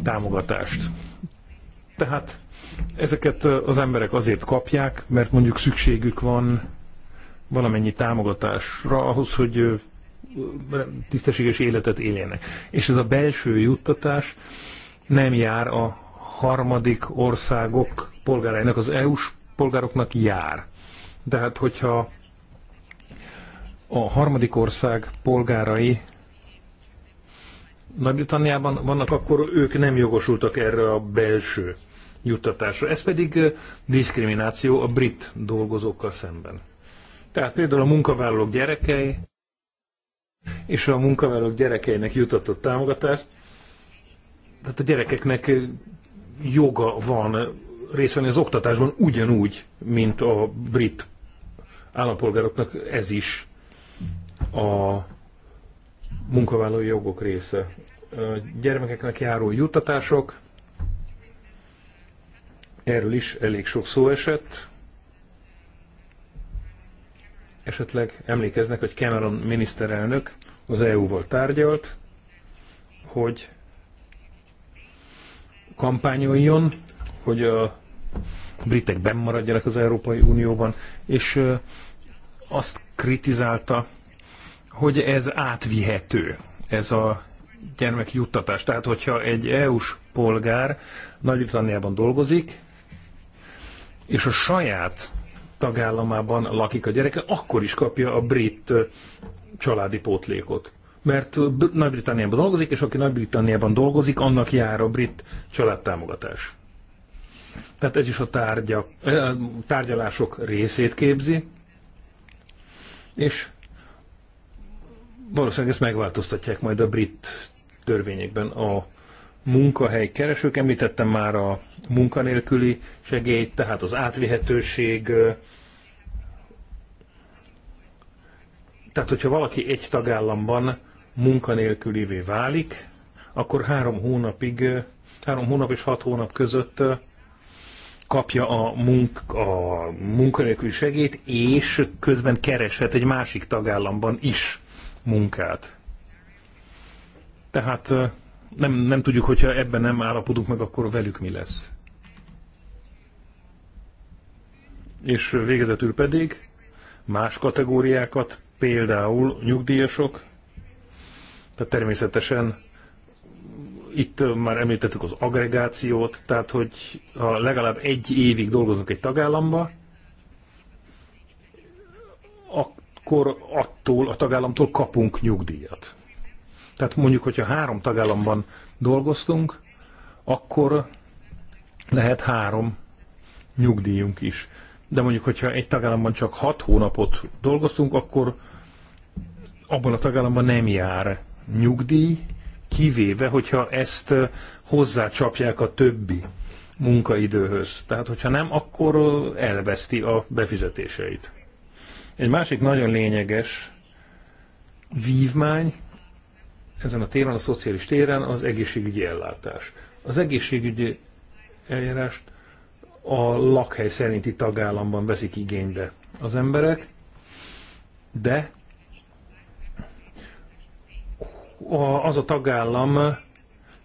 támogatást. Tehát ezeket az emberek azért kapják, mert mondjuk szükségük van valamennyi támogatásra ahhoz, hogy tisztességes életet éljenek. És ez a belső juttatás nem jár a harmadik országok polgárainak, az EU-s polgároknak jár. De hát, hogyha a harmadik ország polgárai nagy-Britanniában vannak, akkor ők nem jogosultak erre a belső juttatásra. Ez pedig diszkrimináció a brit dolgozókkal szemben. Tehát például a munkavállalók gyerekei és a munkavállalók gyerekeinek jutatott támogatást, tehát a gyerekeknek joga van részt venni az oktatásban ugyanúgy, mint a brit állampolgároknak ez is a munkavállalói jogok része. A gyermekeknek járó juttatások, erről is elég sok szó esett. Esetleg emlékeznek, hogy Cameron miniszterelnök az EU-val tárgyalt, hogy kampányoljon, hogy a britek bennmaradjanak az Európai Unióban, és azt kritizálta, hogy ez átvihető, ez a gyermek juttatás. Tehát, hogyha egy EU-s polgár Nagy-Britanniában dolgozik, és a saját tagállamában lakik a gyereke, akkor is kapja a brit családi pótlékot. Mert Nagy-Britanniában dolgozik, és aki Nagy-Britanniában dolgozik, annak jár a brit családtámogatás. Tehát ez is a tárgya, tárgyalások részét képzi, és valószínűleg ezt megváltoztatják majd a brit törvényekben a munkahely keresők. Említettem már a munkanélküli segélyt, tehát az átvihetőség. Tehát, hogyha valaki egy tagállamban munkanélkülivé válik, akkor három hónapig, három hónap és hat hónap között kapja a, munk, a munkanélküli segélyt, és közben kereshet egy másik tagállamban is munkát. Tehát nem, nem tudjuk, hogyha ebben nem állapodunk meg, akkor velük mi lesz. És végezetül pedig más kategóriákat, például nyugdíjasok, tehát természetesen itt már említettük az agregációt, tehát hogy ha legalább egy évig dolgoznak egy tagállamba, akkor attól a tagállamtól kapunk nyugdíjat. Tehát mondjuk, hogyha három tagállamban dolgoztunk, akkor lehet három nyugdíjunk is. De mondjuk, hogyha egy tagállamban csak hat hónapot dolgoztunk, akkor abban a tagállamban nem jár nyugdíj, kivéve, hogyha ezt hozzácsapják a többi munkaidőhöz. Tehát, hogyha nem, akkor elveszti a befizetéseit. Egy másik nagyon lényeges vívmány ezen a téren, a szociális téren az egészségügyi ellátás. Az egészségügyi eljárást a lakhely szerinti tagállamban veszik igénybe az emberek, de az a tagállam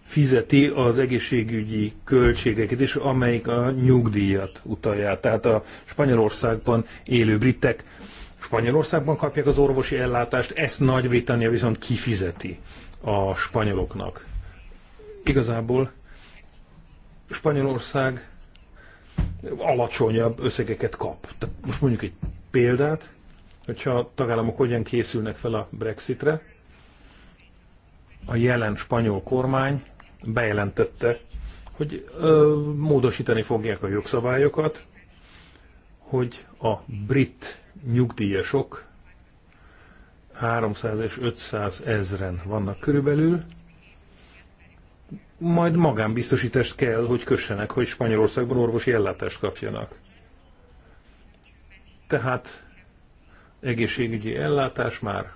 fizeti az egészségügyi költségeket is, amelyik a nyugdíjat utalja. Tehát a Spanyolországban élő britek Spanyolországban kapják az orvosi ellátást, ezt Nagy-Britannia viszont kifizeti a spanyoloknak. Igazából Spanyolország alacsonyabb összegeket kap. Tehát most mondjuk egy példát, hogyha a tagállamok hogyan készülnek fel a Brexitre, a jelen spanyol kormány bejelentette, hogy ö, módosítani fogják a jogszabályokat, hogy a brit nyugdíjasok 300 és 500 ezren vannak körülbelül, majd magánbiztosítást kell, hogy kössenek, hogy Spanyolországban orvosi ellátást kapjanak. Tehát egészségügyi ellátás már.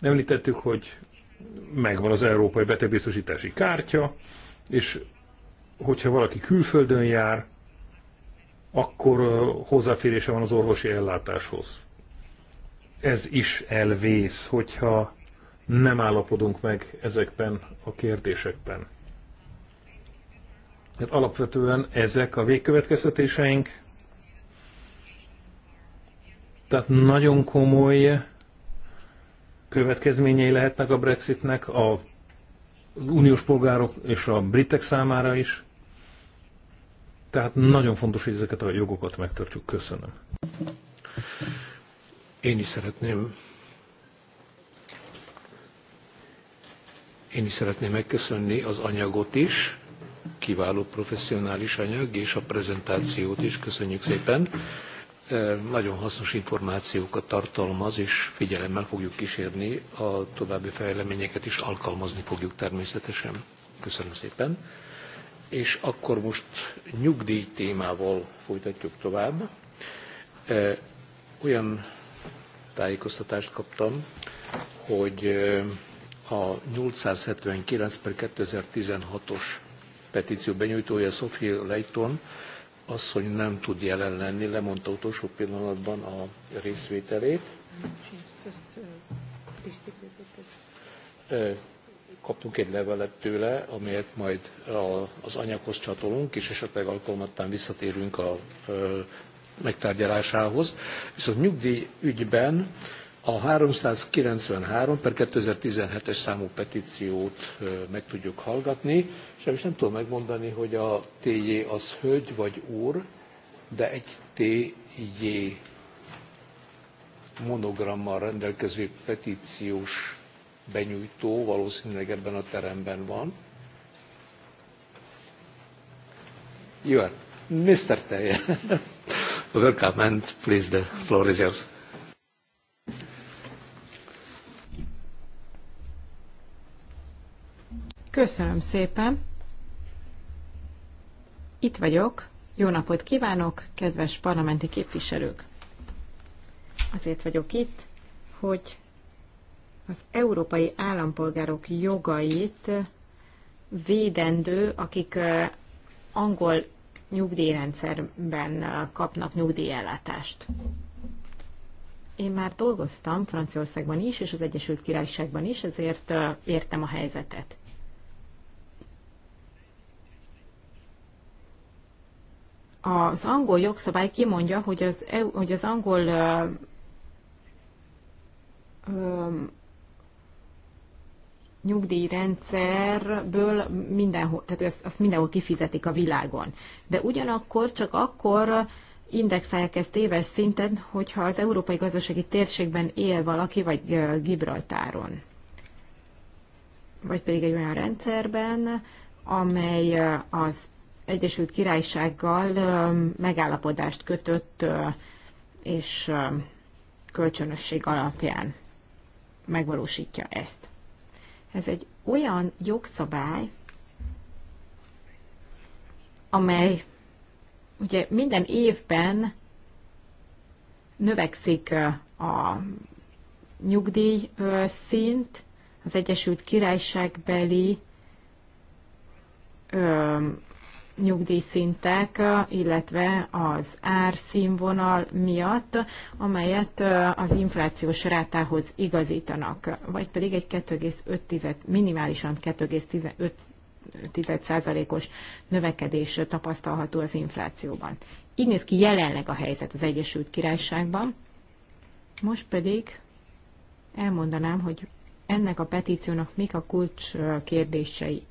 Említettük, hogy megvan az európai betegbiztosítási kártya, és hogyha valaki külföldön jár, akkor hozzáférése van az orvosi ellátáshoz. Ez is elvész, hogyha nem állapodunk meg ezekben a kérdésekben. Hát alapvetően ezek a végkövetkeztetéseink. Tehát nagyon komoly következményei lehetnek a Brexitnek a uniós polgárok és a britek számára is. Tehát nagyon fontos, hogy ezeket a jogokat megtartjuk. Köszönöm. Én is szeretném Én is szeretném megköszönni az anyagot is, kiváló professzionális anyag, és a prezentációt is, köszönjük szépen. Nagyon hasznos információkat tartalmaz, és figyelemmel fogjuk kísérni, a további fejleményeket is alkalmazni fogjuk természetesen. Köszönöm szépen és akkor most nyugdíj témával folytatjuk tovább. E, olyan tájékoztatást kaptam, hogy e, a 879 per 2016-os petíció benyújtója Sophie Leighton asszony nem tud jelen lenni, lemondta utolsó pillanatban a részvételét kaptunk egy levelet tőle, amelyet majd az anyaghoz csatolunk, és esetleg alkalmattán visszatérünk a megtárgyalásához. Viszont nyugdíj ügyben a 393 per 2017-es számú petíciót meg tudjuk hallgatni, és nem nem tudom megmondani, hogy a TJ az hölgy vagy úr, de egy TJ monogrammal rendelkező petíciós benyújtó valószínűleg ebben a teremben van. You are Mr. Teje. Welcome and please the floor is yours. Köszönöm szépen. Itt vagyok. Jó napot kívánok, kedves parlamenti képviselők! Azért vagyok itt, hogy az európai állampolgárok jogait védendő, akik angol nyugdíjrendszerben kapnak nyugdíjellátást. Én már dolgoztam Franciaországban is, és az Egyesült Királyságban is, ezért értem a helyzetet. Az angol jogszabály kimondja, hogy az, hogy az angol nyugdíjrendszerből mindenhol, tehát ezt, azt mindenhol kifizetik a világon. De ugyanakkor csak akkor indexálják ezt éves szinten, hogyha az európai gazdasági térségben él valaki, vagy Gibraltáron. Vagy pedig egy olyan rendszerben, amely az Egyesült Királysággal megállapodást kötött, és kölcsönösség alapján megvalósítja ezt. Ez egy olyan jogszabály, amely ugye minden évben növekszik a nyugdíj szint, az Egyesült Királyságbeli nyugdíjszintek, illetve az árszínvonal miatt, amelyet az inflációs rátához igazítanak, vagy pedig egy 2,5, minimálisan 2,5%-os növekedés tapasztalható az inflációban. Így néz ki jelenleg a helyzet az Egyesült Királyságban. Most pedig elmondanám, hogy ennek a petíciónak mik a kulcs kérdései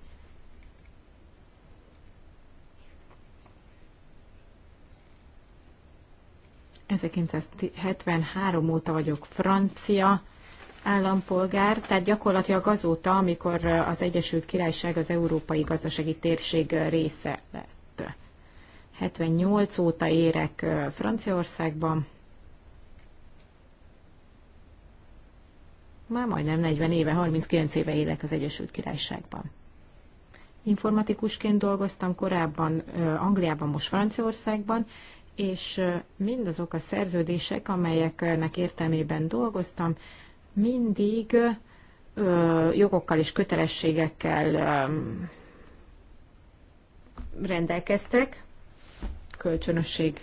1973 óta vagyok francia állampolgár, tehát gyakorlatilag azóta, amikor az Egyesült Királyság az Európai Gazdasági Térség része lett. 78 óta érek Franciaországban. Már majdnem 40 éve, 39 éve élek az Egyesült Királyságban. Informatikusként dolgoztam korábban Angliában, most Franciaországban, és mindazok a szerződések, amelyeknek értelmében dolgoztam, mindig ö, jogokkal és kötelességekkel ö, rendelkeztek kölcsönösség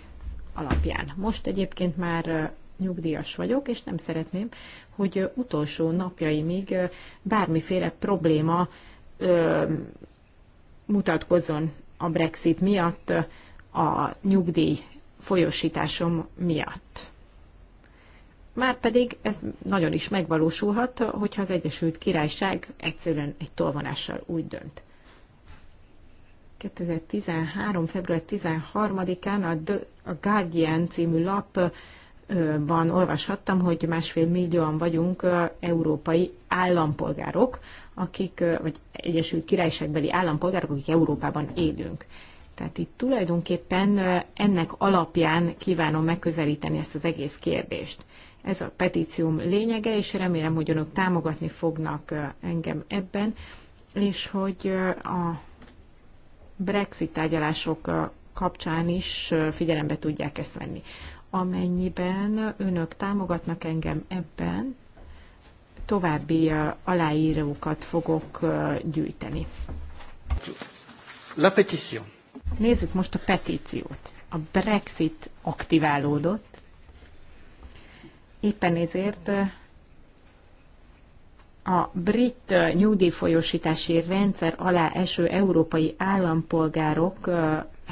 alapján. Most egyébként már nyugdíjas vagyok, és nem szeretném, hogy utolsó napjaimig bármiféle probléma ö, mutatkozzon a Brexit miatt a nyugdíj folyosításom miatt. Márpedig ez nagyon is megvalósulhat, hogyha az Egyesült Királyság egyszerűen egy tolvonással úgy dönt. 2013. február 13-án a, The, Guardian című lapban olvashattam, hogy másfél millióan vagyunk európai állampolgárok, akik, vagy Egyesült Királyságbeli állampolgárok, akik Európában élünk. Tehát itt tulajdonképpen ennek alapján kívánom megközelíteni ezt az egész kérdést. Ez a petícióm lényege, és remélem, hogy önök támogatni fognak engem ebben, és hogy a Brexit tárgyalások kapcsán is figyelembe tudják ezt venni. Amennyiben önök támogatnak engem ebben, további aláírókat fogok gyűjteni. La pétition. Nézzük most a petíciót. A Brexit aktiválódott. Éppen ezért a brit nyugdíjfolyósítási rendszer alá eső európai állampolgárok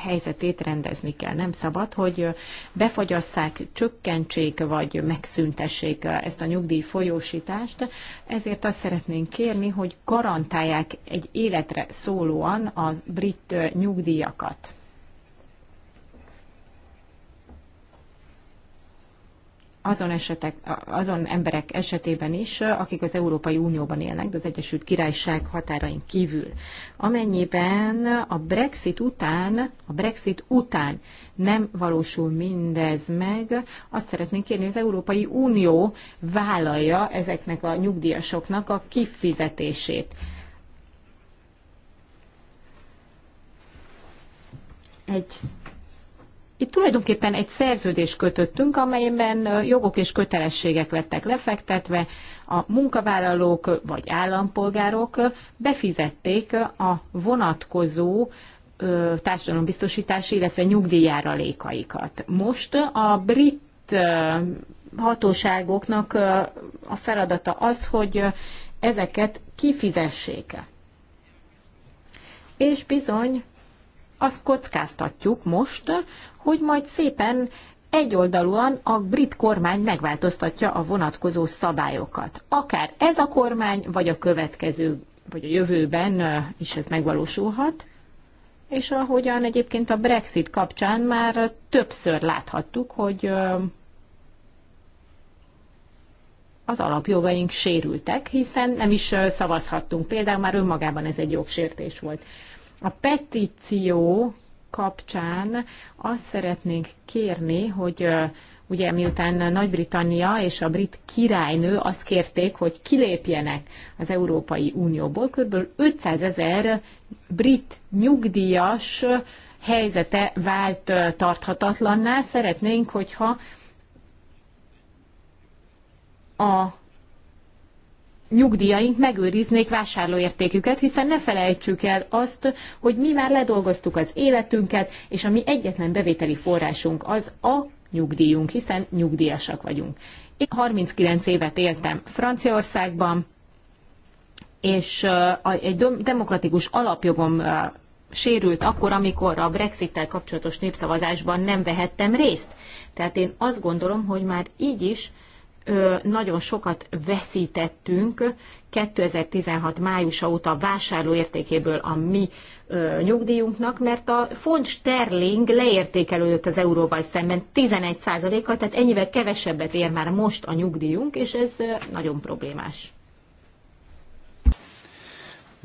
helyzetét rendezni kell. Nem szabad, hogy befagyasszák, csökkentsék vagy megszüntessék ezt a nyugdíj folyósítást. Ezért azt szeretnénk kérni, hogy garantálják egy életre szólóan a brit nyugdíjakat. azon, esetek, azon emberek esetében is, akik az Európai Unióban élnek, de az Egyesült Királyság határain kívül. Amennyiben a Brexit után, a Brexit után nem valósul mindez meg, azt szeretnénk kérni, hogy az Európai Unió vállalja ezeknek a nyugdíjasoknak a kifizetését. Egy itt tulajdonképpen egy szerződést kötöttünk, amelyben jogok és kötelességek lettek lefektetve. A munkavállalók vagy állampolgárok befizették a vonatkozó társadalombiztosítási, illetve nyugdíjáralékaikat. Most a brit hatóságoknak a feladata az, hogy ezeket kifizessék. És bizony azt kockáztatjuk most, hogy majd szépen egyoldalúan a brit kormány megváltoztatja a vonatkozó szabályokat. Akár ez a kormány, vagy a következő, vagy a jövőben is ez megvalósulhat. És ahogyan egyébként a Brexit kapcsán már többször láthattuk, hogy az alapjogaink sérültek, hiszen nem is szavazhattunk. Például már önmagában ez egy jogsértés volt. A petíció kapcsán azt szeretnénk kérni, hogy ugye miután Nagy-Britannia és a brit királynő azt kérték, hogy kilépjenek az Európai Unióból, kb. 500 ezer brit nyugdíjas helyzete vált tarthatatlanná. Szeretnénk, hogyha a nyugdíjaink megőriznék vásárlóértéküket, hiszen ne felejtsük el azt, hogy mi már ledolgoztuk az életünket, és a mi egyetlen bevételi forrásunk az a nyugdíjunk, hiszen nyugdíjasak vagyunk. Én 39 évet éltem Franciaországban, és egy demokratikus alapjogom sérült akkor, amikor a Brexit-tel kapcsolatos népszavazásban nem vehettem részt. Tehát én azt gondolom, hogy már így is nagyon sokat veszítettünk 2016 májusa óta értékéből a mi nyugdíjunknak, mert a font sterling leértékelődött az euróval szemben 11%-kal, tehát ennyivel kevesebbet ér már most a nyugdíjunk, és ez nagyon problémás.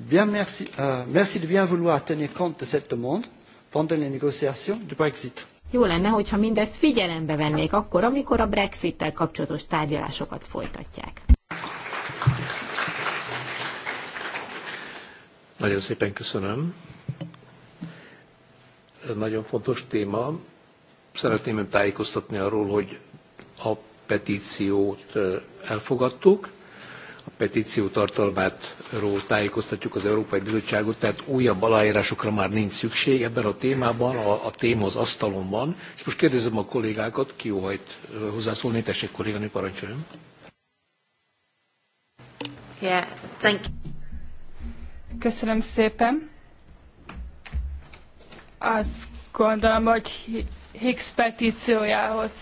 Bien, merci, uh, merci de bien vouloir tenir compte de cette demande pendant les négociations du Brexit. Jó lenne, hogyha mindezt figyelembe vennék akkor, amikor a Brexit-tel kapcsolatos tárgyalásokat folytatják. Nagyon szépen köszönöm. Ez nagyon fontos téma. Szeretném tájékoztatni arról, hogy a petíciót elfogadtuk, a petíció tartalmáról tájékoztatjuk az Európai Bizottságot, tehát újabb aláírásokra már nincs szükség ebben a témában, a, a téma az asztalon van. És most kérdezem a kollégákat, ki óhajt hozzászólni, tessék kolléganő, parancsoljon. Yeah, thank you. Köszönöm szépen. Azt gondolom, hogy Higgs petíciójához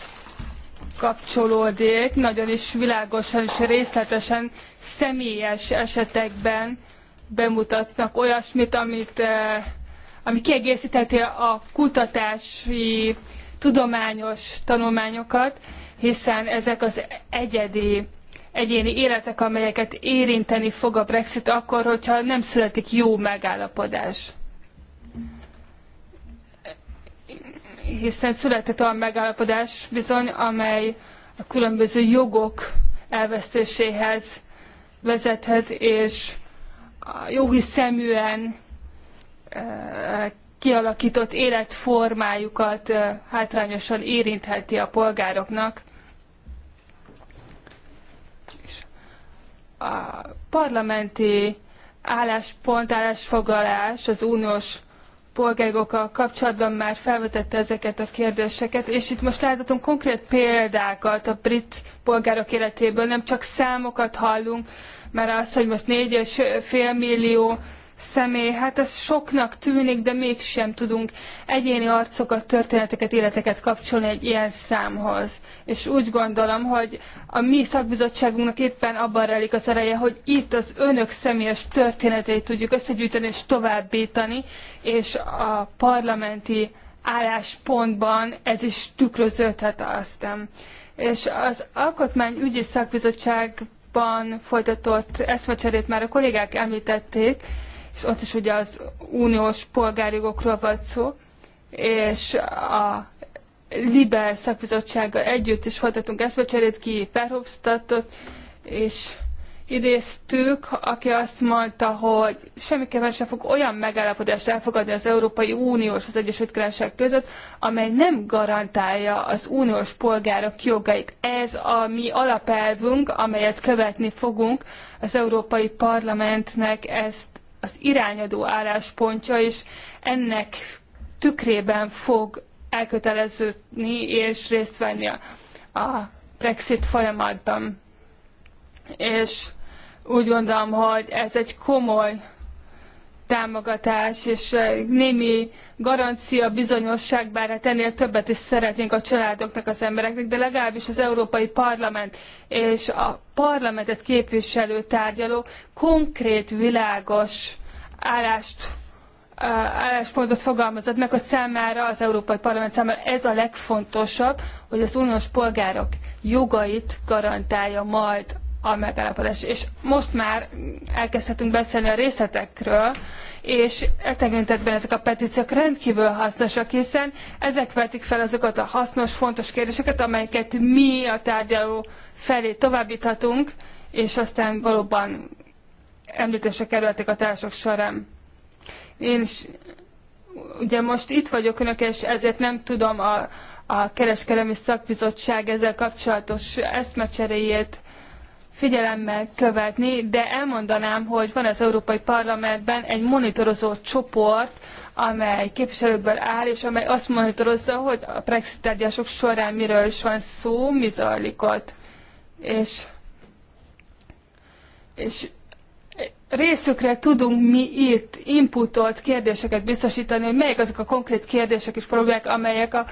kapcsolódik, nagyon is világosan és részletesen személyes esetekben bemutatnak olyasmit, amit, eh, ami kiegészítheti a kutatási tudományos tanulmányokat, hiszen ezek az egyedi egyéni életek, amelyeket érinteni fog a Brexit akkor, hogyha nem születik jó megállapodás. hiszen született olyan megállapodás bizony, amely a különböző jogok elvesztéséhez vezethet, és jóhiszeműen e, kialakított életformájukat e, hátrányosan érintheti a polgároknak. A parlamenti álláspont, állásfoglalás az uniós polgárokkal kapcsolatban már felvetette ezeket a kérdéseket, és itt most láthatunk konkrét példákat a brit polgárok életéből, nem csak számokat hallunk, mert az, hogy most 4,5 millió személy. Hát ez soknak tűnik, de mégsem tudunk egyéni arcokat, történeteket, életeket kapcsolni egy ilyen számhoz. És úgy gondolom, hogy a mi szakbizottságunknak éppen abban relik az ereje, hogy itt az önök személyes történeteit tudjuk összegyűjteni és továbbítani, és a parlamenti álláspontban ez is tükröződhet aztán. És az Alkotmányügyi Szakbizottságban folytatott eszmecserét már a kollégák említették, és ott is ugye az uniós jogokról volt szó, és a Liber szakbizottsággal együtt is folytatunk eszmecserét ki Perhofstadtot, és idéztük, aki azt mondta, hogy semmiképpen sem fog olyan megállapodást elfogadni az Európai Unió és az Egyesült Királyság között, amely nem garantálja az uniós polgárok jogait. Ez a mi alapelvünk, amelyet követni fogunk. Az Európai Parlamentnek ezt az irányadó álláspontja, és ennek tükrében fog elköteleződni és részt venni a, a Brexit folyamatban. És úgy gondolom, hogy ez egy komoly támogatás és némi garancia, bizonyosság, bár hát ennél többet is szeretnénk a családoknak, az embereknek, de legalábbis az Európai Parlament és a parlamentet képviselő tárgyalók konkrét, világos állást álláspontot fogalmazott meg, hogy számára, az Európai Parlament számára ez a legfontosabb, hogy az uniós polgárok jogait garantálja majd a megállapodás. És most már elkezdhetünk beszélni a részletekről, és e tekintetben ezek a petíciók rendkívül hasznosak, hiszen ezek vetik fel azokat a hasznos, fontos kérdéseket, amelyeket mi a tárgyaló felé továbbíthatunk, és aztán valóban említésre kerültek a társak során. Én is ugye most itt vagyok önök, és ezért nem tudom a, a kereskedelmi szakbizottság ezzel kapcsolatos eszmecseréjét figyelemmel követni, de elmondanám, hogy van az Európai Parlamentben egy monitorozó csoport, amely képviselőkből áll, és amely azt monitorozza, hogy a Brexit tárgyások során miről is van szó, mi zajlik ott. És, és részükre tudunk mi itt inputot, kérdéseket biztosítani, hogy melyek azok a konkrét kérdések és problémák, amelyek a,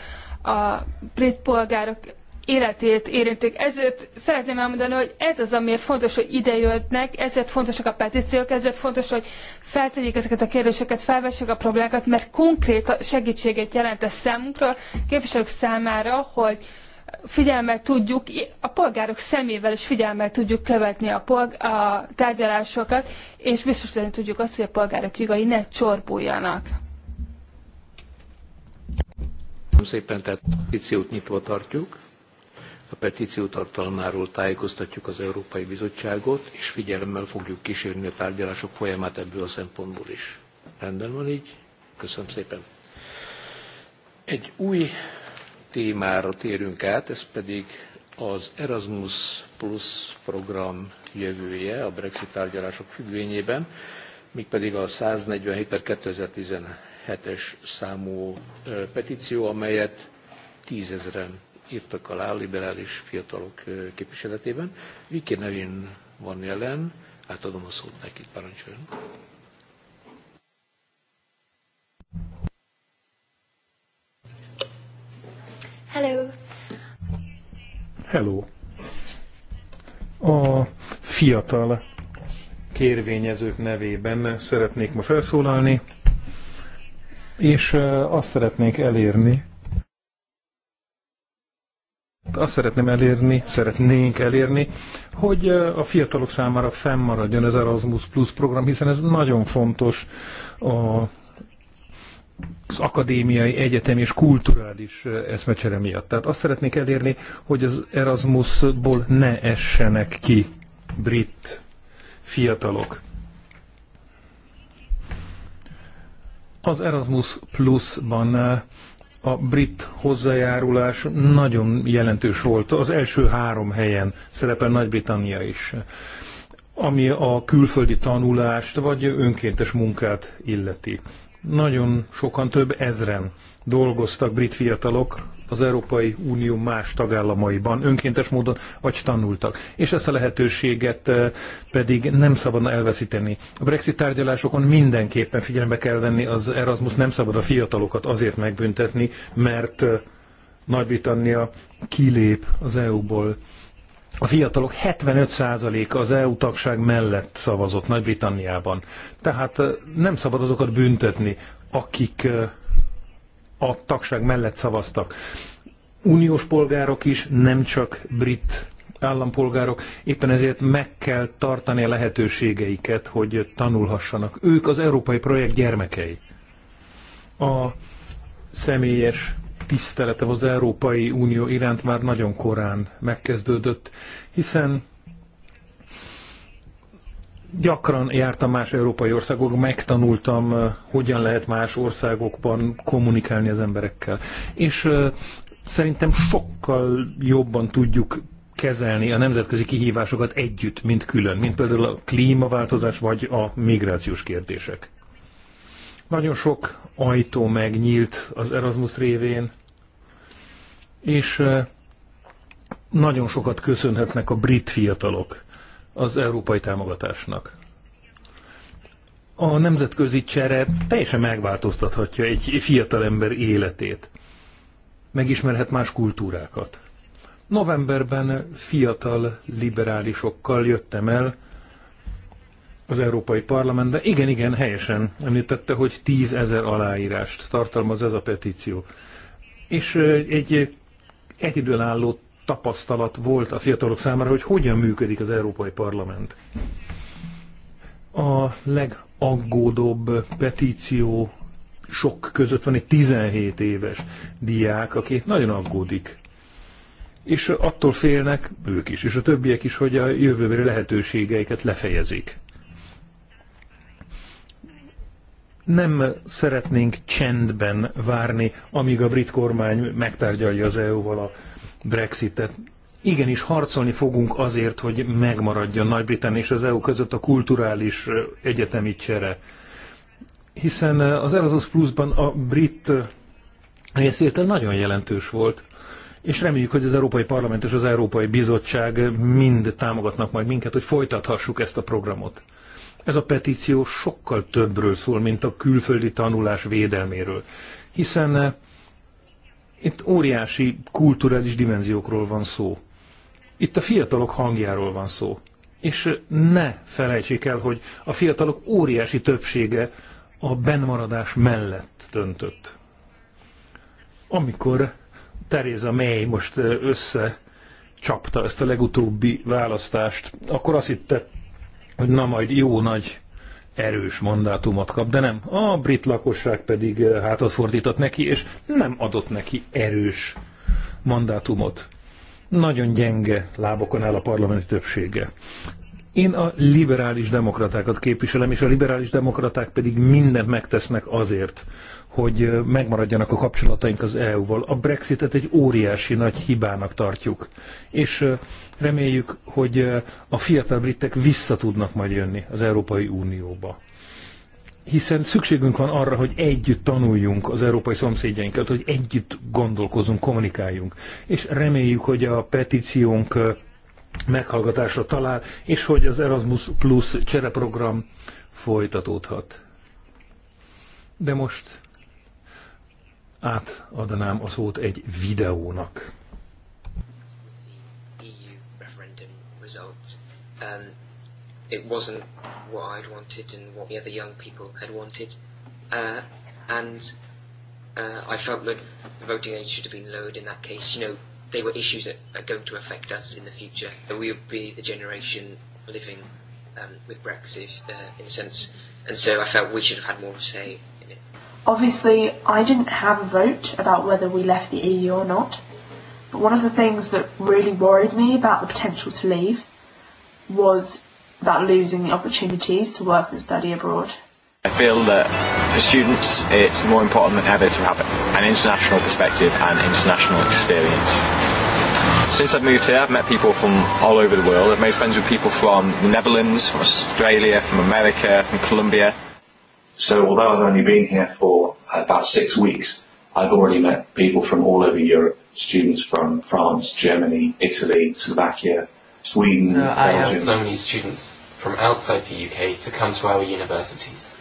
a brit polgárok életét érintik. Ezért szeretném elmondani, hogy ez az, amiért fontos, hogy ide jöttnek, ezért fontosak a petíciók, ezért fontos, hogy feltegyék ezeket a kérdéseket, felvessék a problémákat, mert konkrét segítséget jelent a számunkra, képviselők számára, hogy figyelmet tudjuk, a polgárok szemével is figyelmet tudjuk követni a, polg- a tárgyalásokat, és biztosítani tudjuk azt, hogy a polgárok jogai ne csorbuljanak. Szépen tehát petíciót nyitva tartjuk. A petíció tartalmáról tájékoztatjuk az Európai Bizottságot, és figyelemmel fogjuk kísérni a tárgyalások folyamát ebből a szempontból is. Rendben van így? Köszönöm szépen. Egy új témára térünk át, ez pedig az Erasmus Plus program jövője a Brexit tárgyalások függvényében, mégpedig a 147 per 2017-es számú petíció, amelyet tízezren írtak alá a liberális fiatalok képviseletében. Viki nevén van jelen, átadom a szót neki, parancsoljon. Hello. Hello. A fiatal kérvényezők nevében szeretnék ma felszólalni, és azt szeretnék elérni, azt szeretném elérni, szeretnénk elérni, hogy a fiatalok számára fennmaradjon az Erasmus Plus program, hiszen ez nagyon fontos a az akadémiai, egyetemi és kulturális eszmecsere miatt. Tehát azt szeretnék elérni, hogy az Erasmusból ne essenek ki brit fiatalok. Az Erasmus Plus-ban a brit hozzájárulás nagyon jelentős volt. Az első három helyen szerepel Nagy-Britannia is, ami a külföldi tanulást vagy önkéntes munkát illeti. Nagyon sokan, több ezren dolgoztak brit fiatalok az Európai Unió más tagállamaiban önkéntes módon, vagy tanultak. És ezt a lehetőséget eh, pedig nem szabadna elveszíteni. A Brexit tárgyalásokon mindenképpen figyelembe kell venni az Erasmus, nem szabad a fiatalokat azért megbüntetni, mert eh, Nagy-Britannia kilép az EU-ból. A fiatalok 75%-a az EU tagság mellett szavazott Nagy-Britanniában. Tehát eh, nem szabad azokat büntetni, akik a tagság mellett szavaztak. Uniós polgárok is, nem csak brit állampolgárok, éppen ezért meg kell tartani a lehetőségeiket, hogy tanulhassanak. Ők az európai projekt gyermekei. A személyes tiszteletem az Európai Unió iránt már nagyon korán megkezdődött, hiszen gyakran jártam más európai országok, megtanultam, hogyan lehet más országokban kommunikálni az emberekkel. És szerintem sokkal jobban tudjuk kezelni a nemzetközi kihívásokat együtt, mint külön, mint például a klímaváltozás vagy a migrációs kérdések. Nagyon sok ajtó megnyílt az Erasmus révén, és nagyon sokat köszönhetnek a brit fiatalok az európai támogatásnak. A nemzetközi csere teljesen megváltoztathatja egy fiatal ember életét. Megismerhet más kultúrákat. Novemberben fiatal liberálisokkal jöttem el az Európai Parlamentbe. Igen, igen, helyesen említette, hogy tízezer aláírást tartalmaz ez a petíció. És egy egyedülálló tapasztalat volt a fiatalok számára, hogy hogyan működik az Európai Parlament. A legaggódóbb petíció sok között van egy 17 éves diák, aki nagyon aggódik. És attól félnek ők is, és a többiek is, hogy a jövőbeli lehetőségeiket lefejezik. nem szeretnénk csendben várni, amíg a brit kormány megtárgyalja az EU-val a Brexitet. Igenis harcolni fogunk azért, hogy megmaradjon Nagy-Britannia és az EU között a kulturális egyetemi csere. Hiszen az Erasmus Plus-ban a brit részvétel nagyon jelentős volt, és reméljük, hogy az Európai Parlament és az Európai Bizottság mind támogatnak majd minket, hogy folytathassuk ezt a programot. Ez a petíció sokkal többről szól, mint a külföldi tanulás védelméről, hiszen itt óriási kulturális dimenziókról van szó. Itt a fiatalok hangjáról van szó. És ne felejtsék el, hogy a fiatalok óriási többsége a benmaradás mellett döntött. Amikor Teréza May most össze csapta ezt a legutóbbi választást, akkor azt hitte, hogy na majd jó nagy erős mandátumot kap, de nem. A brit lakosság pedig eh, hátat fordított neki, és nem adott neki erős mandátumot. Nagyon gyenge lábokon áll a parlamenti többsége. Én a liberális demokratákat képviselem, és a liberális demokraták pedig mindent megtesznek azért, hogy megmaradjanak a kapcsolataink az EU-val. A Brexitet egy óriási nagy hibának tartjuk, és reméljük, hogy a fiatal britek vissza tudnak majd jönni az Európai Unióba. Hiszen szükségünk van arra, hogy együtt tanuljunk az európai szomszédjainkat, hogy együtt gondolkozunk, kommunikáljunk. És reméljük, hogy a petíciónk meghallgatásra talál, és hogy az Erasmus Plus csereprogram folytatódhat. De most átadanám a szót egy videónak. E um, it wasn't what I'd wanted and what the other young people had wanted. Uh, and uh, I felt that the voting age should have been lowered in that case. You know, they were issues that are going to affect us in the future. We'll be the generation living um, with Brexit uh, in a sense, and so I felt we should have had more of a say in it. Obviously, I didn't have a vote about whether we left the EU or not, but one of the things that really worried me about the potential to leave was about losing the opportunities to work and study abroad. I feel that for students, it's more important than ever to have an international perspective and international experience. Since I've moved here, I've met people from all over the world. I've made friends with people from the Netherlands, from Australia, from America, from Colombia. So, although I've only been here for about six weeks, I've already met people from all over Europe students from France, Germany, Italy, Slovakia, Sweden. No, I Belgium. have so many students from outside the UK to come to our universities.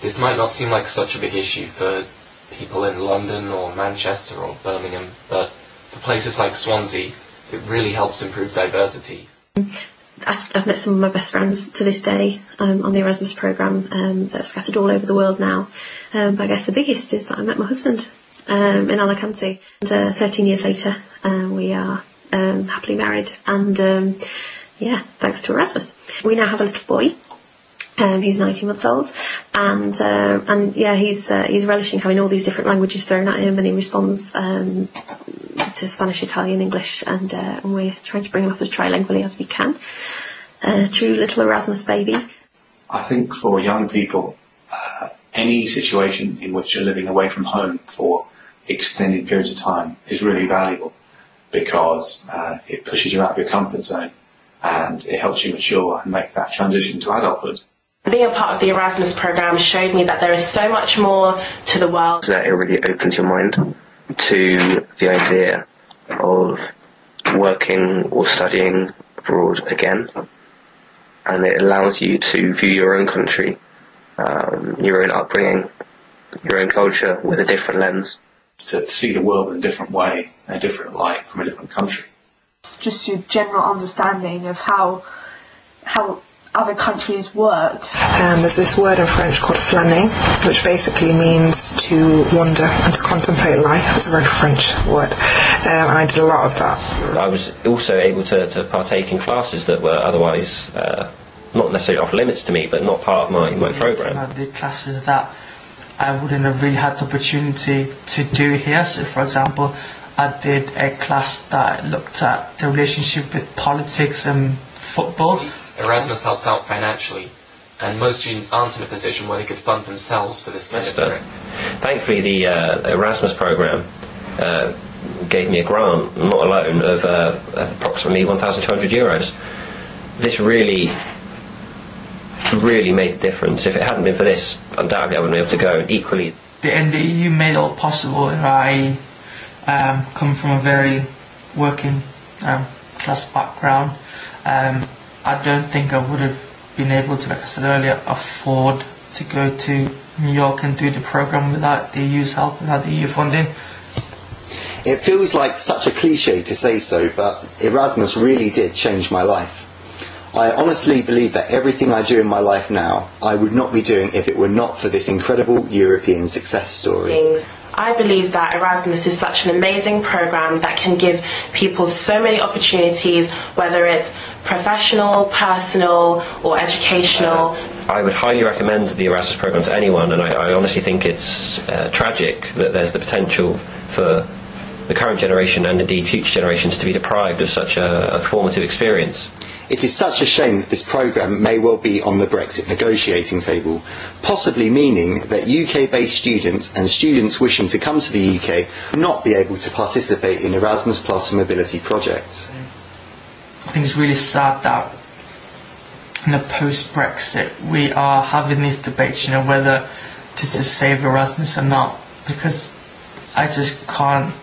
This might not seem like such a big issue for people in London or Manchester or Birmingham, but for places like Swansea, it really helps improve diversity. I've met some of my best friends to this day um, on the Erasmus programme um, that are scattered all over the world now. Um, but I guess the biggest is that I met my husband um, in Alicante. And uh, 13 years later, uh, we are um, happily married. And um, yeah, thanks to Erasmus. We now have a little boy Um, who's 19 months old, and uh, and yeah, he's uh, he's relishing having all these different languages thrown at him, and he responds um, to Spanish, Italian, English, and, uh, and we're trying to bring him up as trilingually as we can. A Uh, true little Erasmus baby. I think for young people, uh, any situation in which you're living away from home for extended periods of time is really valuable because uh, it pushes you out of your comfort zone and it helps you mature and make that transition to adulthood Being a part of the Erasmus program showed me that there is so much more to the world. That it really opens your mind to the idea of working or studying abroad again, and it allows you to view your own country, um, your own upbringing, your own culture with a different lens. To see the world in a different way, in a different light, from a different country. Just your general understanding of how how other countries work. Um, there's this word in French called flâner, which basically means to wander and to contemplate life. It's a very French word, um, and I did a lot of that. I was also able to, to partake in classes that were otherwise uh, not necessarily off limits to me, but not part of my, my program. I did classes that I wouldn't have really had the opportunity to do here. So, for example, I did a class that looked at the relationship with politics and football Erasmus helps out financially, and most students aren't in a position where they could fund themselves for this kind of trip. Thankfully, the uh, Erasmus program uh, gave me a grant, not a loan, of uh, approximately 1,200 euros. This really, really made a difference. If it hadn't been for this, undoubtedly I wouldn't be able to go. And equally, the, and EU e made it all possible. And I um, come from a very working um, class background. Um, I don't think I would have been able to, like I said earlier, afford to go to New York and do the program without the EU's help, without the EU funding. It feels like such a cliche to say so, but Erasmus really did change my life. I honestly believe that everything I do in my life now, I would not be doing if it were not for this incredible European success story. I believe that Erasmus is such an amazing program that can give people so many opportunities, whether it's professional, personal, or educational? Uh, I would highly recommend the Erasmus program to anyone, and I, I honestly think it's uh, tragic that there's the potential for the current generation and indeed future generations to be deprived of such a, a formative experience. It is such a shame that this programme may well be on the Brexit negotiating table, possibly meaning that UK based students and students wishing to come to the UK will not be able to participate in Erasmus Plus mobility projects. Mm. I think it's really sad that in the post Brexit we are having these debates, you know, whether to, to save Erasmus or not, because I just can't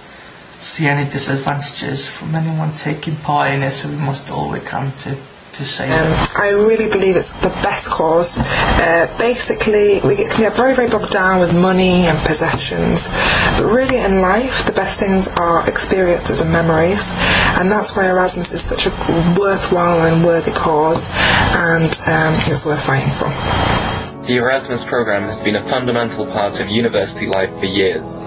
see any disadvantages from anyone taking part in it, so we must do all we can to to say um, I really believe it's the best cause. Uh, basically, we get, can get very, very bogged down with money and possessions. But really, in life, the best things are experiences and memories. And that's why Erasmus is such a worthwhile and worthy cause, and um, it's worth fighting for. The Erasmus program has been a fundamental part of university life for years.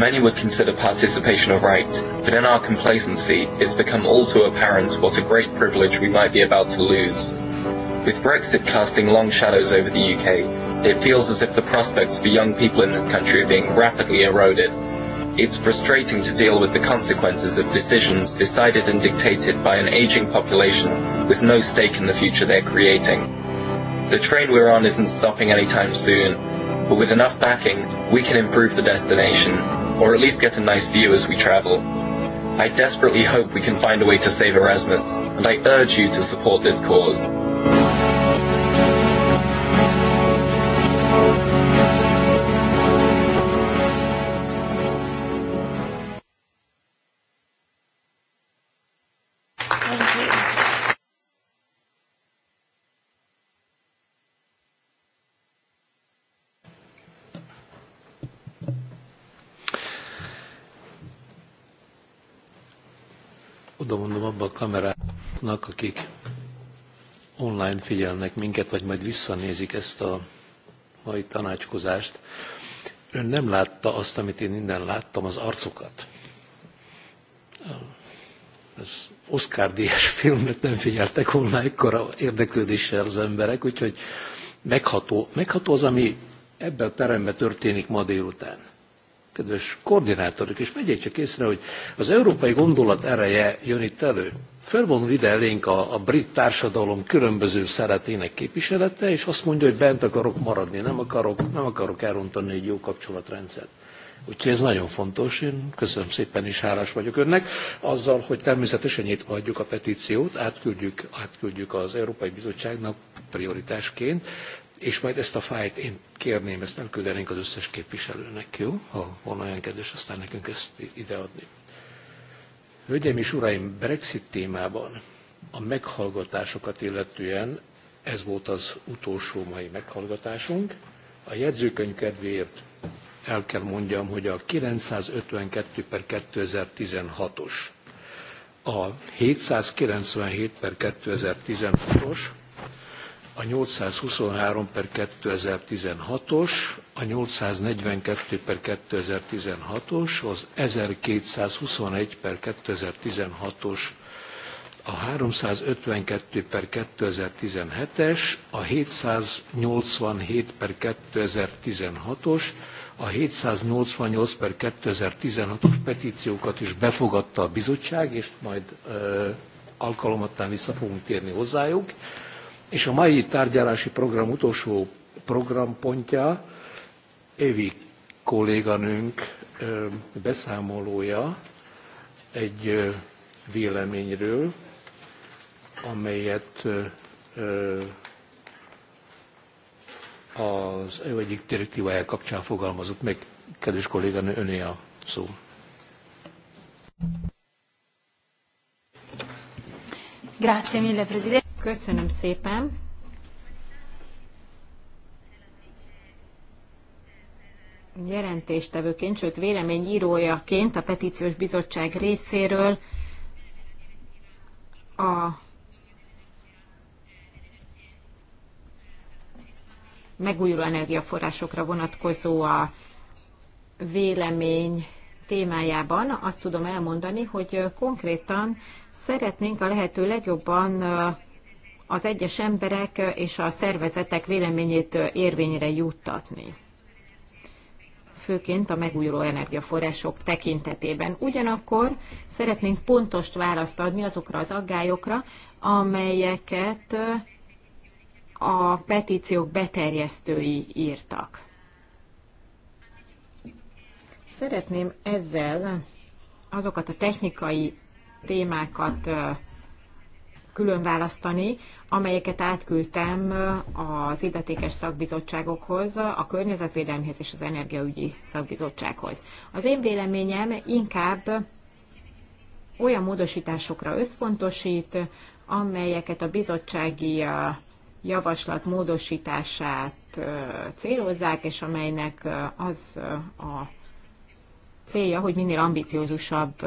Many would consider participation a right, but in our complacency, it's become all too apparent what a great privilege we might be about to lose. With Brexit casting long shadows over the UK, it feels as if the prospects for young people in this country are being rapidly eroded. It's frustrating to deal with the consequences of decisions decided and dictated by an aging population with no stake in the future they're creating. The train we're on isn't stopping anytime soon, but with enough backing, we can improve the destination, or at least get a nice view as we travel. I desperately hope we can find a way to save Erasmus, and I urge you to support this cause. a kameráknak, akik online figyelnek minket, vagy majd visszanézik ezt a mai tanácskozást. Ön nem látta azt, amit én innen láttam, az arcokat. Ez Oscar díjas filmet nem figyeltek volna ekkora érdeklődéssel az emberek, úgyhogy megható, megható az, ami ebben a teremben történik ma délután kedves koordinátorok, és vegyék csak észre, hogy az európai gondolat ereje jön itt elő. Fölvonul ide elénk a, a brit társadalom különböző szeretének képviselete, és azt mondja, hogy bent akarok maradni, nem akarok, nem akarok elrontani egy jó kapcsolatrendszert. Úgyhogy ez nagyon fontos, én köszönöm szépen is, hálás vagyok önnek, azzal, hogy természetesen nyitva hagyjuk a petíciót, átküldjük, átküldjük az Európai Bizottságnak prioritásként, és majd ezt a fájt én kérném, ezt elküldenénk az összes képviselőnek, jó? Ha van olyan kedves, aztán nekünk ezt ideadni. Hölgyeim és uraim, Brexit témában a meghallgatásokat illetően ez volt az utolsó mai meghallgatásunk. A jegyzőkönyv kedvéért el kell mondjam, hogy a 952 per 2016-os, a 797 per 2016-os, a 823 per 2016-os, a 842 per 2016-os, az 1221 per 2016-os, a 352 per 2017-es, a 787 per 2016-os, a 788 per 2016-os petíciókat is befogadta a bizottság, és majd ö, alkalomattán vissza fogunk térni hozzájuk. És a mai tárgyalási program utolsó programpontja, Évi kolléganőnk beszámolója egy véleményről, amelyet az EU egyik direktívája kapcsán fogalmazott meg. Kedves kolléganő, öné a szó. Grazie mille, Presidente. Köszönöm szépen. Jelentéstevőként, sőt véleményírójaként a Petíciós Bizottság részéről a megújuló energiaforrásokra vonatkozó a vélemény témájában azt tudom elmondani, hogy konkrétan szeretnénk a lehető legjobban az egyes emberek és a szervezetek véleményét érvényre juttatni főként a megújuló energiaforrások tekintetében. Ugyanakkor szeretnénk pontos választ adni azokra az aggályokra, amelyeket a petíciók beterjesztői írtak. Szeretném ezzel azokat a technikai témákat külön választani, amelyeket átküldtem az illetékes szakbizottságokhoz, a környezetvédelmihez és az energiaügyi szakbizottsághoz. Az én véleményem inkább olyan módosításokra összpontosít, amelyeket a bizottsági javaslat módosítását célozzák, és amelynek az a célja, hogy minél ambiciózusabb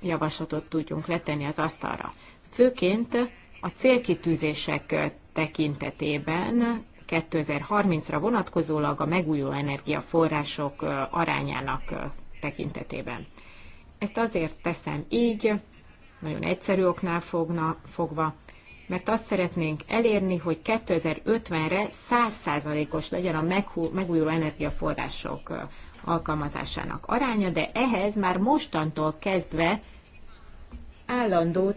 javaslatot tudjunk letenni az asztalra főként a célkitűzések tekintetében 2030-ra vonatkozólag a megújuló energiaforrások arányának tekintetében. Ezt azért teszem így, nagyon egyszerű oknál fogna, fogva, mert azt szeretnénk elérni, hogy 2050-re 100%-os legyen a megújuló energiaforrások alkalmazásának aránya, de ehhez már mostantól kezdve állandó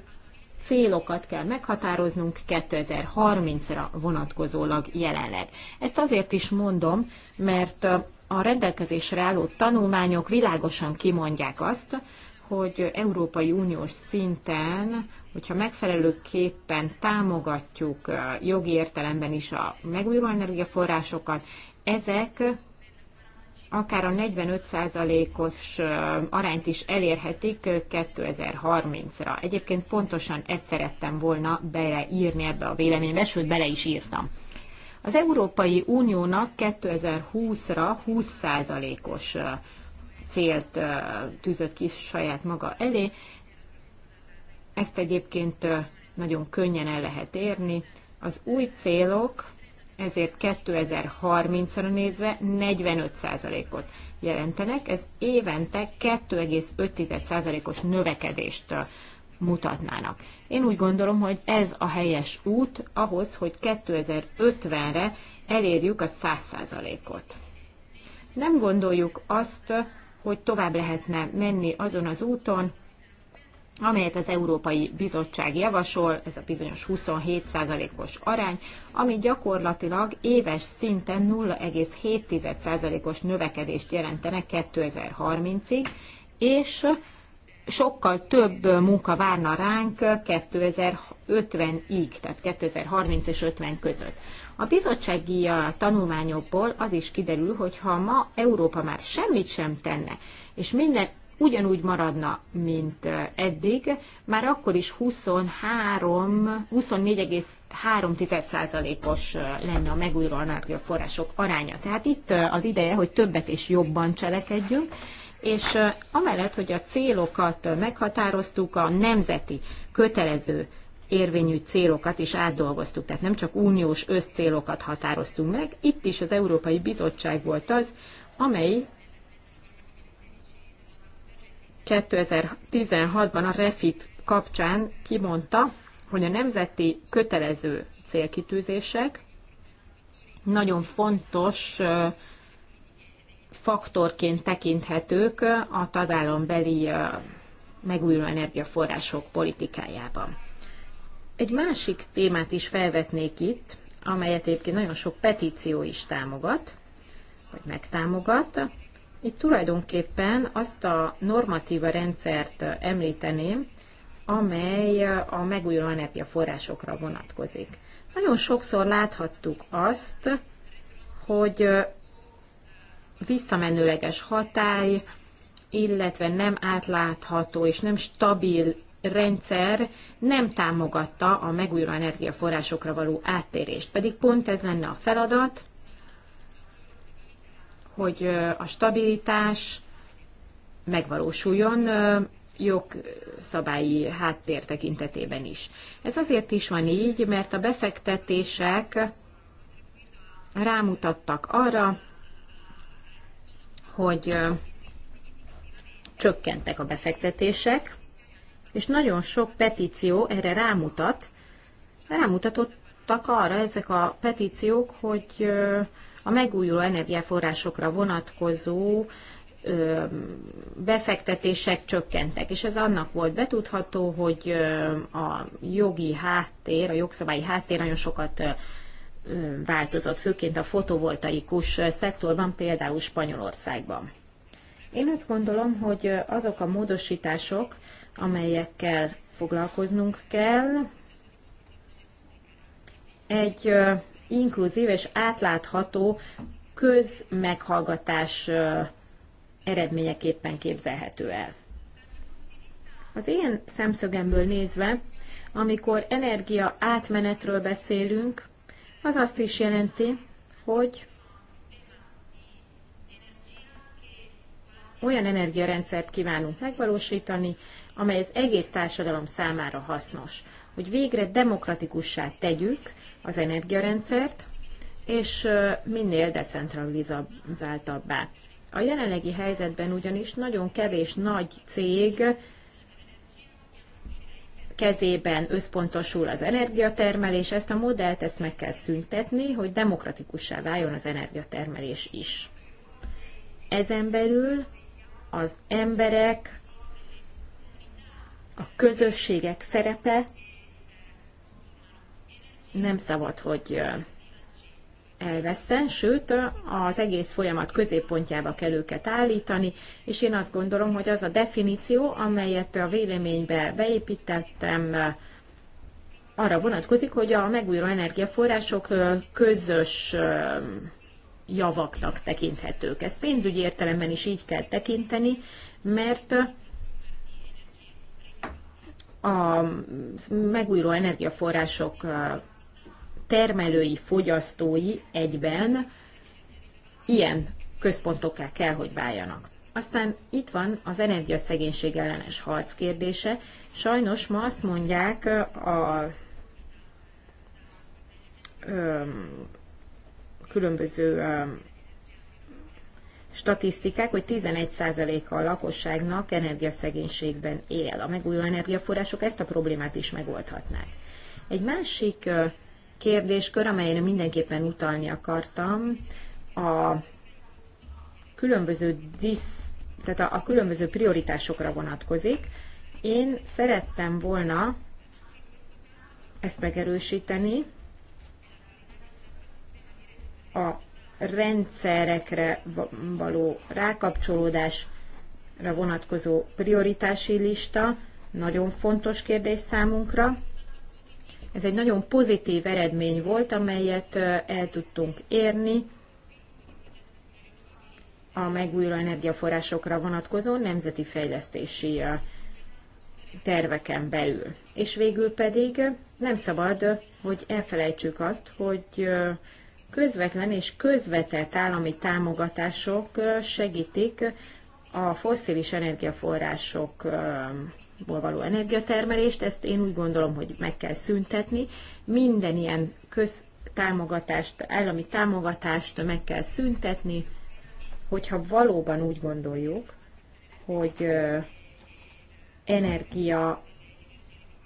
célokat kell meghatároznunk 2030-ra vonatkozólag jelenleg. Ezt azért is mondom, mert a rendelkezésre álló tanulmányok világosan kimondják azt, hogy Európai Uniós szinten, hogyha megfelelőképpen támogatjuk jogi értelemben is a megújuló energiaforrásokat, ezek akár a 45%-os arányt is elérhetik 2030-ra. Egyébként pontosan ezt szerettem volna beleírni ebbe a véleménybe, sőt bele is írtam. Az Európai Uniónak 2020-ra 20%-os célt tűzött ki saját maga elé. Ezt egyébként nagyon könnyen el lehet érni. Az új célok ezért 2030-ra nézve 45%-ot jelentenek. Ez évente 2,5%-os növekedést uh, mutatnának. Én úgy gondolom, hogy ez a helyes út ahhoz, hogy 2050-re elérjük a 100%-ot. Nem gondoljuk azt, hogy tovább lehetne menni azon az úton, amelyet az Európai Bizottság javasol, ez a bizonyos 27%-os arány, ami gyakorlatilag éves szinten 0,7%-os növekedést jelentenek 2030-ig, és sokkal több munka várna ránk 2050-ig, tehát 2030 és 50 között. A bizottsági tanulmányokból az is kiderül, hogy ha ma Európa már semmit sem tenne, és minden ugyanúgy maradna, mint eddig, már akkor is 23, 24,3%-os lenne a megújuló energiaforrások aránya. Tehát itt az ideje, hogy többet és jobban cselekedjünk, és amellett, hogy a célokat meghatároztuk, a nemzeti kötelező érvényű célokat is átdolgoztuk, tehát nem csak uniós összcélokat határoztunk meg, itt is az Európai Bizottság volt az, amely 2016-ban a REFIT kapcsán kimondta, hogy a nemzeti kötelező célkitűzések nagyon fontos faktorként tekinthetők a tagállambeli megújuló energiaforrások politikájában. Egy másik témát is felvetnék itt, amelyet egyébként nagyon sok petíció is támogat, vagy megtámogat, itt tulajdonképpen azt a normatíva rendszert említeném, amely a megújuló energiaforrásokra vonatkozik. Nagyon sokszor láthattuk azt, hogy visszamenőleges hatály, illetve nem átlátható és nem stabil rendszer nem támogatta a megújuló energiaforrásokra való áttérést, pedig pont ez lenne a feladat, hogy a stabilitás megvalósuljon jogszabályi háttér tekintetében is. Ez azért is van így, mert a befektetések rámutattak arra, hogy csökkentek a befektetések, és nagyon sok petíció erre rámutat, rámutatottak arra ezek a petíciók, hogy a megújuló energiaforrásokra vonatkozó befektetések csökkentek, és ez annak volt betudható, hogy a jogi háttér, a jogszabályi háttér nagyon sokat változott, főként a fotovoltaikus szektorban, például Spanyolországban. Én azt gondolom, hogy azok a módosítások, amelyekkel foglalkoznunk kell, egy inkluzív és átlátható közmeghallgatás eredményeképpen képzelhető el. Az én szemszögemből nézve, amikor energia átmenetről beszélünk, az azt is jelenti, hogy olyan energiarendszert kívánunk megvalósítani, amely az egész társadalom számára hasznos, hogy végre demokratikussá tegyük az energiarendszert, és minél decentralizáltabbá. A jelenlegi helyzetben ugyanis nagyon kevés nagy cég kezében összpontosul az energiatermelés, ezt a modellt ezt meg kell szüntetni, hogy demokratikussá váljon az energiatermelés is. Ezen belül az emberek, a közösségek szerepe nem szabad, hogy elveszten, sőt az egész folyamat középpontjába kell őket állítani, és én azt gondolom, hogy az a definíció, amelyet a véleménybe beépítettem, arra vonatkozik, hogy a megújuló energiaforrások közös javaknak tekinthetők. Ezt pénzügyi értelemben is így kell tekinteni, mert a megújuló energiaforrások termelői, fogyasztói egyben ilyen központokká kell, hogy váljanak. Aztán itt van az energiaszegénység ellenes harc kérdése. Sajnos ma azt mondják a öm, különböző öm, statisztikák, hogy 11%-a a lakosságnak energiaszegénységben él. A megújuló energiaforrások ezt a problémát is megoldhatnák. Egy másik kérdéskör, amelyre mindenképpen utalni akartam, a különböző disz, tehát a, a különböző prioritásokra vonatkozik. Én szerettem volna ezt megerősíteni, a rendszerekre való rákapcsolódásra vonatkozó prioritási lista nagyon fontos kérdés számunkra, ez egy nagyon pozitív eredmény volt, amelyet el tudtunk érni a megújuló energiaforrásokra vonatkozó nemzeti fejlesztési terveken belül. És végül pedig nem szabad, hogy elfelejtsük azt, hogy közvetlen és közvetett állami támogatások segítik a fosszilis energiaforrások ból való energiatermelést, ezt én úgy gondolom, hogy meg kell szüntetni. Minden ilyen köztámogatást, állami támogatást meg kell szüntetni, hogyha valóban úgy gondoljuk, hogy energia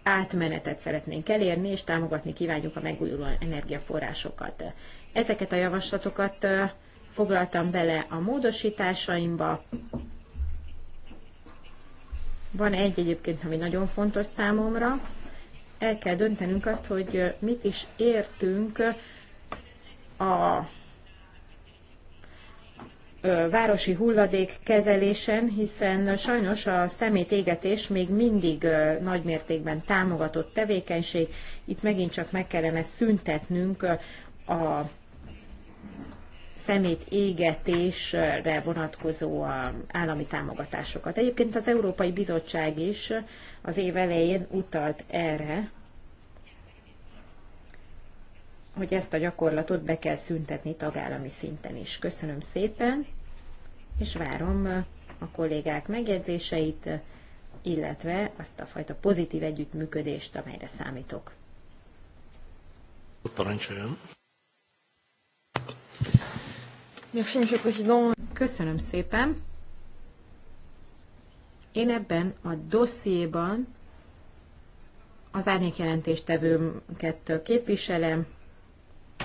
átmenetet szeretnénk elérni, és támogatni kívánjuk a megújuló energiaforrásokat. Ezeket a javaslatokat foglaltam bele a módosításaimba, van egy egyébként, ami nagyon fontos számomra. El kell döntenünk azt, hogy mit is értünk a városi hulladék kezelésen, hiszen sajnos a szemétégetés még mindig nagymértékben támogatott tevékenység. Itt megint csak meg kellene szüntetnünk a szemét égetésre vonatkozó állami támogatásokat. Egyébként az Európai Bizottság is az év elején utalt erre, hogy ezt a gyakorlatot be kell szüntetni tagállami szinten is. Köszönöm szépen, és várom a kollégák megjegyzéseit, illetve azt a fajta pozitív együttműködést, amelyre számítok. Parancsoljon! Merci, Monsieur Président. Köszönöm szépen. Én ebben a dossziéban az árnyékjelentéstevőket képviselem,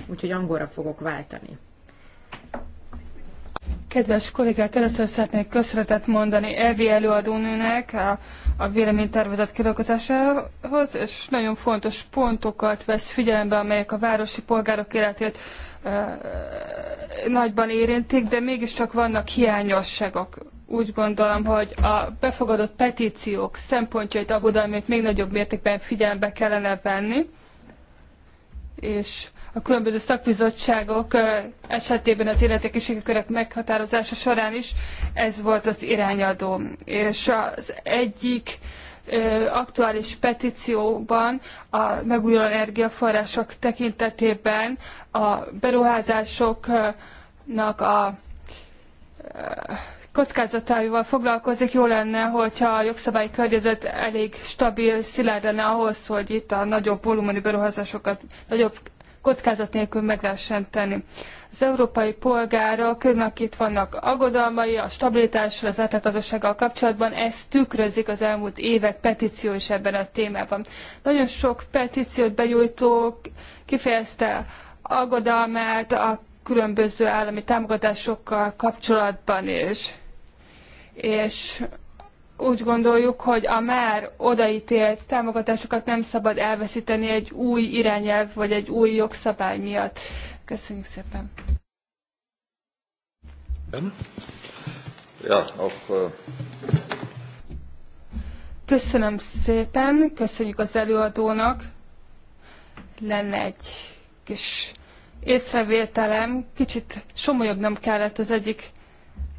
úgyhogy angolra fogok váltani. Kedves kollégák, először szeretnék köszönetet mondani Elvi előadónőnek a, a véleménytervezet kidolgozásához, és nagyon fontos pontokat vesz figyelembe, amelyek a városi polgárok életét nagyban érintik, de mégiscsak vannak hiányosságok. Úgy gondolom, hogy a befogadott petíciók szempontjait, aggodalmait még nagyobb mértékben figyelembe kellene venni, és a különböző szakbizottságok esetében az életekésségi körök meghatározása során is ez volt az irányadó. És az egyik aktuális petícióban a megújuló energiaforrások tekintetében a beruházásoknak a kockázatával foglalkozik, jó lenne, hogyha a jogszabályi környezet elég stabil, szilárd lenne ahhoz, hogy itt a nagyobb volumenű beruházásokat, nagyobb kockázat nélkül meg lehessen tenni. Az európai akik itt vannak aggodalmai a stabilitással, az átláthatósággal kapcsolatban, ez tükrözik az elmúlt évek petíció is ebben a témában. Nagyon sok petíciót benyújtó kifejezte aggodalmát a különböző állami támogatásokkal kapcsolatban is. És úgy gondoljuk, hogy a már odaítélt támogatásokat nem szabad elveszíteni egy új irányelv vagy egy új jogszabály miatt. Köszönjük szépen! Ja, auch, Köszönöm szépen, köszönjük az előadónak. Lenne egy kis észrevételem, kicsit somolyognom nem kellett az egyik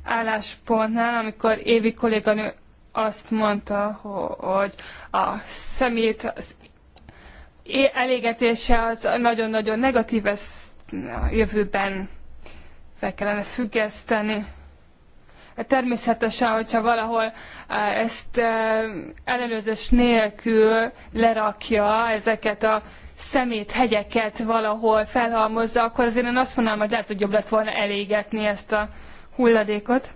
álláspontnál, amikor Évi kolléganő azt mondta, hogy a szemét az elégetése az nagyon-nagyon negatív, ezt a jövőben fel kellene függeszteni. Természetesen, hogyha valahol eh, ezt eh, ellenőrzés nélkül lerakja ezeket a szemét, hegyeket valahol felhalmozza, akkor azért én azt mondanám, hogy lehet, hogy jobb lett volna elégetni ezt a hulladékot.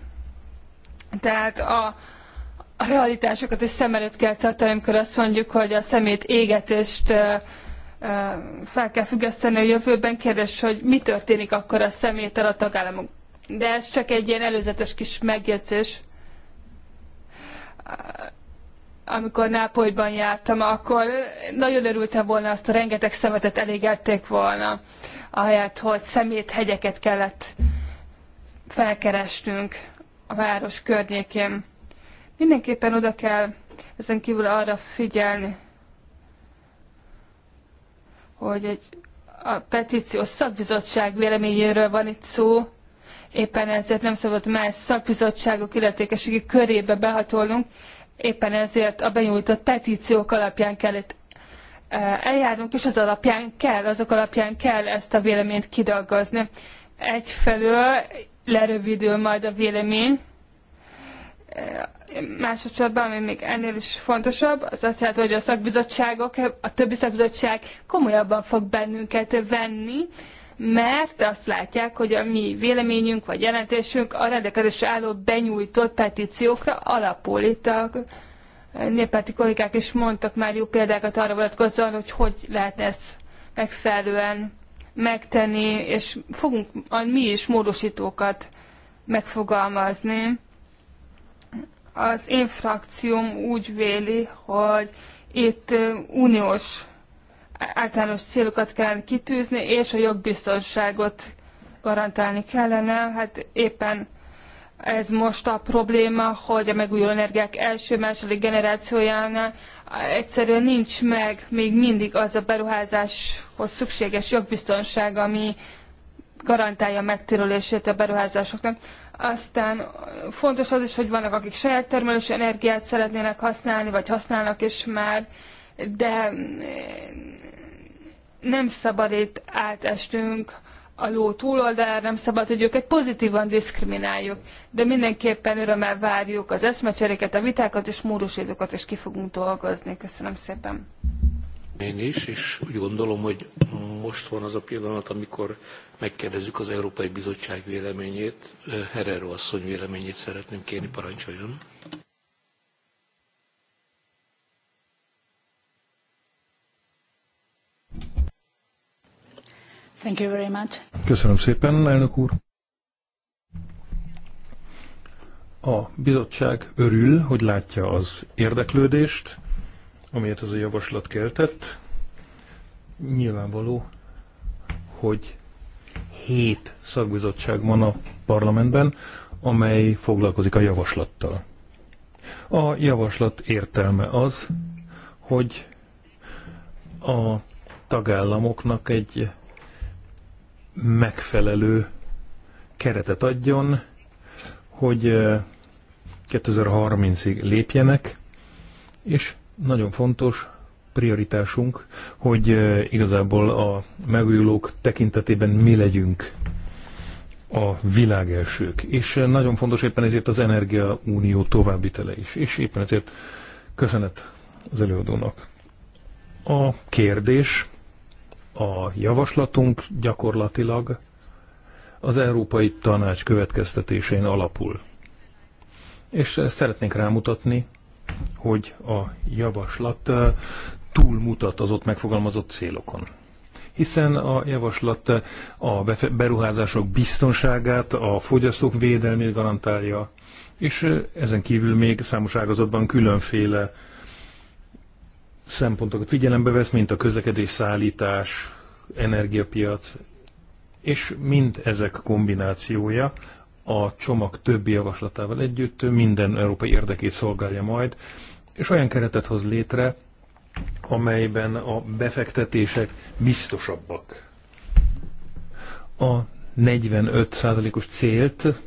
Tehát a, a realitásokat is szem előtt kell tartani, amikor azt mondjuk, hogy a szemét égetést fel kell függeszteni a jövőben. Kérdés, hogy mi történik akkor a szeméttel a tagállamok. De ez csak egy ilyen előzetes kis megjegyzés. Amikor Nápolyban jártam, akkor nagyon örültem volna, azt a rengeteg szemetet elégették volna, ahelyett, hogy szemét hegyeket kellett felkerestünk a város környékén. Mindenképpen oda kell ezen kívül arra figyelni, hogy egy, a petíció szakbizottság véleményéről van itt szó, éppen ezért nem szabad más szakbizottságok illetékeségi körébe behatolnunk, éppen ezért a benyújtott petíciók alapján kell itt e, eljárnunk, és az alapján kell, azok alapján kell ezt a véleményt kidaggazni. Egyfelől lerövidül majd a vélemény, másodszorban, ami még ennél is fontosabb, az azt jelenti, hogy a szakbizottságok, a többi szakbizottság komolyabban fog bennünket venni, mert azt látják, hogy a mi véleményünk vagy jelentésünk a rendelkezésre álló benyújtott petíciókra alapul. Itt a néppárti kollégák is mondtak már jó példákat arra vonatkozóan, hogy hogy lehet ezt megfelelően megtenni, és fogunk mi is módosítókat megfogalmazni az én frakcióm úgy véli, hogy itt uniós általános célokat kellene kitűzni, és a jogbiztonságot garantálni kellene. Hát éppen ez most a probléma, hogy a megújuló energiák első-második generációjánál egyszerűen nincs meg még mindig az a beruházáshoz szükséges jogbiztonság, ami garantálja a megtérülését a beruházásoknak aztán fontos az is, hogy vannak, akik saját termelős energiát szeretnének használni, vagy használnak is már, de eh, nem szabad itt átestünk a ló túloldalára, nem szabad, hogy őket pozitívan diszkrimináljuk. De mindenképpen örömmel várjuk az eszmecseréket, a vitákat és módosítókat, és ki fogunk dolgozni. Köszönöm szépen. Én is, és úgy gondolom, hogy most van az a pillanat, amikor megkérdezzük az Európai Bizottság véleményét. Herrero asszony véleményét szeretném kérni, parancsoljon. Thank you very much. Köszönöm szépen, elnök úr. A bizottság örül, hogy látja az érdeklődést, amelyet ez a javaslat keltett. Nyilvánvaló, hogy hét szakbizottság van a parlamentben, amely foglalkozik a javaslattal. A javaslat értelme az, hogy a tagállamoknak egy megfelelő keretet adjon, hogy 2030-ig eh, lépjenek, és nagyon fontos, prioritásunk, hogy igazából a megújulók tekintetében mi legyünk a világ elsők. És nagyon fontos éppen ezért az Energia Unió továbbvitele is. És éppen ezért köszönet az előadónak. A kérdés, a javaslatunk gyakorlatilag az Európai Tanács következtetésein alapul. És szeretnénk rámutatni, hogy a javaslat túlmutat az ott megfogalmazott célokon. Hiszen a javaslat a beruházások biztonságát, a fogyasztók védelmét garantálja, és ezen kívül még számos ágazatban különféle szempontokat figyelembe vesz, mint a közlekedés, szállítás, energiapiac, és mind ezek kombinációja a csomag többi javaslatával együtt minden európai érdekét szolgálja majd, és olyan keretet hoz létre, amelyben a befektetések biztosabbak. A 45%-os célt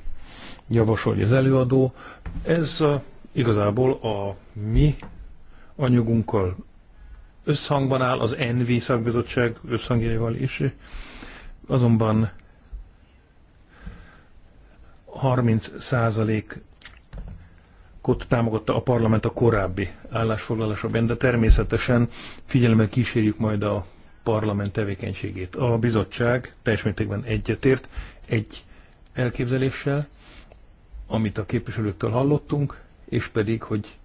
javasolja az előadó. Ez igazából a mi anyagunkkal összhangban áll, az NV szakbizottság összhangjaival is, azonban 30% Irakot támogatta a parlament a korábbi állásfoglalásában, de természetesen figyelemmel kísérjük majd a parlament tevékenységét. A bizottság teljes mértékben egyetért egy elképzeléssel, amit a képviselőktől hallottunk, és pedig, hogy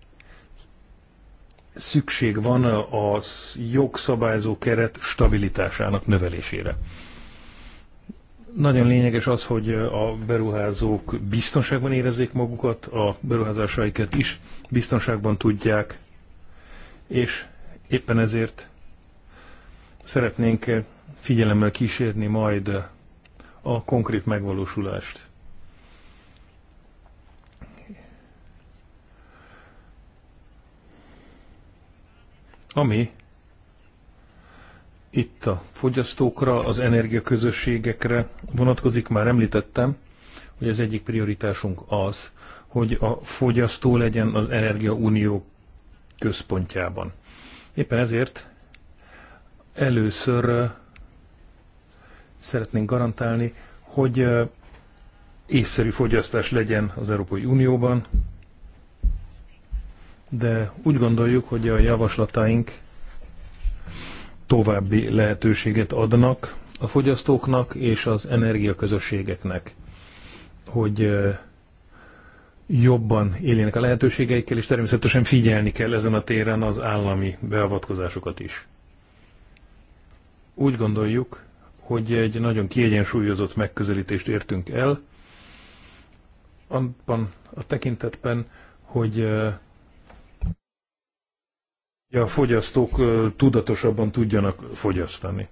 szükség van az jogszabályzó keret stabilitásának növelésére. Nagyon lényeges az, hogy a beruházók biztonságban érezzék magukat, a beruházásaikat is biztonságban tudják, és éppen ezért szeretnénk figyelemmel kísérni majd a konkrét megvalósulást. Ami itt a fogyasztókra, az energiaközösségekre vonatkozik, már említettem, hogy az egyik prioritásunk az, hogy a fogyasztó legyen az Energia Unió központjában. Éppen ezért először szeretnénk garantálni, hogy észszerű fogyasztás legyen az Európai Unióban, de úgy gondoljuk, hogy a javaslataink további lehetőséget adnak a fogyasztóknak és az energiaközösségeknek, hogy jobban éljenek a lehetőségeikkel, és természetesen figyelni kell ezen a téren az állami beavatkozásokat is. Úgy gondoljuk, hogy egy nagyon kiegyensúlyozott megközelítést értünk el, abban a tekintetben, hogy hogy a fogyasztók tudatosabban tudjanak fogyasztani.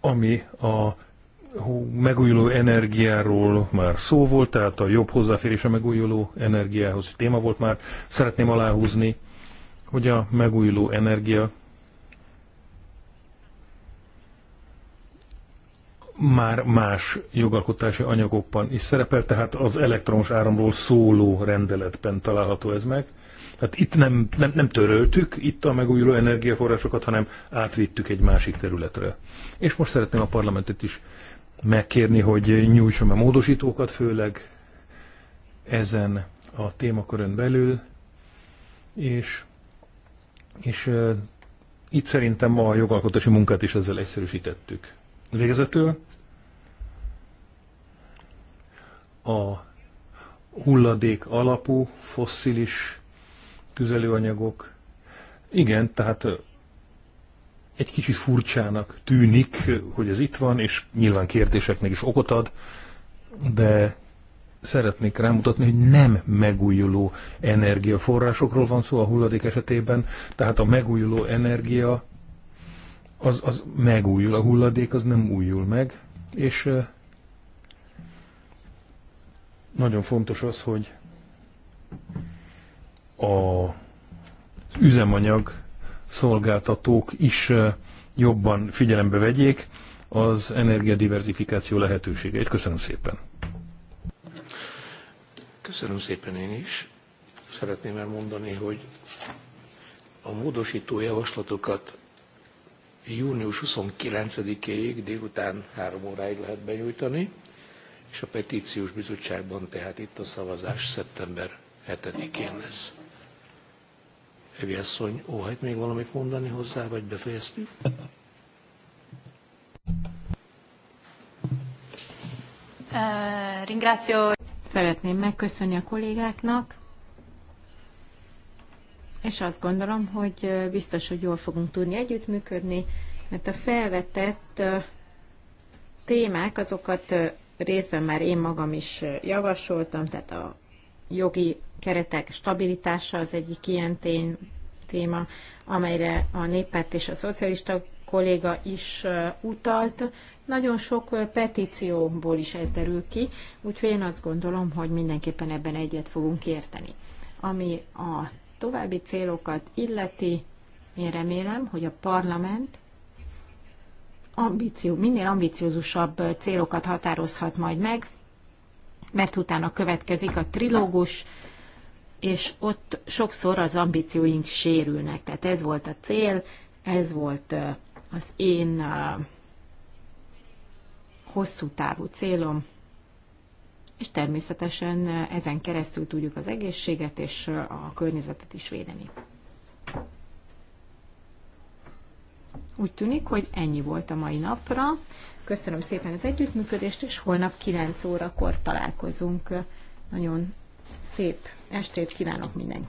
Ami a megújuló energiáról már szó volt, tehát a jobb hozzáférés a megújuló energiához téma volt már. Szeretném aláhúzni, hogy a megújuló energia már más jogalkotási anyagokban is szerepel, tehát az elektromos áramról szóló rendeletben található ez meg. Tehát itt nem, nem, nem töröltük itt a megújuló energiaforrásokat, hanem átvittük egy másik területre. És most szeretném a parlamentet is megkérni, hogy nyújtson a módosítókat, főleg ezen a témakörön belül, és, és uh, itt szerintem a jogalkotási munkát is ezzel egyszerűsítettük. Végezetül a hulladék alapú fosszilis tüzelőanyagok. Igen, tehát egy kicsit furcsának tűnik, hogy ez itt van, és nyilván kérdéseknek is okot ad, de szeretnék rámutatni, hogy nem megújuló energiaforrásokról van szó a hulladék esetében, tehát a megújuló energia az, az megújul, a hulladék az nem újul meg, és nagyon fontos az, hogy a üzemanyag szolgáltatók is jobban figyelembe vegyék az energiadiverzifikáció lehetőségeit. Köszönöm szépen! Köszönöm szépen én is. Szeretném elmondani, hogy a módosító javaslatokat június 29 ig délután 3 óráig lehet benyújtani, és a petíciós bizottságban tehát itt a szavazás szeptember 7-én lesz. Evi asszony, óhajt még valamit mondani hozzá, vagy befejeztük? Ringráció. Szeretném megköszönni a kollégáknak és azt gondolom, hogy biztos, hogy jól fogunk tudni együttműködni, mert a felvetett témák, azokat részben már én magam is javasoltam, tehát a jogi keretek stabilitása az egyik ilyen tény, téma, amelyre a néppárt és a szocialista kolléga is utalt. Nagyon sok petícióból is ez derül ki, úgyhogy én azt gondolom, hogy mindenképpen ebben egyet fogunk érteni. Ami a további célokat illeti, én remélem, hogy a parlament ambíció, minél ambiciózusabb célokat határozhat majd meg, mert utána következik a trilógus, és ott sokszor az ambícióink sérülnek. Tehát ez volt a cél, ez volt az én hosszú távú célom és természetesen ezen keresztül tudjuk az egészséget és a környezetet is védeni. Úgy tűnik, hogy ennyi volt a mai napra. Köszönöm szépen az együttműködést, és holnap 9 órakor találkozunk. Nagyon szép estét kívánok mindenkinek!